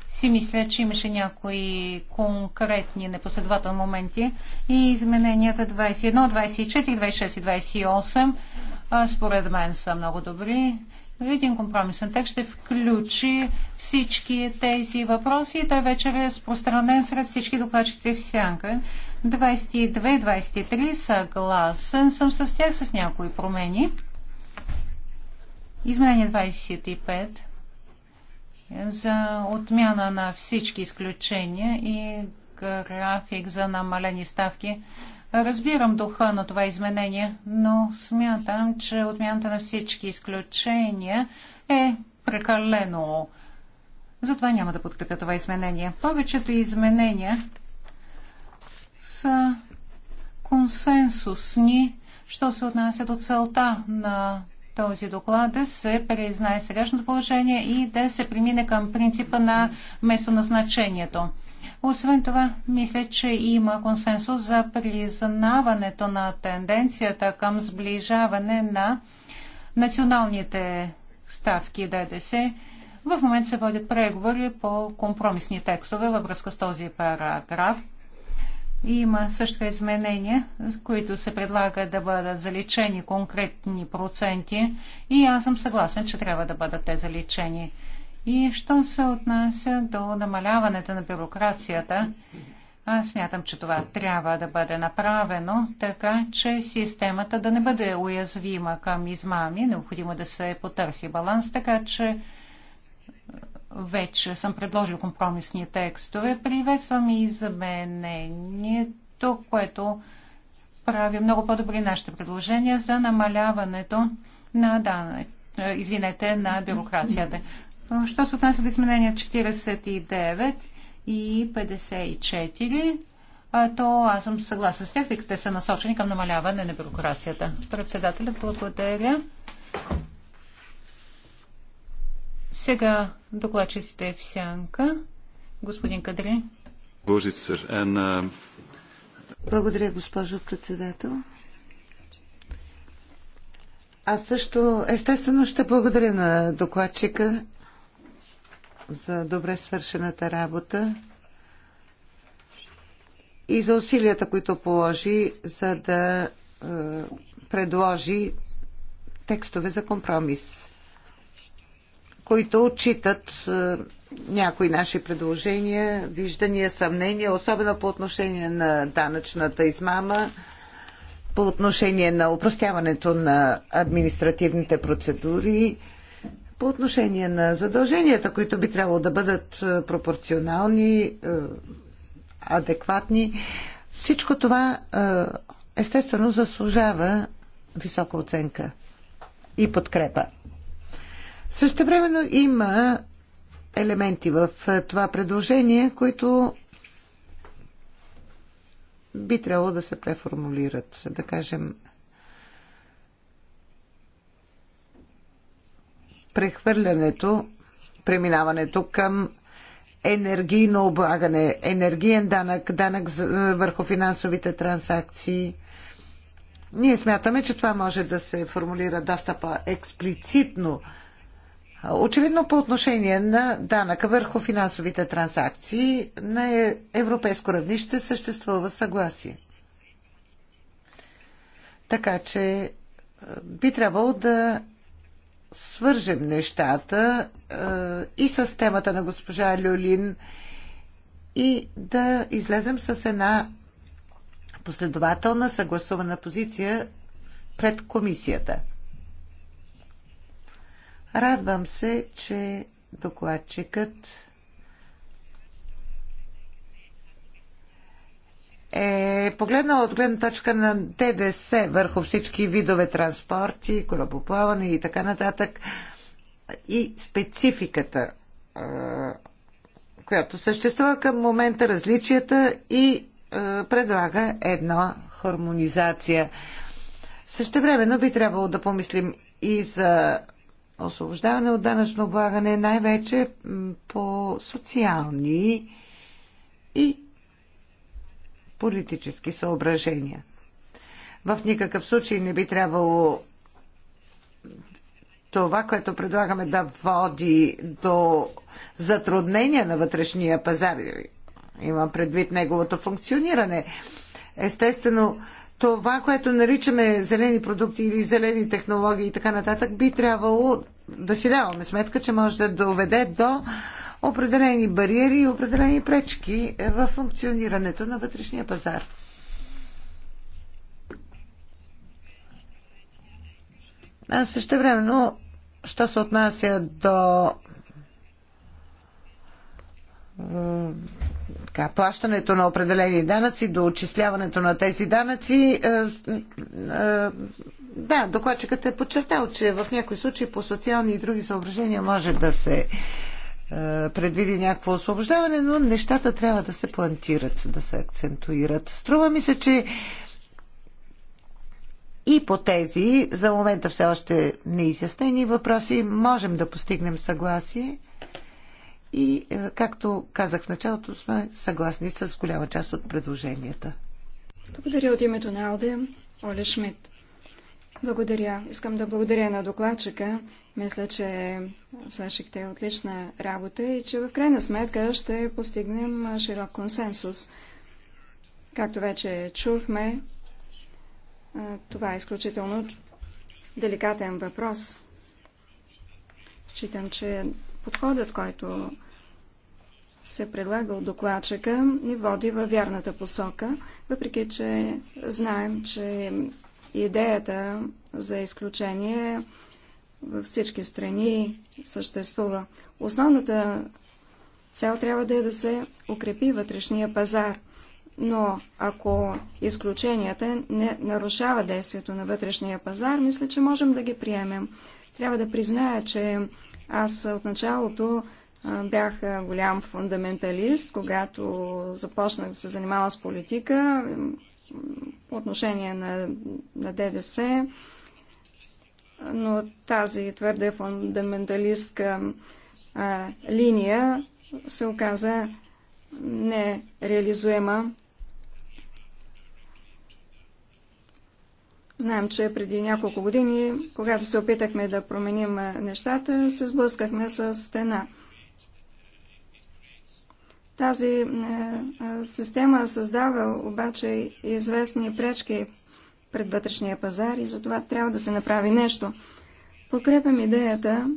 B: си мисля, че имаше някои конкретни непоследователни моменти и измененията 21, 24, 26 и 28 според мен са много добри. Един компромисен текст ще включи всички тези въпроси и той вече е разпространен сред всички докладчици в сянка. 22, 23 съгласен съм с тях с някои промени. Изменение 25 за отмяна на всички изключения и график за намалени ставки. Разбирам духа на това изменение, но смятам, че отмяната на всички изключения е прекалено. Затова няма да подкрепя това изменение. Повечето изменения са консенсусни, що се отнася до целта на този доклад да се признае сегашното положение и да се премине към принципа на местоназначението. Освен това, мисля, че има консенсус за признаването на тенденцията към сближаване на националните ставки ДДС. В момента се водят преговори по компромисни текстове във връзка с този параграф. Има също изменения, които се предлага да бъдат заличени конкретни проценти и аз съм съгласен, че трябва да бъдат те заличени. И що се отнася до намаляването на бюрокрацията, аз смятам, че това трябва да бъде направено, така че системата да не бъде уязвима към измами. Необходимо да се потърси баланс, така че вече съм предложил компромисни текстове. Приветствам и заменението, което прави много по-добри нашите предложения за намаляването на данък, извинете, на бюрокрацията. Що се отнася до изменения 49 и 54, то аз съм съгласен с тях, тъй като те са насочени към намаляване на бюрокрацията. Председателят благодаря. Сега докладчиците в сянка. Господин Кадри.
C: Благодаря, госпожо председател. Аз също, естествено, ще благодаря на докладчика за добре свършената работа и за усилията, които положи, за да е, предложи текстове за компромис които отчитат е, някои наши предложения, виждания, съмнения, особено по отношение на данъчната измама, по отношение на упростяването на административните процедури, по отношение на задълженията, които би трябвало да бъдат е, пропорционални, е, адекватни. Всичко това естествено заслужава висока оценка и подкрепа. Също времено има елементи в това предложение, които би трябвало да се преформулират. Да кажем, прехвърлянето, преминаването към енергийно облагане, енергиен данък, данък върху финансовите транзакции. Ние смятаме, че това може да се формулира доста по-експлицитно Очевидно по отношение на данъка върху финансовите транзакции на европейско равнище съществува съгласие. Така че е, би трябвало да свържем нещата е, и с темата на госпожа Люлин и да излезем с една последователна съгласувана позиция пред комисията – Радвам се, че докладчикът е погледнал от гледна точка на ДДС върху всички видове транспорти, корабоплаване и така нататък и спецификата, която съществува към момента, различията и предлага една хармонизация. времено би трябвало да помислим и за освобождаване от данъчно облагане най-вече по социални и политически съображения. В никакъв случай не би трябвало това, което предлагаме да води до затруднения на вътрешния пазар. Имам предвид неговото функциониране. Естествено, това, което наричаме зелени продукти или зелени технологии и така нататък, би трябвало да си даваме сметка, че може да доведе до определени бариери и определени пречки в функционирането на вътрешния пазар. А също времено, що се отнася до така, плащането на определени данъци до отчисляването на тези данъци. Е, е, да, докладчикът е подчертал, че в някои случаи по социални и други съображения може да се е, предвиди някакво освобождаване, но нещата трябва да се плантират, да се акцентуират. Струва ми се, че и по тези, за момента все още неизяснени въпроси, можем да постигнем съгласие. И, е, както казах в началото, сме съгласни с голяма част от предложенията.
A: Благодаря от името на Алде, Оле Шмидт. Благодаря. Искам да благодаря на докладчика. Мисля, че свършихте отлична работа и че в крайна сметка ще постигнем широк консенсус. Както вече чухме, е, това е изключително деликатен въпрос. Считам, че Подходът, който се предлага от докладчика, ни води във вярната посока, въпреки че знаем, че идеята за изключение във всички страни съществува. Основната цел трябва да е да се укрепи вътрешния пазар. Но ако изключенията не нарушава действието на вътрешния пазар, мисля, че можем да ги приемем. Трябва да призная, че аз от началото бях голям фундаменталист, когато започнах да се занимава с политика по отношение на, на ДДС, но тази твърде фундаменталистка а, линия се оказа нереализуема Знаем, че преди няколко години, когато се опитахме да променим нещата, се сблъскахме с стена. Тази система създава обаче известни пречки пред вътрешния пазар и затова трябва да се направи нещо. Подкрепям идеята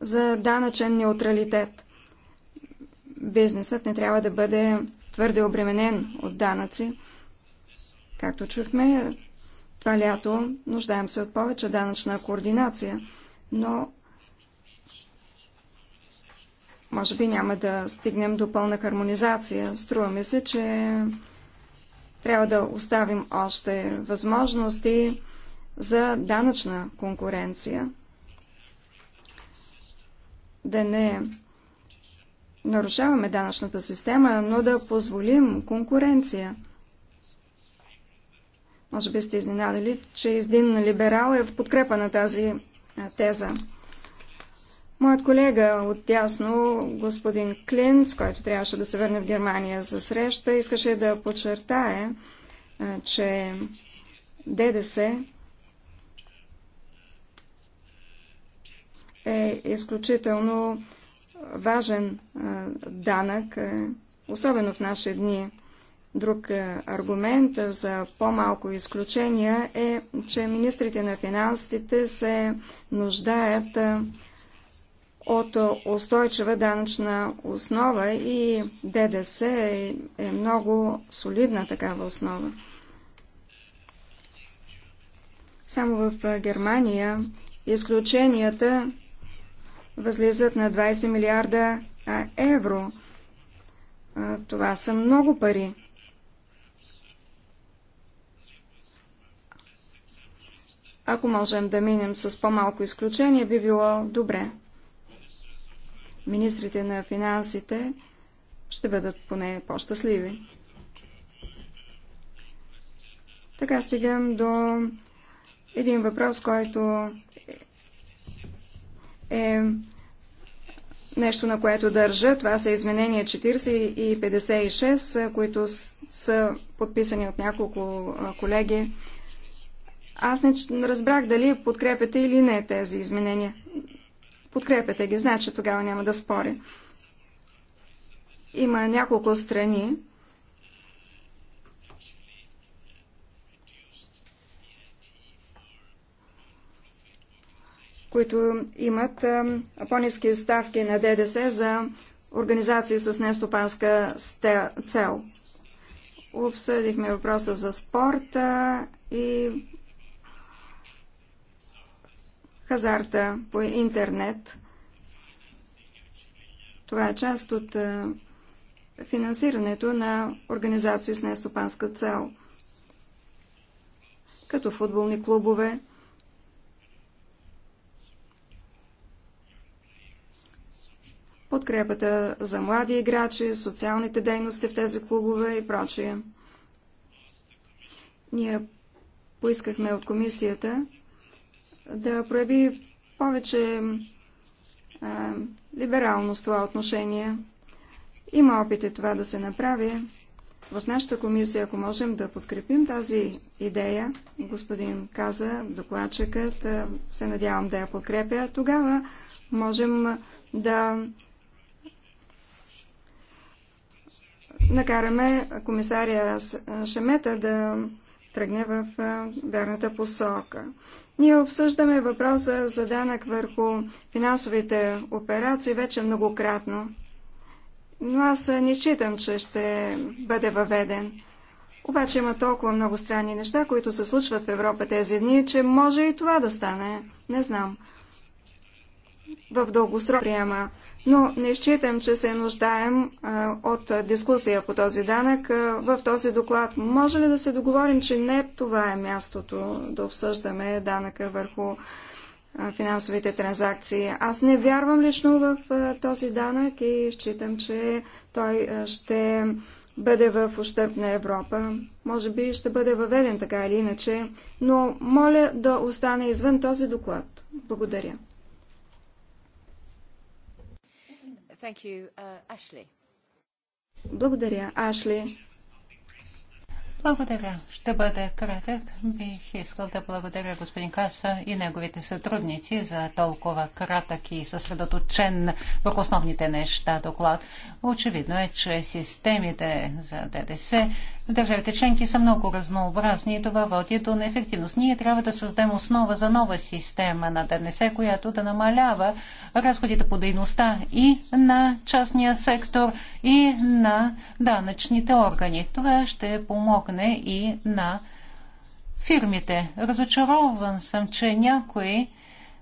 A: за данъчен неутралитет. Бизнесът не трябва да бъде твърде обременен от данъци. Както чухме, това лято. Нуждаем се от повече данъчна координация, но може би няма да стигнем до пълна хармонизация. Струва ми се, че трябва да оставим още възможности за данъчна конкуренция, да не нарушаваме данъчната система, но да позволим конкуренция – може би сте изненадали, че на либерал е в подкрепа на тази теза. Моят колега от тясно, господин Клинц, който трябваше да се върне в Германия за среща, искаше да подчертае, че ДДС е изключително важен данък, особено в наши дни. Друг е, аргумент за по-малко изключения е, че министрите на финансите се нуждаят е, от устойчива данъчна основа и ДДС е, е много солидна такава основа. Само в Германия изключенията възлизат на 20 милиарда евро. Това са много пари. Ако можем да минем с по-малко изключение, би било добре. Министрите на финансите ще бъдат поне по-щастливи. Така стигам до един въпрос, който е нещо, на което държа. Това са изменения 40 и 56, които са подписани от няколко колеги. Аз не разбрах дали подкрепяте или не тези изменения. Подкрепяте ги, значи тогава няма да споря. Има няколко страни, които имат по-низки ставки на ДДС за организации с нестопанска цел. Обсъдихме въпроса за спорта и хазарта по интернет. Това е част от е, финансирането на организации с нестопанска цел, като футболни клубове, подкрепата за млади играчи, социалните дейности в тези клубове и прочие. Ние поискахме от комисията да прояви повече а, либералност в това отношение. Има опити това да се направи. В нашата комисия, ако можем да подкрепим тази идея, господин каза, докладчикът, се надявам да я подкрепя, тогава можем да накараме комисария Шемета да тръгне в вярната посока. Ние обсъждаме въпроса за данък върху финансовите операции вече многократно, но аз не считам, че ще бъде въведен. Обаче има толкова много странни неща, които се случват в Европа тези дни, че може и това да стане. Не знам. В дългосрок приема но не считам, че се нуждаем а, от дискусия по този данък а, в този доклад. Може ли да се договорим, че не това е мястото да обсъждаме данъка върху а, финансовите транзакции? Аз не вярвам лично в а, този данък и считам, че той а, ще бъде в ущърп на Европа. Може би ще бъде въведен така или иначе, но моля да остане извън този доклад. Благодаря. Uh, благодаря, Ашли.
B: Благодаря. Ще бъда кратък. Бих искал да благодаря господин Каса и неговите сътрудници за толкова кратък и съсредоточен в основните неща доклад. Очевидно е, че системите за ДДС Държавите членки са много разнообразни и това води до неефективност. Ние трябва да създадем основа за нова система на ДНС, която да намалява разходите по дейността и на частния сектор, и на данъчните органи. Това ще помогне и на фирмите. Разочарован съм, че някои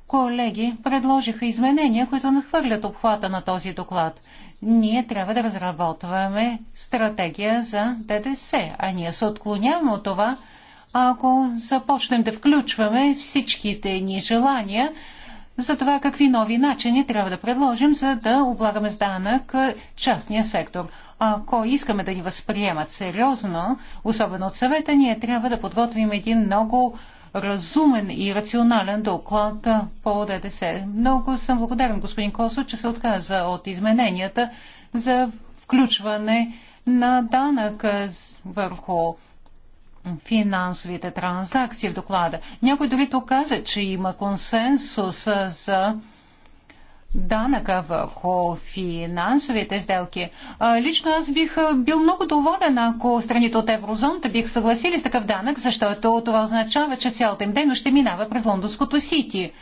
B: колеги предложиха изменения, които нахвърлят обхвата на този доклад – ние трябва да разработваме стратегия за ДДС, а ние се отклоняваме от това, ако започнем да включваме всичките ни желания за това какви нови начини трябва да предложим, за да облагаме с данък частния сектор. Ако искаме да ни възприемат сериозно, особено от съвета, ние трябва да подготвим един много разумен и рационален доклад по ДДС. Много съм благодарен, господин Косо, че се отказа от измененията за включване на данък върху финансовите транзакции в доклада. Някой дори тук каза, че има консенсус за данъка върху финансовите сделки. Лично аз бих бил много доволен, ако страните от еврозоната бих съгласили с такъв данък, защото това означава, че цялата им дейност ще минава през лондонското сити.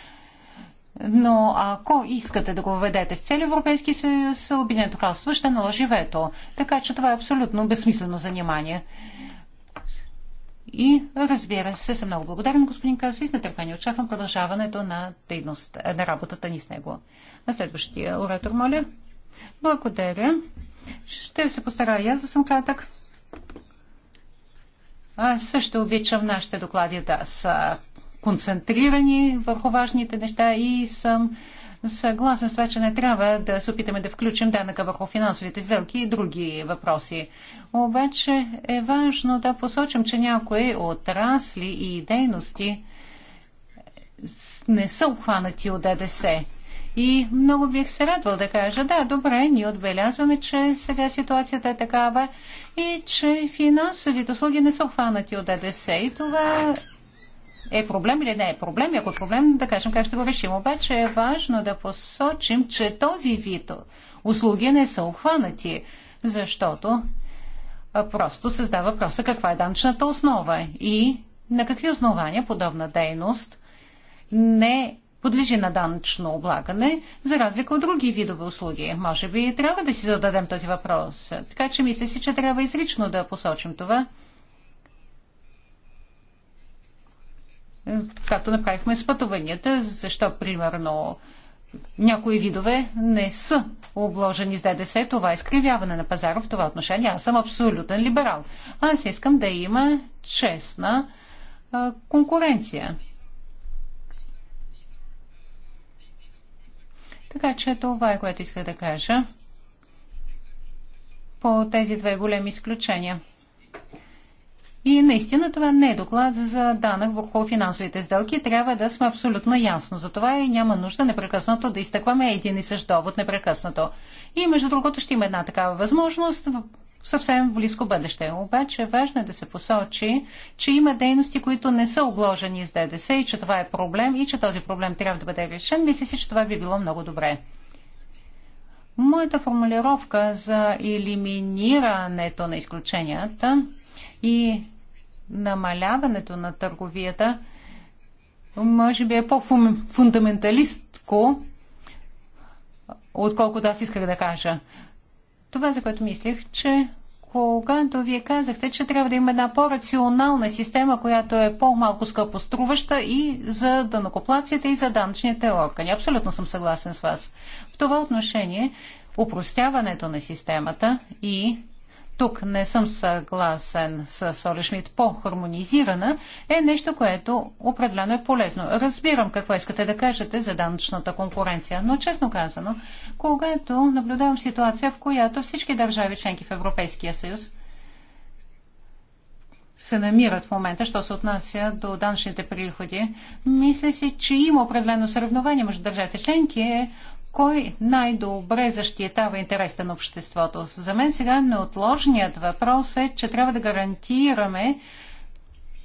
B: Но ако искате да го введете в цели Европейски съюз, Обединеното кралство ще наложи вето. Така че това е абсолютно безсмислено занимание. И разбира се, съм много благодарен, господин Казвис. На търпение очаквам продължаването на, дейност, на работата ни с него. На Следващия оратор, моля. Благодаря. Ще се постарая аз да съм кратък. Аз също обичам нашите доклади да са концентрирани върху важните неща и съм съгласен с това, че не трябва да се опитаме да включим данъка върху финансовите сделки и други въпроси. Обаче е важно да посочим, че някои отрасли и дейности не са обхванати от ДДС. И много бих се радвал да кажа, да, добре, ние отбелязваме, че сега ситуацията е такава и че финансовите услуги не са хванати от ДДС и това е проблем или не е проблем. Ако е проблем, да кажем как ще го решим. Обаче е важно да посочим, че този вид услуги не са обхванати, защото просто създава въпроса каква е данъчната основа и на какви основания подобна дейност не е подлежи на данъчно облагане, за разлика от други видове услуги. Може би трябва да си зададем този въпрос. Така че мисля си, че трябва изрично да посочим това. Както направихме с пътуванията, защо примерно някои видове не са обложени с ДДС, това е изкривяване на пазара в това отношение. Аз съм абсолютен либерал. Аз искам да има честна конкуренция. Така че това е което иска да кажа по тези две големи изключения. И наистина това не е доклад за данък върху финансовите сделки. Трябва да сме абсолютно ясно. За това и няма нужда непрекъснато да изтъкваме един и същ довод непрекъснато. И между другото ще има една такава възможност съвсем близко бъдеще. Обаче важно е да се посочи, че има дейности, които не са обложени с ДДС и че това е проблем и че този проблем трябва да бъде решен. Мисля си, че това би било много добре. Моята формулировка за елиминирането на изключенията и намаляването на търговията може би е по-фундаменталистко, отколкото аз исках да кажа това, за което мислех, че когато вие казахте, че трябва да има една по-рационална система, която е по-малко скъпоструваща и за данокоплацията, и за данъчните органи. Абсолютно съм съгласен с вас. В това отношение, упростяването на системата и тук не съм съгласен с Оли Шмидт, по-хармонизирана е нещо, което определено е полезно. Разбирам какво искате да кажете за данъчната конкуренция, но честно казано, когато наблюдавам ситуация, в която всички държави членки в Европейския съюз се намират в момента, що се отнася до данъчните приходи, мисля си, че има определено съревнование между държавите членки, кой най-добре защитава интереса на обществото. За мен сега неотложният въпрос е, че трябва да гарантираме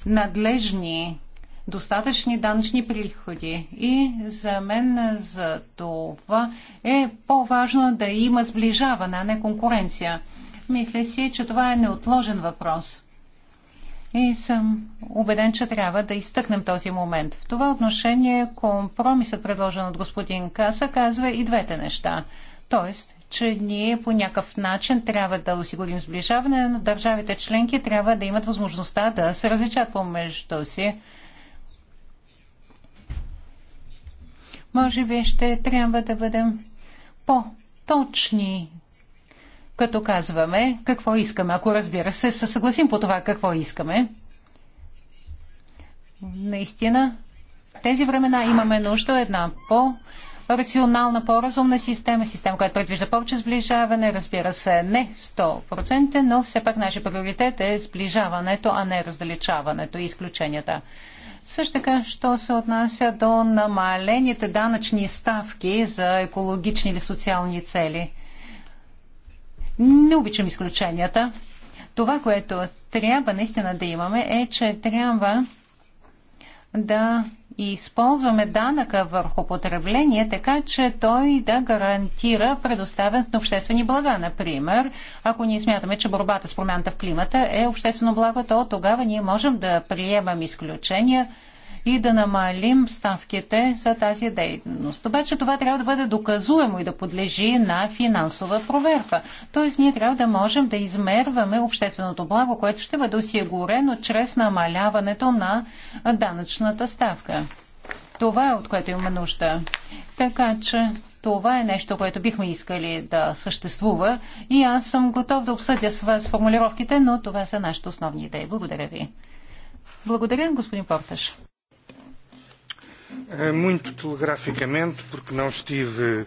B: надлежни, достатъчни данъчни приходи. И за мен за това е по-важно да има сближаване, а не конкуренция. Мисля си, че това е неотложен въпрос и съм убеден, че трябва да изтъкнем този момент. В това отношение компромисът, предложен от господин Каса, казва и двете неща. Тоест, че ние по някакъв начин трябва да осигурим сближаване на държавите членки, трябва да имат възможността да се различат помежду си. Може би ще трябва да бъдем по-точни като казваме какво искаме. Ако разбира се, се съгласим по това какво искаме. Наистина, в тези времена имаме нужда една по- рационална, по-разумна система, система, която предвижда повече сближаване, разбира се, не 100%, но все пак нашия приоритет е сближаването, а не различаването и изключенията. Също така, що се отнася до намалените данъчни ставки за екологични или социални цели – не обичам изключенията. Това, което трябва наистина да имаме е, че трябва да използваме данъка върху потребление, така че той да гарантира предоставянето на обществени блага. Например, ако ние смятаме, че борбата с промяната в климата е обществено благо, то тогава ние можем да приемам изключения – и да намалим ставките за тази дейност. Обаче това трябва да бъде доказуемо и да подлежи на финансова проверка. Тоест ние трябва да можем да измерваме общественото благо, което ще бъде осигурено чрез намаляването на данъчната ставка. Това е от което имаме нужда. Така че това е нещо, което бихме искали да съществува и аз съм готов да обсъдя с вас формулировките, но това са нашите основни идеи. Благодаря ви. Благодаря, господин Порташ.
A: Е, Muito telegraficamente, porque não estive.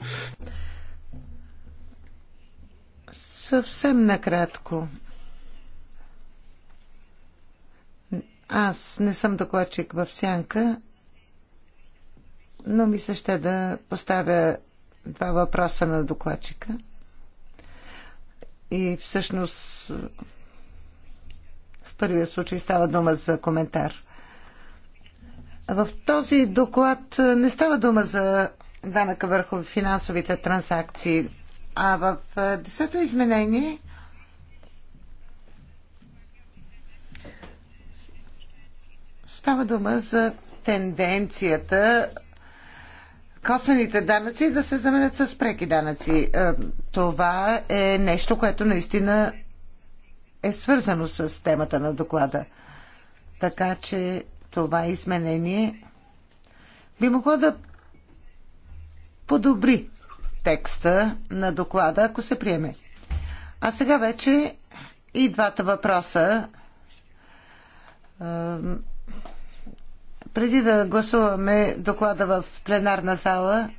C: Съвсем накратко. Аз не съм докладчик в сянка, но ми се ще да поставя два въпроса на докладчика. И всъщност в първия случай става дума за коментар. В този доклад не става дума за данъка върху финансовите транзакции, а в десето изменение става дума за тенденцията косвените данъци да се заменят с преки данъци. Това е нещо, което наистина е свързано с темата на доклада. Така че това изменение би могло да подобри текста на доклада, ако се приеме. А сега вече и двата въпроса. Преди да гласуваме доклада в пленарна зала,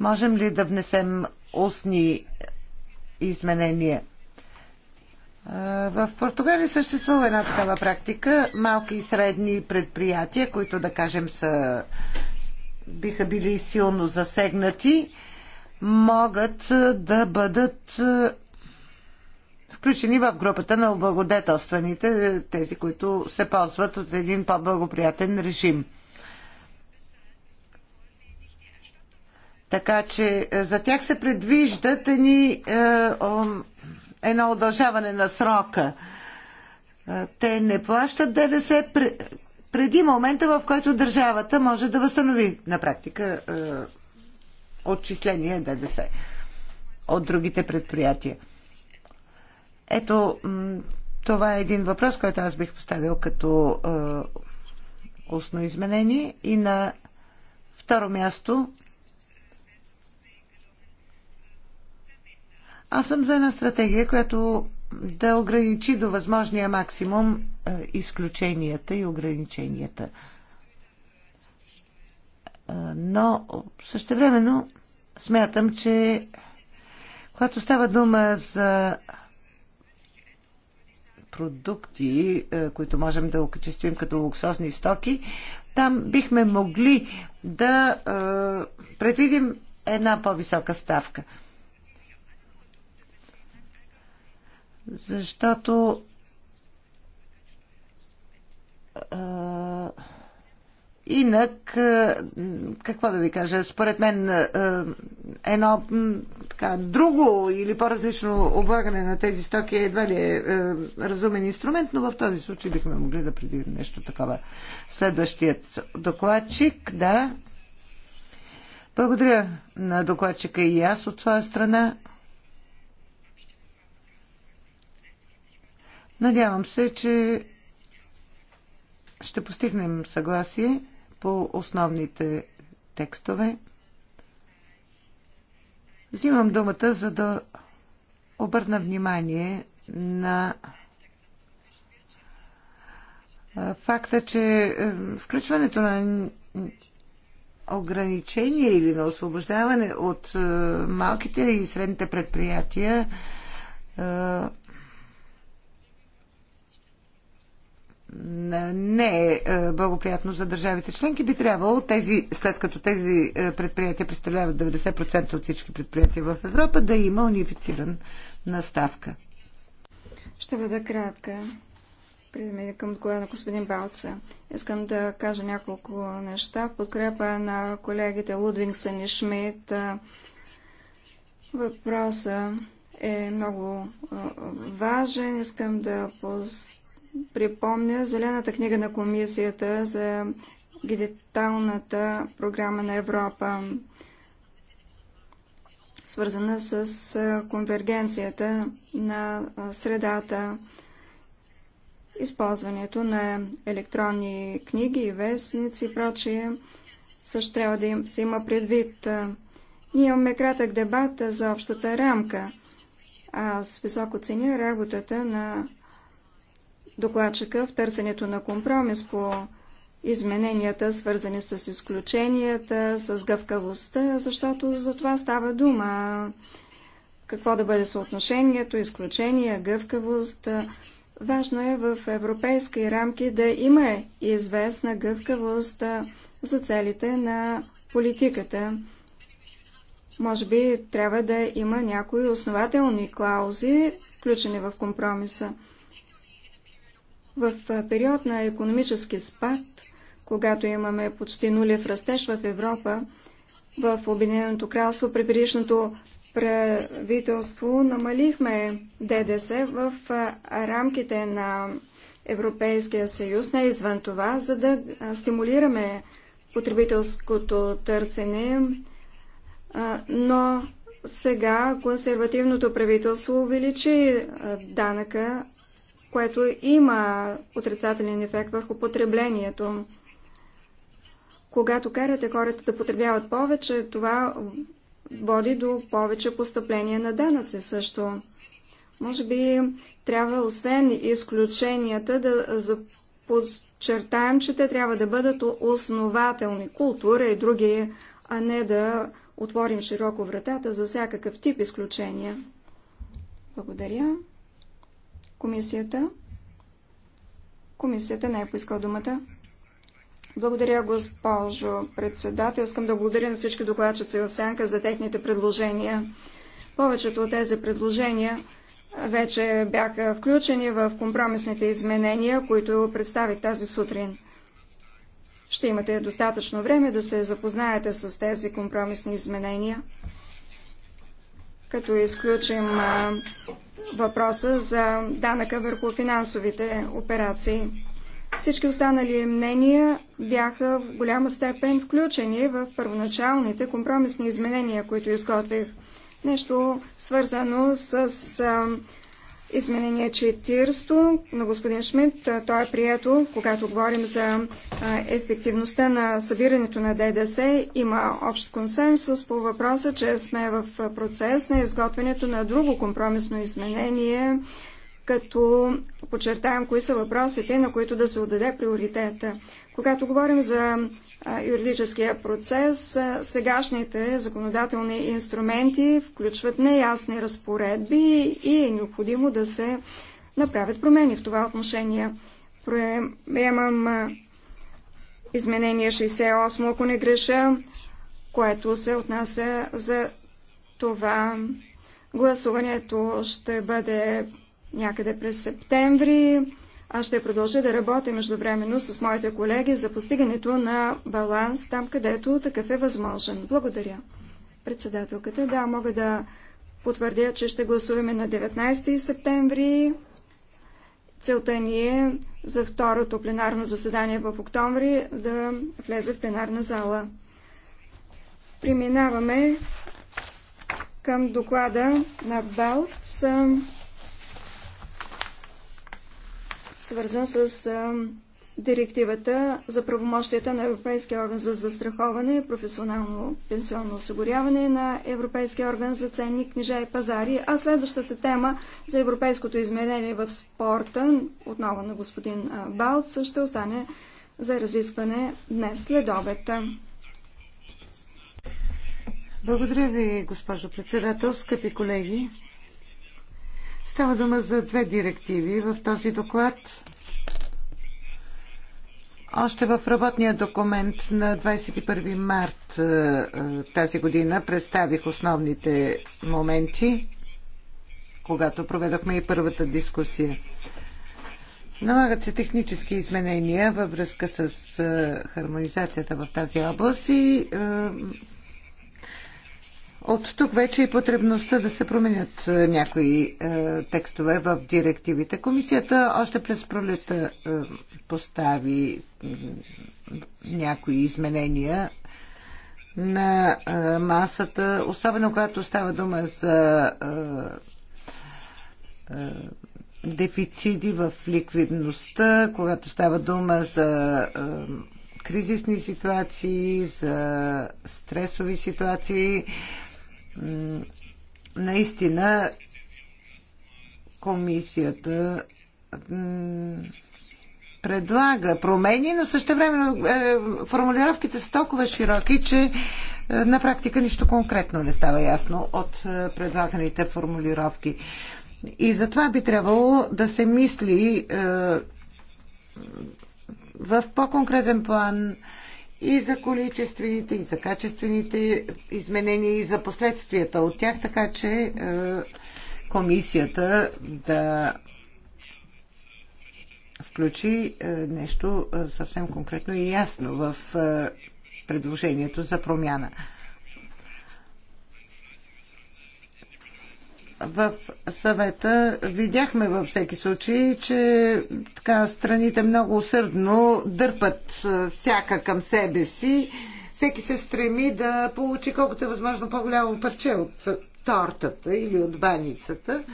C: можем ли да внесем устни изменения? В Португалия съществува една такава практика. Малки и средни предприятия, които да кажем са, биха били силно засегнати, могат да бъдат включени в групата на облагодетелстваните, е, тези, които се ползват от един по-благоприятен режим. Така че е, за тях се предвиждат ни е, едно удължаване на срока. Е, те не плащат ДДС преди момента, в който държавата може да възстанови на практика е, отчисление ДДС от другите предприятия. Ето, това е един въпрос, който аз бих поставил като е, устно изменение. И на второ място Аз съм за една стратегия, която да ограничи до възможния максимум е, изключенията и ограниченията. Е, но същевременно смятам, че когато става дума за продукти, е, които можем да окачествим като луксозни стоки, там бихме могли да предвидим една по-висока ставка. Защото а, Инак, какво да ви кажа, според мен едно така, друго или по-различно облагане на тези стоки е едва ли е, е разумен инструмент, но в този случай бихме могли да предвидим нещо такова. Следващият докладчик, да. Благодаря на докладчика и аз от своя страна. Надявам се, че ще постигнем съгласие по основните текстове. Взимам думата, за да обърна внимание на факта, че включването на ограничение или на освобождаване от малките и средните предприятия не е, е благоприятно за държавите членки, би трябвало тези, след като тези е, предприятия представляват 90% от всички предприятия в Европа, да има унифициран наставка.
A: Ще бъда кратка. Преди към доклада на господин Балца. Искам да кажа няколко неща в подкрепа на колегите Лудвингсън и Шмидт. Въпросът е много е, важен. Искам да пост припомня Зелената книга на комисията за дигиталната програма на Европа, свързана с конвергенцията на средата, използването на електронни книги и вестници и прочие. Също трябва да им, се има предвид. Ние имаме кратък дебат за общата рамка. Аз високо ценя работата на докладчика в търсенето на компромис по измененията, свързани с изключенията, с гъвкавостта, защото за това става дума. Какво да бъде съотношението, изключения, гъвкавост. Важно е в европейски рамки да има известна гъвкавост за целите на политиката. Може би трябва да има някои основателни клаузи, включени в компромиса. В период на економически спад, когато имаме почти нулев растеж в Европа, в Обединеното кралство при предишното правителство намалихме ДДС в рамките на Европейския съюз, не извън това, за да стимулираме потребителското търсене, но сега консервативното правителство увеличи данъка което има отрицателен ефект върху потреблението. Когато карате хората да потребяват повече, това води до повече постъпление на данъци също. Може би трябва, освен изключенията, да подчертаем, че те трябва да бъдат основателни култура и други, а не да отворим широко вратата за всякакъв тип изключения. Благодаря. Комисията? Комисията не е поискал думата. Благодаря, госпожо председател. Искам да благодаря на всички докладчици в Сянка за техните предложения. Повечето от тези предложения вече бяха включени в компромисните изменения, които представих тази сутрин. Ще имате достатъчно време да се запознаете с тези компромисни изменения, като изключим въпроса за данъка върху финансовите операции. Всички останали мнения бяха в голяма степен включени в първоначалните компромисни изменения, които изготвих. Нещо свързано с Изменение 40 на господин Шмидт, то е прието, когато говорим за ефективността на събирането на ДДС. Има общ консенсус по въпроса, че сме в процес на изготвянето на друго компромисно изменение, като подчертаем кои са въпросите, на които да се отдаде приоритета. Когато говорим за юридическия процес, сегашните законодателни инструменти включват неясни разпоредби и е необходимо да се направят промени в това отношение. Приемам изменение 68, ако не греша, което се отнася за това. Гласуването ще бъде някъде през септември. Аз ще продължа да работя междувременно с моите колеги за постигането на баланс там, където такъв е възможен. Благодаря. Председателката, да, мога да потвърдя, че ще гласуваме на 19 септември. Целта ни е за второто пленарно заседание в октомври да влезе в пленарна зала. Преминаваме към доклада на БАЛЦ. свързан с директивата за правомощията на Европейския орган за застраховане и професионално пенсионно осигуряване на Европейския орган за ценни книжа и пазари, а следващата тема за европейското изменение в спорта, отново на господин Балц, ще остане за разискване днес след обед.
C: Благодаря ви, госпожо председател, скъпи колеги. Става дума за две директиви в този доклад. Още в работния документ на 21 март е, е, тази година представих основните моменти, когато проведохме и първата дискусия. Налагат се технически изменения във връзка с е, хармонизацията в тази област и от тук вече и потребността да се променят е, някои е, текстове в директивите. Комисията още през пролета е, постави е, някои изменения на е, масата, особено когато става дума за е, е, дефициди в ликвидността, когато става дума за. Е, кризисни ситуации, за стресови ситуации. Наистина комисията предлага промени, но също време е, формулировките са толкова широки, че е, на практика нищо конкретно не става ясно от е, предлаганите формулировки. И затова би трябвало да се мисли в по-конкретен план и за количествените, и за качествените изменения, и за последствията от тях, така че е, комисията да включи е, нещо е, съвсем конкретно и ясно в е, предложението за промяна. в съвета видяхме във всеки случай, че така, страните много усърдно дърпат всяка към себе си. Всеки се стреми да получи колкото е възможно по-голямо парче от тортата или от баницата.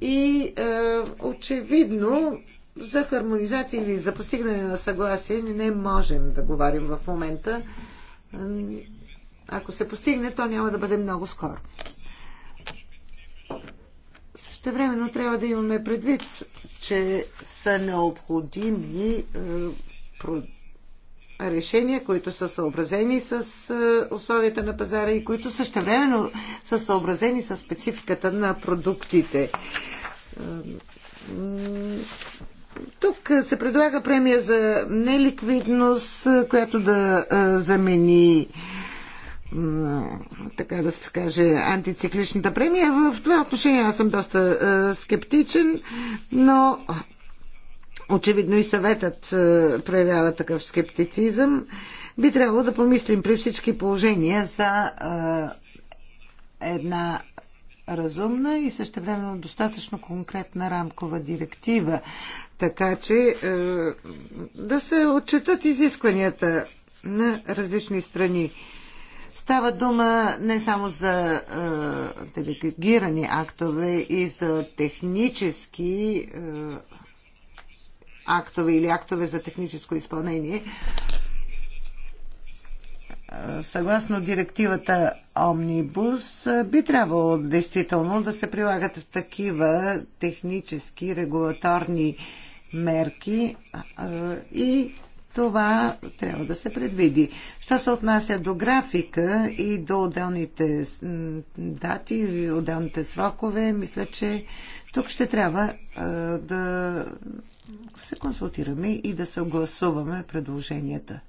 C: И е, очевидно за хармонизация или за постигане на съгласие не можем да говорим в момента. Ако се постигне, то няма да бъде много скоро. Същевременно трябва да имаме предвид, че са необходими е, решения, които са съобразени с е, условията на пазара и които същевременно са съобразени с спецификата на продуктите. Е, тук се предлага премия за неликвидност, която да замени така да се каже, антицикличната премия. В това отношение аз съм доста е, скептичен, но очевидно и съветът е, проявява такъв скептицизъм. Би трябвало да помислим при всички положения за е, една разумна и същевременно достатъчно конкретна рамкова директива, така че е, да се отчитат изискванията на различни страни. Става дума не само за е, делегирани актове и за технически е, актове или актове за техническо изпълнение. Е, съгласно директивата Омнибус, е, би трябвало действително да се прилагат такива технически регулаторни мерки е, и това трябва да се предвиди. Що се отнася до графика и до отделните дати, отделните срокове, мисля, че тук ще трябва да се консултираме и да съгласуваме предложенията.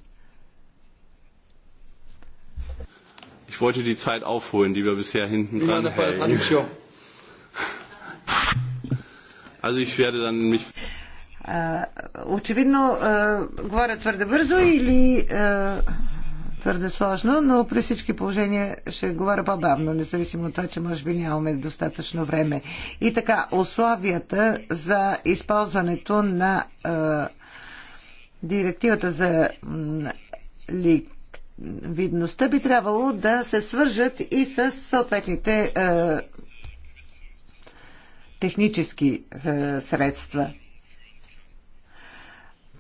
B: Ich wollte die Zeit aufholen, die wir bisher hinten dran Also ich werde dann mich
C: Очевидно, говоря твърде бързо или твърде сложно, но при всички положения ще говоря по-бавно, независимо от това, че може би нямаме достатъчно време. И така, условията за използването на директивата за ликвидността би трябвало да се свържат и с съответните е, технически е, средства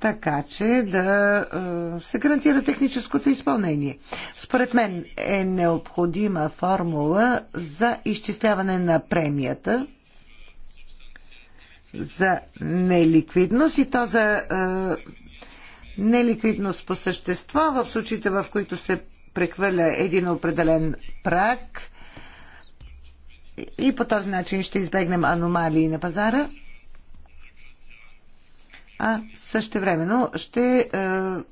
C: така че да е, се гарантира техническото изпълнение. Според мен е необходима формула за изчисляване на премията за неликвидност и то за е, неликвидност по същество в случаите, в които се прехвърля един определен прак и по този начин ще избегнем аномалии на пазара – а също времено ще е,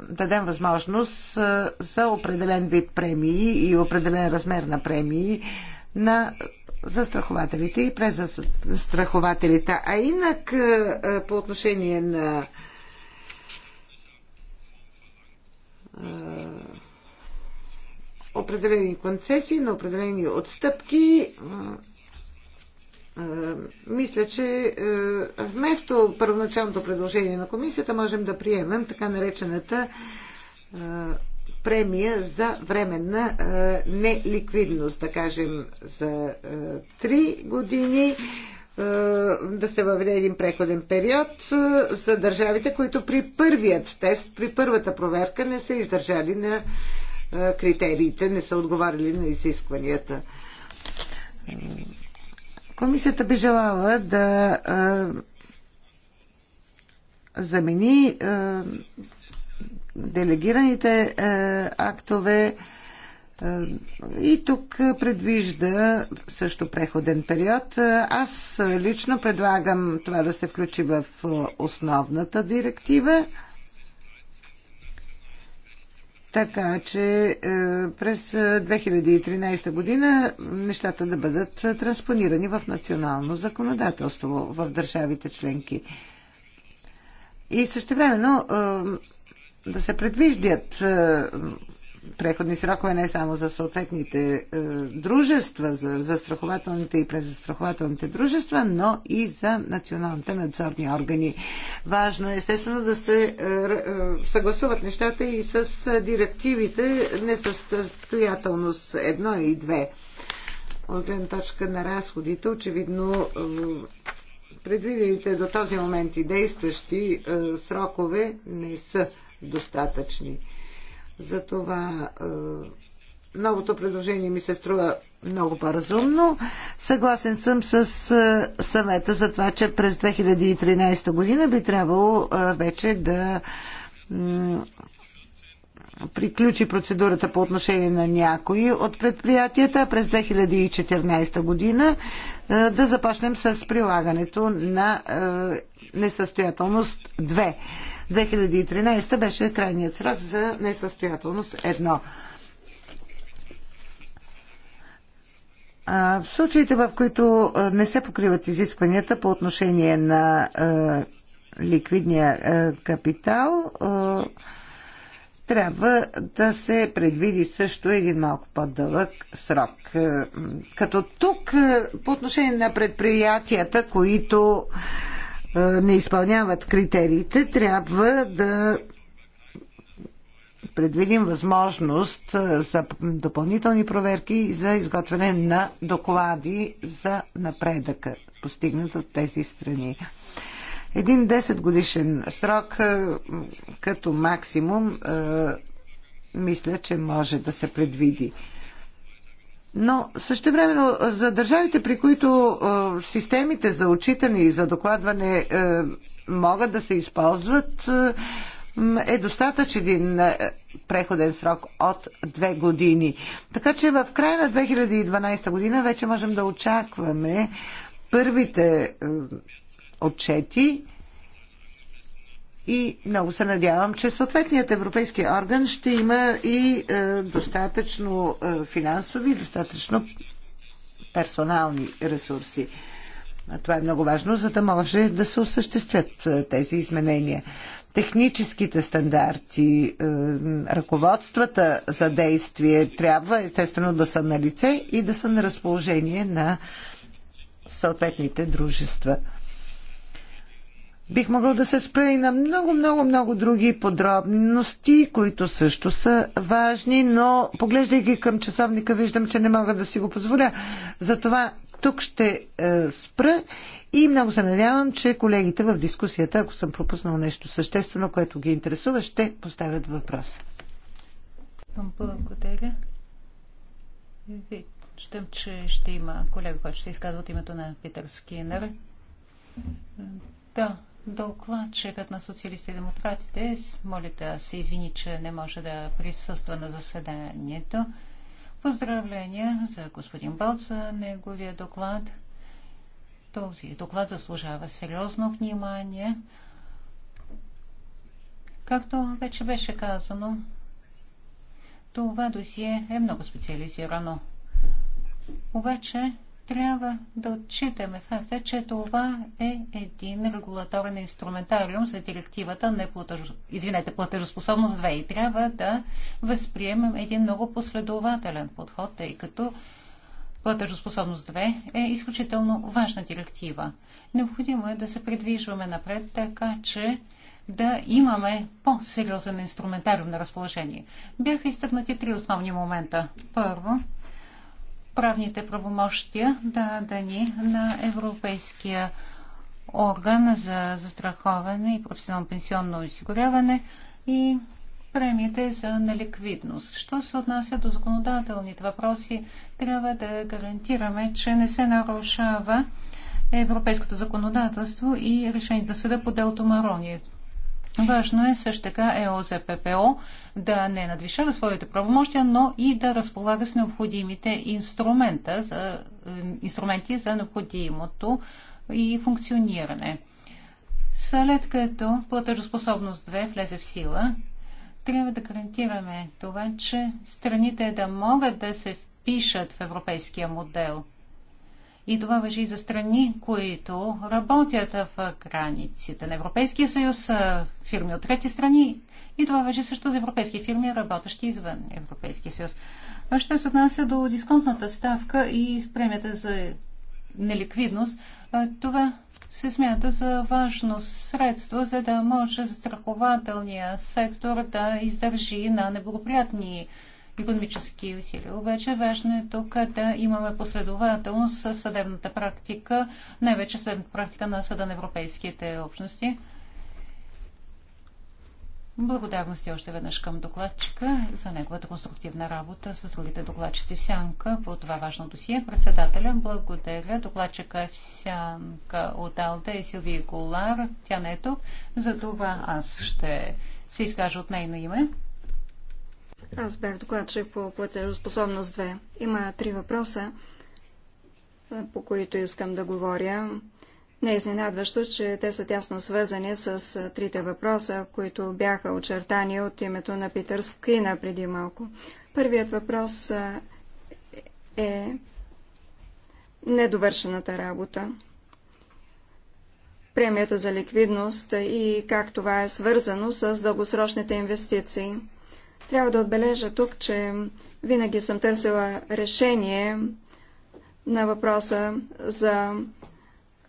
C: дадем възможност е, за определен вид премии и определен размер на премии на застрахователите и през застрахователите. А инак е, е, по отношение на е, определени концесии, на определени отстъпки е, мисля, че е, вместо първоначалното предложение на комисията можем да приемем така наречената е, премия за временна неликвидност, да кажем за 3 години да се въведе един преходен период за държавите, които при първият тест, при първата проверка не са издържали на критериите, не са отговаряли на изискванията. Комисията би желала да а, замени а, делегираните а, актове и тук предвижда също преходен период. Аз лично предлагам това да се включи в основната директива така че е, през 2013 е, година нещата да бъдат транспонирани в национално законодателство в държавите членки. И времено е, да се предвиждат преходни срокове не само за съответните е, дружества, за застрахователните и презастрахователните дружества, но и за националните надзорни органи. Важно е естествено да се е, е, съгласуват нещата и с е, директивите не несъстоятелност едно и две. От гледна точка на разходите, очевидно е, предвидените до този момент и действащи е, срокове не са достатъчни затова е, новото предложение ми се струва много по-разумно. Съгласен съм с е, съвета за това, че през 2013 година би трябвало е, вече да приключи процедурата по отношение на някои от предприятията през 2014 година да започнем с прилагането на несъстоятелност 2. 2013 беше крайният срок за несъстоятелност едно. В случаите, в които не се покриват изискванията по отношение на ликвидния капитал, трябва да се предвиди също един малко по-дълъг срок. Като тук, по отношение на предприятията, които не изпълняват критериите, трябва да предвидим възможност за допълнителни проверки и за изготвяне на доклади за напредъка, постигнат от тези страни. Един 10 годишен срок като максимум мисля, че може да се предвиди. Но същевременно за държавите, при които е, системите за отчитане и за докладване е, могат да се използват, е, е достатъчен един е, преходен срок от две години. Така че в края на 2012 година вече можем да очакваме първите е, отчети и много се надявам, че съответният европейски орган ще има и е, достатъчно е, финансови, достатъчно персонални ресурси. Това е много важно, за да може да се осъществят е, тези изменения. Техническите стандарти, ръководствата за действие трябва естествено да са на лице и да са на разположение на съответните дружества. Бих могъл да се спра и на много, много, много други подробности, които също са важни, но поглеждайки към часовника, виждам, че не мога да си го позволя. Затова тук ще е, спра и много се надявам, че колегите в дискусията, ако съм пропуснал нещо съществено, което ги интересува, ще поставят въпрос.
B: Благодаря. Виждам, че ще има колега, който ще се изказва от името на Питерски Скинер. Да, Докладчикът на социалистите и демократите моли да се извини, че не може да присъства на заседанието. Поздравления за господин Балца, неговия доклад. Този доклад заслужава сериозно внимание. Както вече беше казано, това досие е много специализирано. Обаче трябва да отчитаме факта, че това е един регулаторен инструментариум за директивата на платеж... платежоспособност 2 и трябва да възприемем един много последователен подход, тъй като платежоспособност 2 е изключително важна директива. Необходимо е да се придвижваме напред, така че да имаме по-сериозен инструментариум на разположение. Бяха изтъкнати три основни момента. Първо, правните правомощия да дани на Европейския орган за застраховане и професионално пенсионно осигуряване и премиите за неликвидност. Що се отнася до законодателните въпроси, трябва да гарантираме, че не се нарушава европейското законодателство и решението на съда по делото Марония. Важно е също така ЕОЗППО да не надвишава своите правомощия, но и да разполага с необходимите инструмента за, е, инструменти за необходимото и функциониране. След като платежоспособност 2 влезе в сила, трябва да гарантираме това, че страните да могат да се впишат в европейския модел – и това въжи и за страни, които работят в границите на Европейския съюз, фирми от трети страни. И това въжи също за европейски фирми, работещи извън Европейския съюз. А се отнася до дисконтната ставка и премията за неликвидност, това се смята за важно средство, за да може застрахователния сектор да издържи на неблагоприятни економически усилия. Обаче важно е тук да имаме последователност с съдебната практика, най-вече съдебната практика на Съда на Европейските общности. Благодарности още веднъж към докладчика за неговата конструктивна работа с другите докладчици в Сянка по това важно досие. Председателя благодаря докладчика е в Сянка от Алда и Силвия Голар. Тя не е тук, за това аз ще се изкажа от нейно име.
A: Аз бях докладчик по платежоспособност 2. Има три въпроса, е, по които искам да говоря. Не е изненадващо, че те са тясно свързани с е, трите въпроса, които бяха очертани от името на Питър Скина преди малко. Първият въпрос е, е недовършената работа. Премията за ликвидност и как това е свързано с дългосрочните инвестиции – трябва да отбележа тук, че винаги съм търсила решение на въпроса за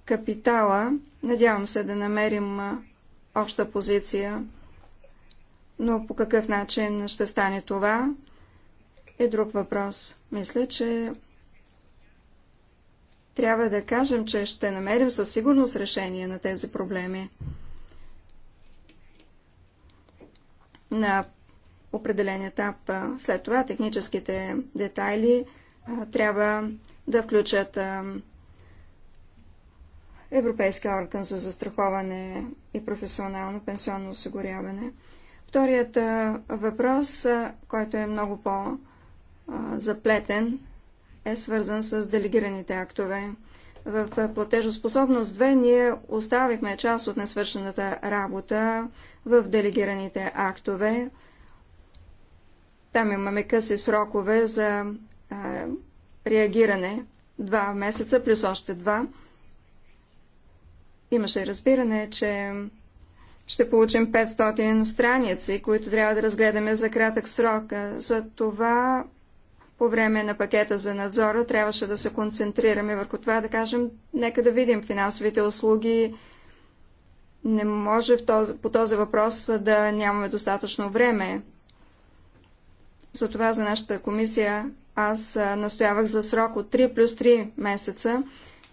A: капитала. Надявам се да намерим обща позиция, но по какъв начин ще стане това е друг въпрос. Мисля, че трябва да кажем, че ще намерим със сигурност решение на тези проблеми. На определен етап. След това техническите детайли трябва да включат Европейския орган за застраховане и професионално пенсионно осигуряване. Вторият въпрос, който е много по-заплетен, е свързан с делегираните актове. В платежоспособност 2 ние оставихме част от несвършената работа в делегираните актове. Там имаме къси срокове за а, реагиране. Два месеца плюс още два. Имаше разбиране, че ще получим 500 страници, които трябва да разгледаме за кратък срок. За това по време на пакета за надзора трябваше да се концентрираме върху това, да кажем, нека да видим финансовите услуги. Не може този, по този въпрос да нямаме достатъчно време. Затова за нашата комисия аз настоявах за срок от 3 плюс 3 месеца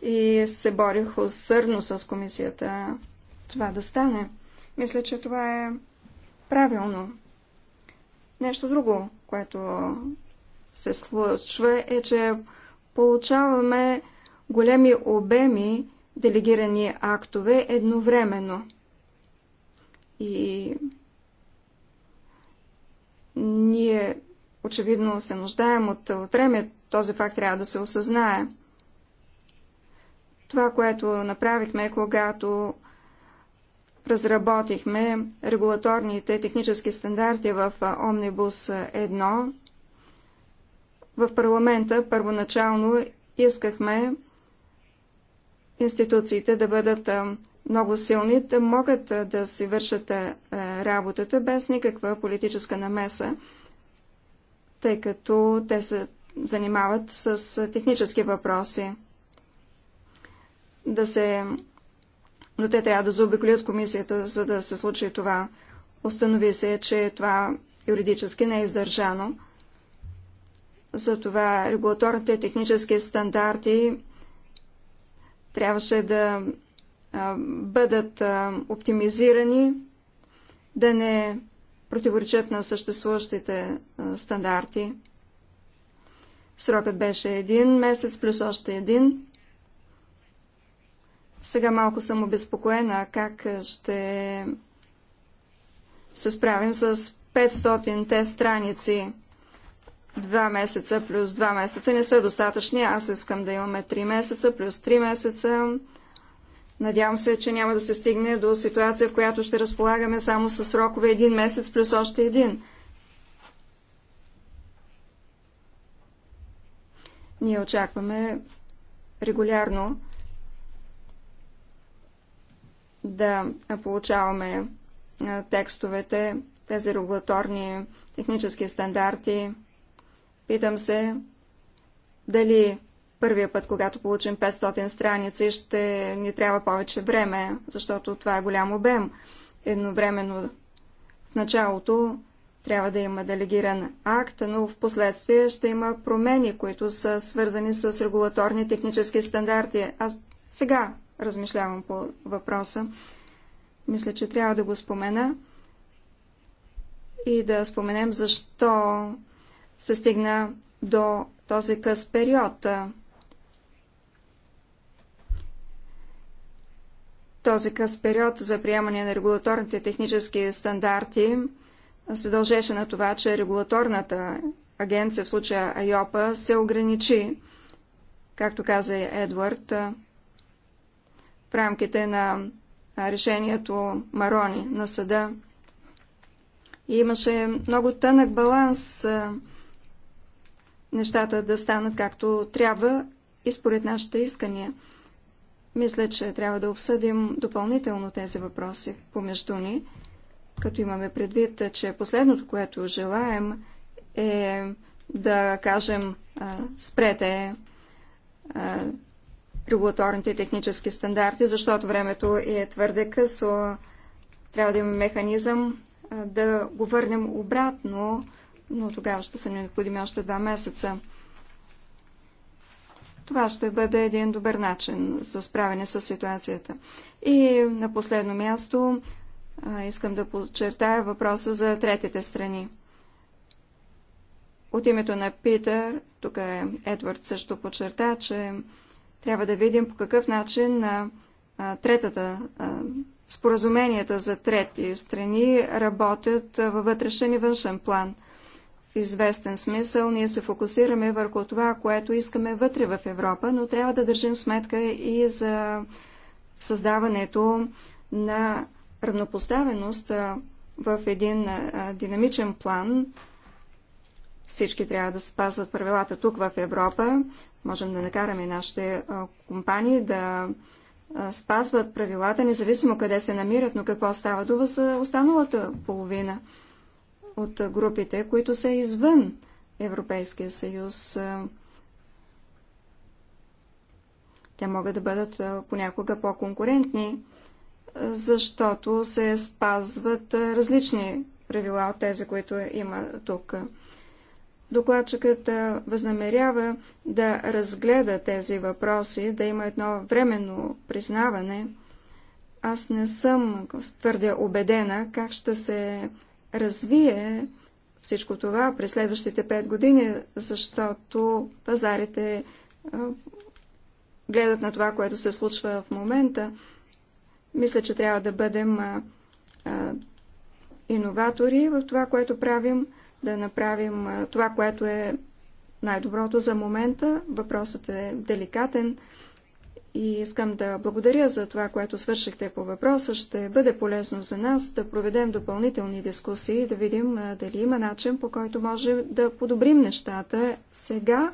A: и се борих усърдно с комисията това да стане. Мисля, че това е правилно. Нещо друго, което се случва, е, че получаваме големи обеми делегирани актове едновременно. И ние Очевидно се нуждаем от време. Този факт трябва да се осъзнае. Това, което направихме, когато разработихме регулаторните технически стандарти в Омнибус 1, в парламента първоначално искахме институциите да бъдат много силни, да могат да си вършат работата без никаква политическа намеса тъй като те се занимават с технически въпроси. Да се... Но те трябва да заобиколят комисията, за да се случи това. Установи се, че това юридически не е издържано. Затова регулаторните технически стандарти трябваше да бъдат оптимизирани, да не противоречат на съществуващите стандарти. Срокът беше един месец плюс още един. Сега малко съм обезпокоена как ще се справим с 500 те страници. Два месеца плюс два месеца не са достатъчни. Аз искам да имаме три месеца плюс три месеца Надявам се, че няма да се стигне до ситуация, в която ще разполагаме само с срокове един месец плюс още един. Ние очакваме регулярно да получаваме текстовете, тези регулаторни технически стандарти. Питам се дали Първия път, когато получим 500 страници, ще ни трябва повече време, защото това е голям обем. Едновременно в началото трябва да има делегиран акт, но в последствие ще има промени, които са свързани с регулаторни технически стандарти. Аз сега размишлявам по въпроса. Мисля, че трябва да го спомена и да споменем защо се стигна до този къс период. този къс период за приемане на регулаторните технически стандарти се дължеше на това, че регулаторната агенция, в случая АЙОПА, се ограничи, както каза Едвард, в рамките на решението Марони на съда. И имаше много тънък баланс нещата да станат както трябва и според нашите искания. Мисля, че трябва да обсъдим допълнително тези въпроси помежду ни, като имаме предвид, че последното, което желаем е да кажем спрете регулаторните технически стандарти, защото времето е твърде късо. Трябва да имаме механизъм да го върнем обратно, но тогава ще са необходими още два месеца. Това ще бъде един добър начин за справяне с ситуацията. И на последно място искам да подчертая въпроса за третите страни. От името на Питър, тук е Едвард също подчерта, че трябва да видим по какъв начин на третата, споразуменията за трети страни работят във вътрешен и външен план – в известен смисъл ние се фокусираме върху това, което искаме вътре в Европа, но трябва да държим сметка и за създаването на равнопоставеност в един динамичен план. Всички трябва да спазват правилата тук в Европа. Можем да накараме нашите компании да спазват правилата, независимо къде се намират, но какво става дума за останалата половина – от групите, които са извън Европейския съюз. Те могат да бъдат понякога по-конкурентни, защото се спазват различни правила от тези, които има тук. Докладчикът възнамерява да разгледа тези въпроси, да има едно временно признаване. Аз не съм твърде убедена как ще се развие всичко това през следващите 5 години, защото пазарите гледат на това, което се случва в момента. Мисля, че трябва да бъдем иноватори в това, което правим, да направим това, което е най-доброто за момента. Въпросът е деликатен и искам да благодаря за това, което свършихте по въпроса. Ще бъде полезно за нас да проведем допълнителни дискусии, да видим дали има начин, по който можем да подобрим нещата сега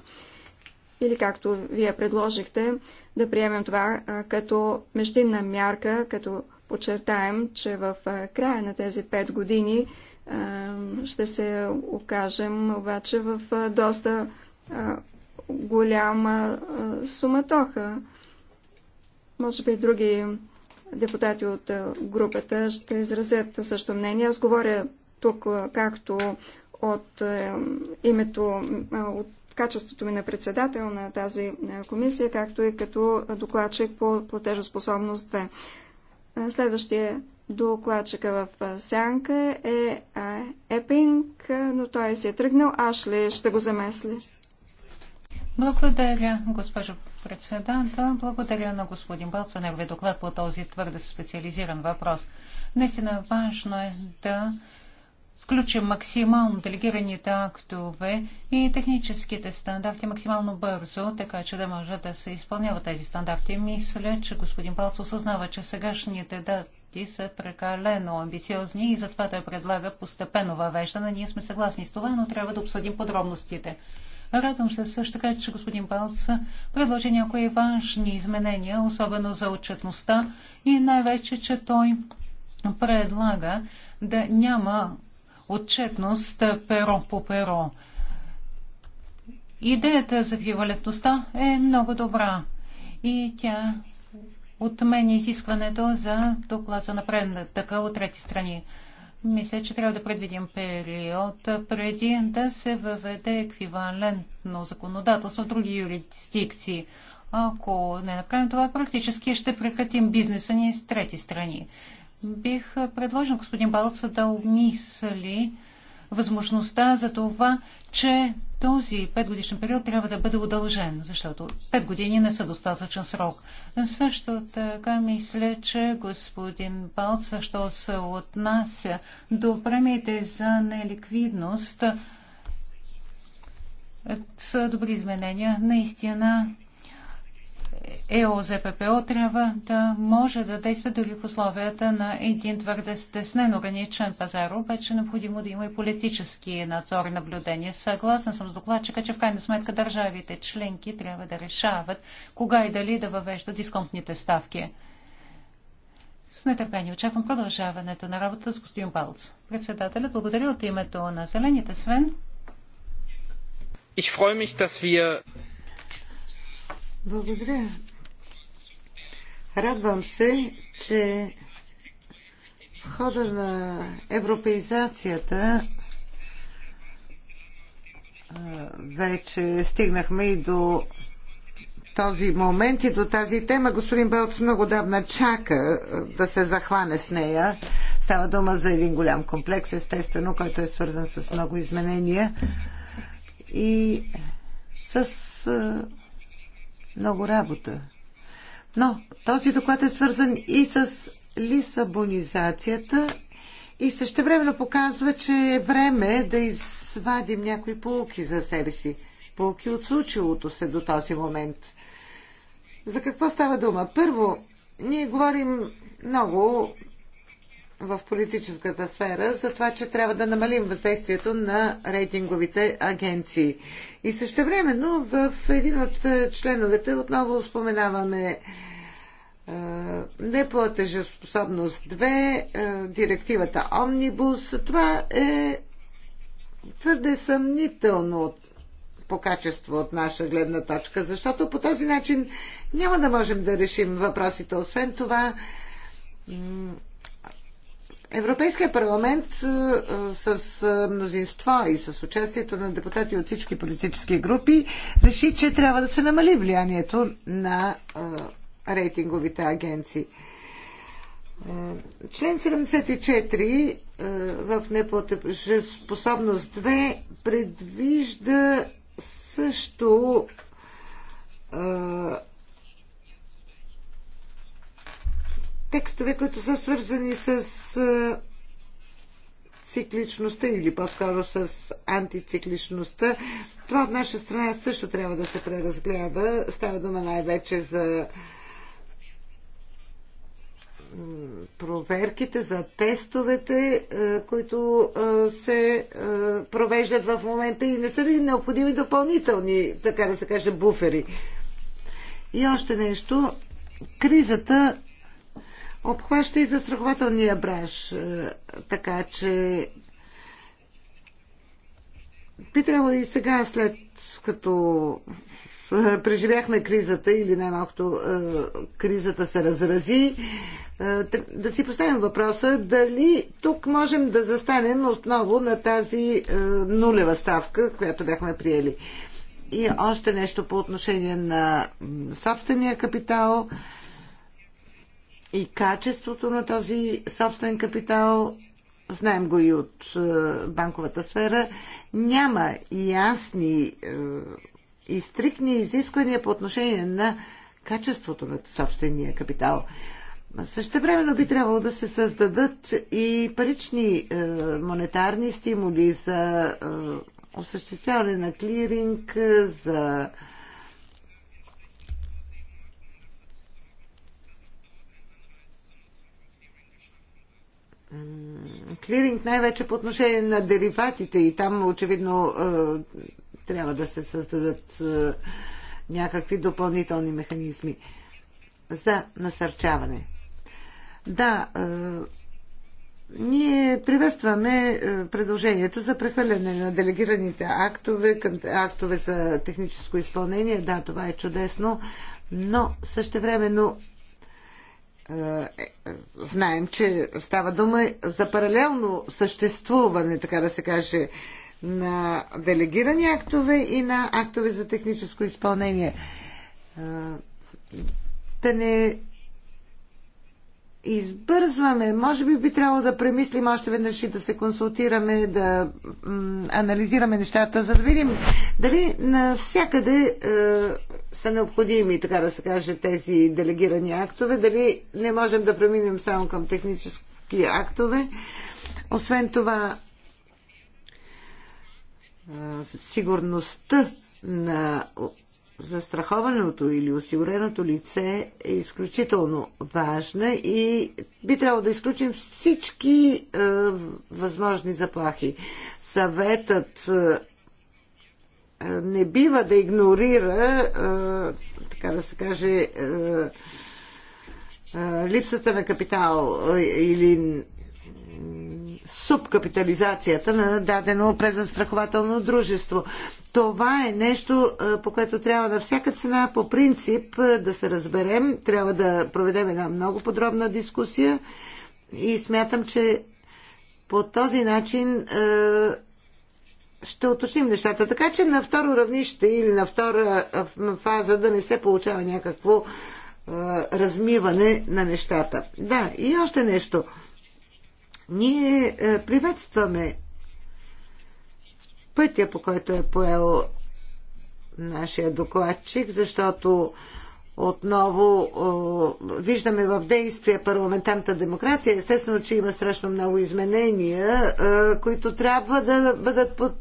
A: или както вие предложихте, да приемем това като мещинна мярка, като подчертаем, че в края на тези пет години ще се окажем обаче в доста голяма суматоха. Може би други депутати от е, групата ще изразят също мнение. Аз говоря тук е, както от е, името, от качеството ми на председател на тази комисия, както и като докладчик по платежоспособност 2. Следващия докладчика в сянка е Епинг, но той си е тръгнал. Аз ли ще го замесли.
B: Благодаря, госпожо председател. Благодаря на господин Бълт за неговия доклад по този твърде специализиран въпрос. Наистина важно е да включим максимално делегираните актове и техническите стандарти максимално бързо, така че да може да се изпълняват тези стандарти. Мисля, че господин Балц осъзнава, че сегашните дати са прекалено амбициозни и затова той предлага постепенно въвеждане. Ние сме съгласни с това, но трябва да обсъдим подробностите. Радвам се също така, че господин Балца предложи някои важни изменения, особено за отчетността и най-вече, че той предлага да няма отчетност перо по перо. Идеята за еквивалентността е много добра и тя отменя изискването за доклад за напредната от трети страни. Мисля, че трябва да предвидим период преди да се въведе еквивалентно законодателство в други юрисдикции. Ако не направим това, практически ще прекратим бизнеса ни с трети страни. Бих предложил господин Балца да обмисли възможността за това, че този петгодишен период трябва да бъде удължен, защото пет години не са достатъчен срок. Също така мисля, че господин Балц, що се отнася до премиите за неликвидност, са добри изменения. Наистина ЕОЗППО трябва да може да действа дори в условията на един твърде стеснен ограничен пазар, обаче необходимо да има и политически надзор и наблюдение. Съгласен съм с докладчика, че в крайна сметка държавите членки трябва да решават кога и дали да въвеждат дисконтните ставки. С нетърпение очаквам продължаването на работа с господин Балц. Председателят, благодаря от името на Зелените Свен. Ich freue mich, dass wir
C: благодаря. Радвам се, че в хода на европеизацията вече стигнахме и до този момент и до тази тема. Господин Белц много давна чака да се захване с нея. Става дума за един голям комплекс, естествено, който е свързан с много изменения и с много работа. Но този доклад е свързан и с лисабонизацията и същевременно показва, че е време да извадим някои полуки за себе си. Полуки от случилото се до този момент. За какво става дума? Първо, ние говорим много в политическата сфера за това, че трябва да намалим въздействието на рейтинговите агенции. И също времено в един от е, членовете отново споменаваме е, неплатежеспособност 2, е, директивата Омнибус. Това е твърде съмнително по качество от наша гледна точка, защото по този начин няма да можем да решим въпросите. Освен това, Европейския парламент е, с е, мнозинство и с участието на депутати от всички политически групи реши, че трябва да се намали влиянието на е, рейтинговите агенции. Член 74 в неплатежеспособност 2 предвижда също текстове, които са свързани с цикличността или по-скоро с антицикличността. Това от наша страна също трябва да се преразгледа. Става дума най-вече за проверките, за тестовете, които се провеждат в момента и не са ли необходими допълнителни, така да се каже, буфери. И още нещо. Кризата обхваща и застрахователния бранш. Е, така че би трябвало и сега, след като е, преживяхме кризата или най-малкото е, кризата се разрази, да си поставим въпроса дали тук можем да застанем отново на тази нулева ставка, която бяхме приели. И още нещо по отношение на собствения капитал и качеството на този собствен капитал, знаем го и от е, банковата сфера, няма ясни е, и стрикни изисквания по отношение на качеството на собствения капитал. Също времено би трябвало да се създадат и парични е, монетарни стимули за осъществяване на клиринг, за клиринг най-вече по отношение на дериватите и там очевидно трябва да се създадат някакви допълнителни механизми за насърчаване. Да, ние приветстваме предложението за прехвърляне на делегираните актове към актове за техническо изпълнение. Да, това е чудесно, но времено е, е, знаем, че става дума за паралелно съществуване, така да се каже, на делегирани актове и на актове за техническо изпълнение. Е, да не избързваме, може би би трябвало да премислим още веднъж и да се консултираме, да анализираме нещата, за да видим дали навсякъде са необходими, така да се каже, тези делегирани актове, дали не можем да преминем само към технически актове. Освен това, сигурността на застрахованото или осигуреното лице е изключително важна и би трябвало да изключим всички е, възможни заплахи. Съветът не бива да игнорира, така да се каже, липсата на капитал или субкапитализацията на дадено презастрахователно дружество. Това е нещо, по което трябва на всяка цена, по принцип, да се разберем. Трябва да проведем една много подробна дискусия и смятам, че по този начин ще уточним нещата. Така че на второ равнище или на втора фаза да не се получава някакво размиване на нещата. Да, и още нещо. Ние е, приветстваме пътя, по който е поел нашия докладчик, защото а, отново виждаме в действие парламентарната демокрация. Естествено, че има страшно много изменения, които трябва да бъдат под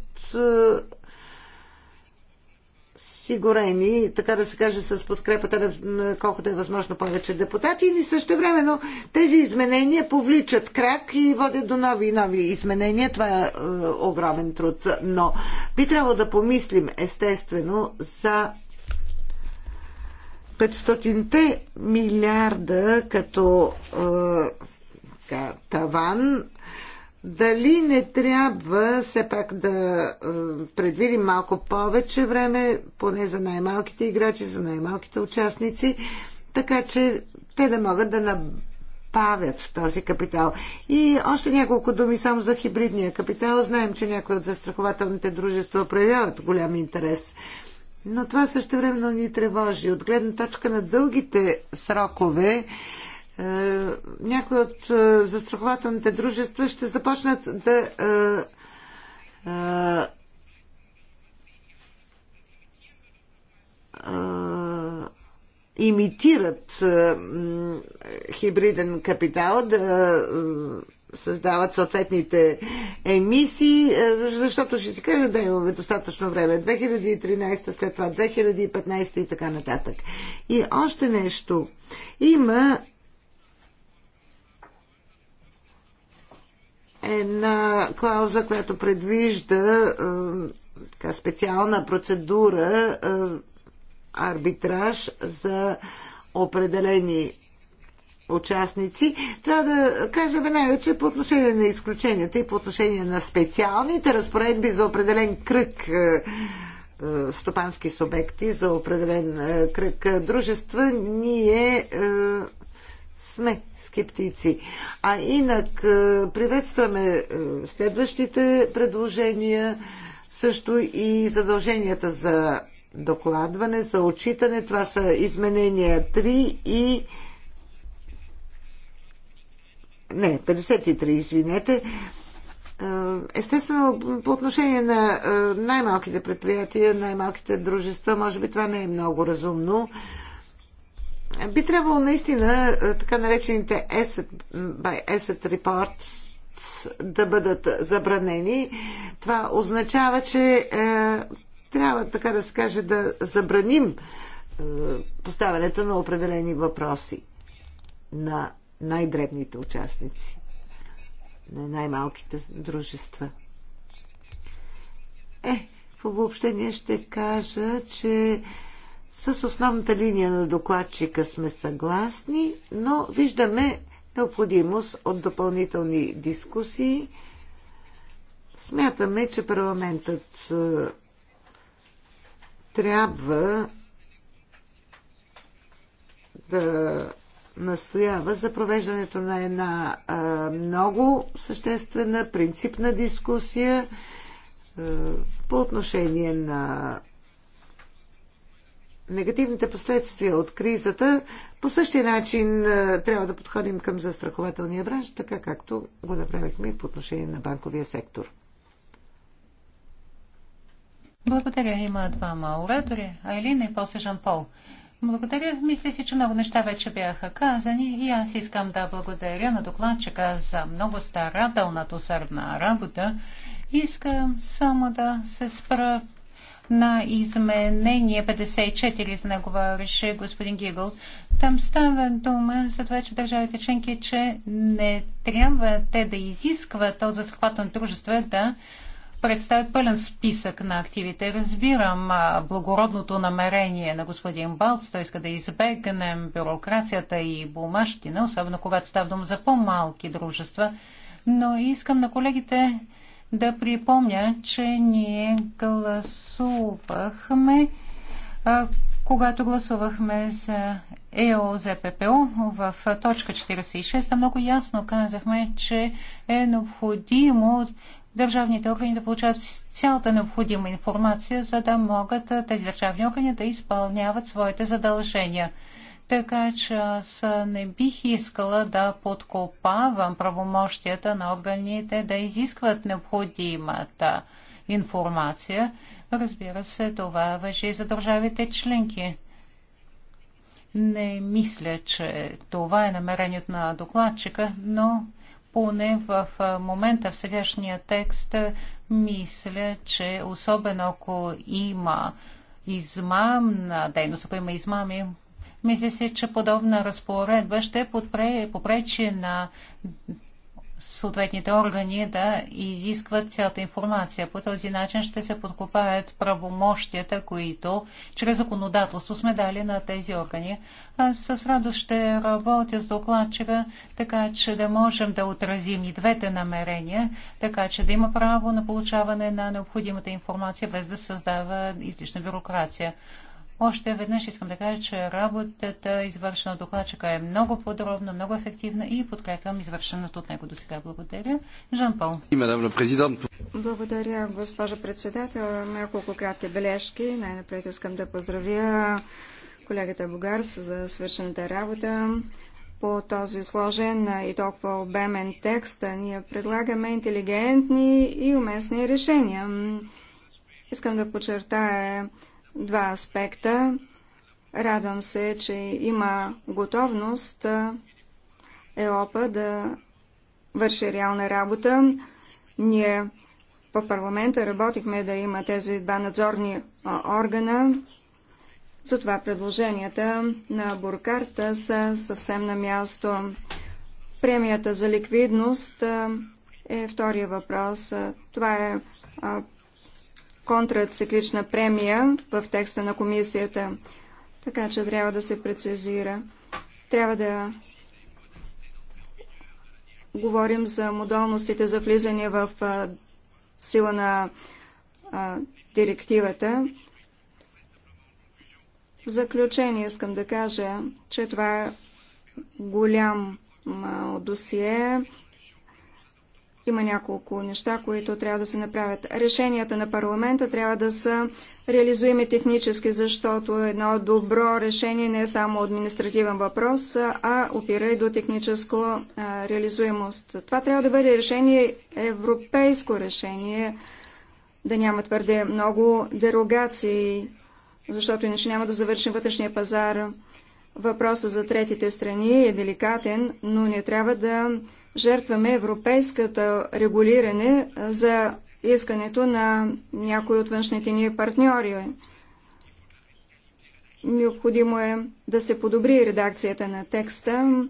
C: сигурени, така да се каже, с подкрепата на колкото е възможно повече депутати. И също време, но тези изменения повличат крак и водят до нови и нови изменения. Това е, е огромен труд. Но би трябвало да помислим, естествено, за 500-те милиарда като е, таван, дали не трябва все пак да е, предвидим малко повече време, поне за най-малките играчи, за най-малките участници, така че те да могат да набавят този капитал. И още няколко думи само за хибридния капитал. Знаем, че някои от застрахователните дружества проявяват голям интерес. Но това също времено ни тревожи. От гледна точка на дългите срокове, е, някои от е, застрахователните дружества ще започнат да е, имитират хибриден капитал, да създават съответните емисии, е, защото ще си кажа да имаме достатъчно време. 2013, след това 2015 и така нататък. И още нещо. Има една клауза, която предвижда е, така, специална процедура е, арбитраж за определени участници. Трябва да кажа веднага, че по отношение на изключенията и по отношение на специалните разпоредби за определен кръг е, е, стопански субекти, за определен е, кръг дружества, ние сме скептици. А инак приветстваме следващите предложения, също и задълженията за докладване, за отчитане. Това са изменения 3 и не, 53, извинете. Естествено, по отношение на най-малките предприятия, най-малките дружества, може би това не е много разумно. Би трябвало наистина така наречените asset, by asset reports да бъдат забранени. Това означава, че е, трябва, така да се каже, да забраним е, поставянето на определени въпроси на най-дребните участници, на най-малките дружества. Е, в обобщение ще кажа, че с основната линия на докладчика сме съгласни, но виждаме необходимост от допълнителни дискусии. Смятаме, че парламентът е, трябва да настоява за провеждането на една а, много съществена, принципна дискусия а, по отношение на негативните последствия от кризата. По същия начин а, трябва да подходим към застрахователния бранш, така както го направихме и по отношение на банковия сектор.
B: Благодаря. Има двама оратори. Айлина и после Жан Пол. Благодаря. Мисля си, че много неща вече бяха казани и аз искам да благодаря на докладчика за много старателната усърдна работа. Искам само да се спра на изменение 54, за него говореше господин Гигъл. Там става дума за това, че държавите членки, че не трябва те да изискват от застрахователно дружество да представят пълен списък на активите. Разбирам благородното намерение на господин Балц. Той иска да избегнем бюрокрацията и бумащина, особено когато става дума за по-малки дружества. Но искам на колегите да припомня, че ние гласувахме, когато гласувахме за ЕОЗППО в точка 46, много ясно казахме, че е необходимо държавните органи да получават цялата необходима информация, за да могат тези държавни органи да изпълняват своите задължения. Така че аз не бих искала да подкопавам правомощията на органите да изискват необходимата информация. Разбира се, това въжи за държавите членки. Не мисля, че това е намерението на докладчика, но поне в момента в сегашния текст мисля, че особено ако има измамна дейност, ако има измами, мисля се, че подобна разпоредба ще попречи на съответните органи да изискват цялата информация. По този начин ще се подкопаят правомощията, които чрез законодателство сме дали на тези органи. Аз с радост ще работя с докладчика, така че да можем да отразим и двете намерения, така че да има право на получаване на необходимата информация, без да създава излишна бюрокрация. Още веднъж искам да кажа, че работата, извършена от докладчика, е много подробна, много ефективна и подкрепям извършеното от него до сега. Благодаря.
A: Жан Пол. Благодаря, госпожа председател. Няколко кратки бележки. Най-напред искам да поздравя колегата Бугарс за свършената работа по този сложен и толкова обемен текст. Ние предлагаме интелигентни и уместни решения. Искам да подчертая два аспекта. Радвам се, че има готовност ЕОПА да върши реална работа. Ние по парламента работихме да има тези два надзорни органа. Затова предложенията на Буркарта са съвсем на място. Премията за ликвидност е втория въпрос. Това е контрациклична премия в текста на комисията. Така че трябва да се прецизира. Трябва да говорим за модалностите за влизане в сила на директивата. В заключение искам да кажа, че това е голям досие, има няколко неща, които трябва да се направят. Решенията на парламента трябва да са реализуеми технически, защото едно добро решение не е само административен въпрос, а опира и до техническа реализуемост. Това трябва да бъде решение, европейско решение, да няма твърде много дерогации, защото иначе няма да завършим вътрешния пазар. Въпросът за третите страни е деликатен, но не трябва да жертваме европейската регулиране за искането на някои от външните ни партньори. Необходимо е да се подобри редакцията на текста.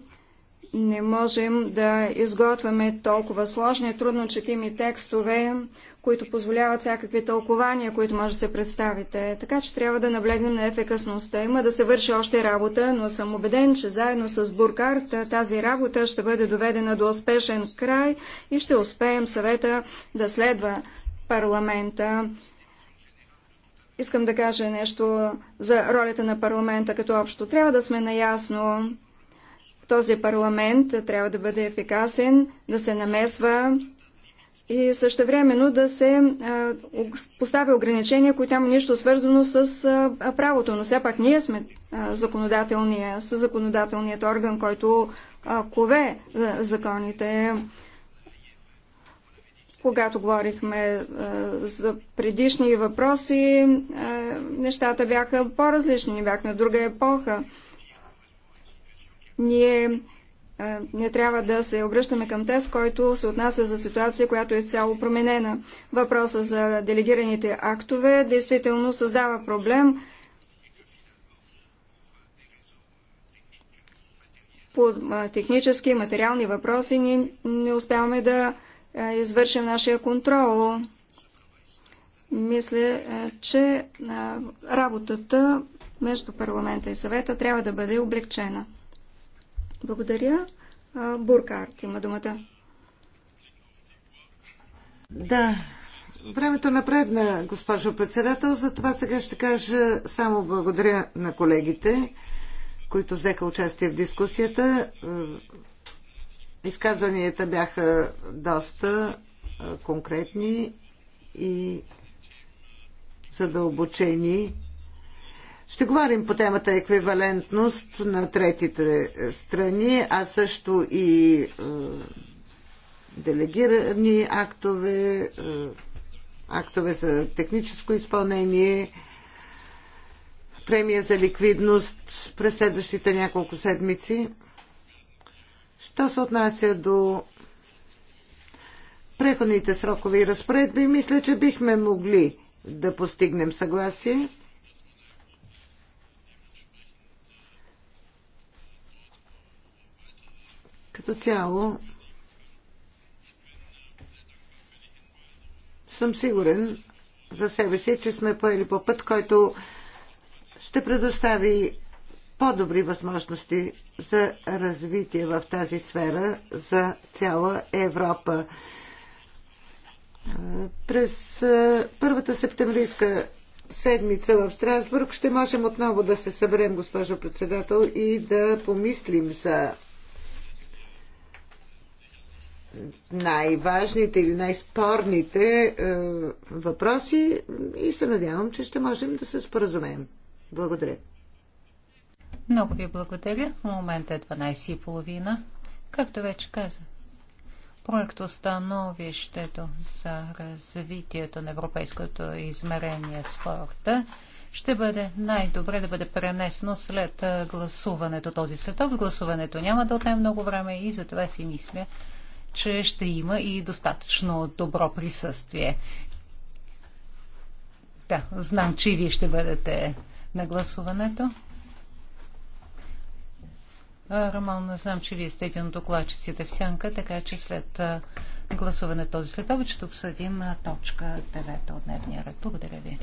A: Не можем да изготвяме толкова сложни, трудно четими текстове, които позволяват всякакви тълкования, които може да се представите. Така че трябва да наблегнем на ефекасността. Има да се върши още работа, но съм убеден, че заедно с Буркарт тази работа ще бъде доведена до успешен край и ще успеем съвета да следва парламента. Искам да кажа нещо за ролята на парламента като общо. Трябва да сме наясно. Този парламент трябва да бъде ефикасен, да се намесва и същевременно да се поставя ограничения, които няма нищо свързано с правото. Но все пак ние сме законодателния, с законодателният орган, който кове законите. Когато говорихме за предишни въпроси, нещата бяха по-различни, бяхме в друга епоха. Ние не трябва да се обръщаме към тест, който се отнася за ситуация, която е цяло променена. Въпроса за делегираните актове действително създава проблем по технически и материални въпроси ние не успяваме да извършим нашия контрол. Мисля, че работата между парламента и съвета трябва да бъде облегчена. Благодаря. Буркарт има думата.
C: Да, времето напредна, госпожо председател, за това сега ще кажа само благодаря на колегите, които взеха участие в дискусията. Изказванията бяха доста конкретни и задълбочени. Ще говорим по темата еквивалентност на третите е, страни, а също и е, делегирани актове, е, актове за техническо изпълнение, премия за ликвидност през следващите няколко седмици. Що се отнася до преходните срокове и разпоредби, мисля, че бихме могли да постигнем съгласие. Като цяло съм сигурен за себе си, че сме поели по път, който ще предостави по-добри възможности за развитие в тази сфера за цяла Европа. През първата септемврийска седмица в Страсбург ще можем отново да се съберем, госпожо председател, и да помислим за най-важните или най-спорните е, въпроси и се надявам, че ще можем да се споразумеем. Благодаря.
B: Много ви благодаря. В момента е 12.30. Както вече каза, проект Остановището за развитието на европейското измерение в спорта ще бъде най-добре да бъде пренесено след гласуването този след следобед. Гласуването няма да отнеме много време и затова си мисля, че ще има и достатъчно добро присъствие. Да, знам, че и вие ще бъдете на гласуването. Роман, знам, че вие сте един от докладчиците в сянка, така че след гласуване този следобед ще обсъдим точка 9 от дневния ред. Благодаря ви.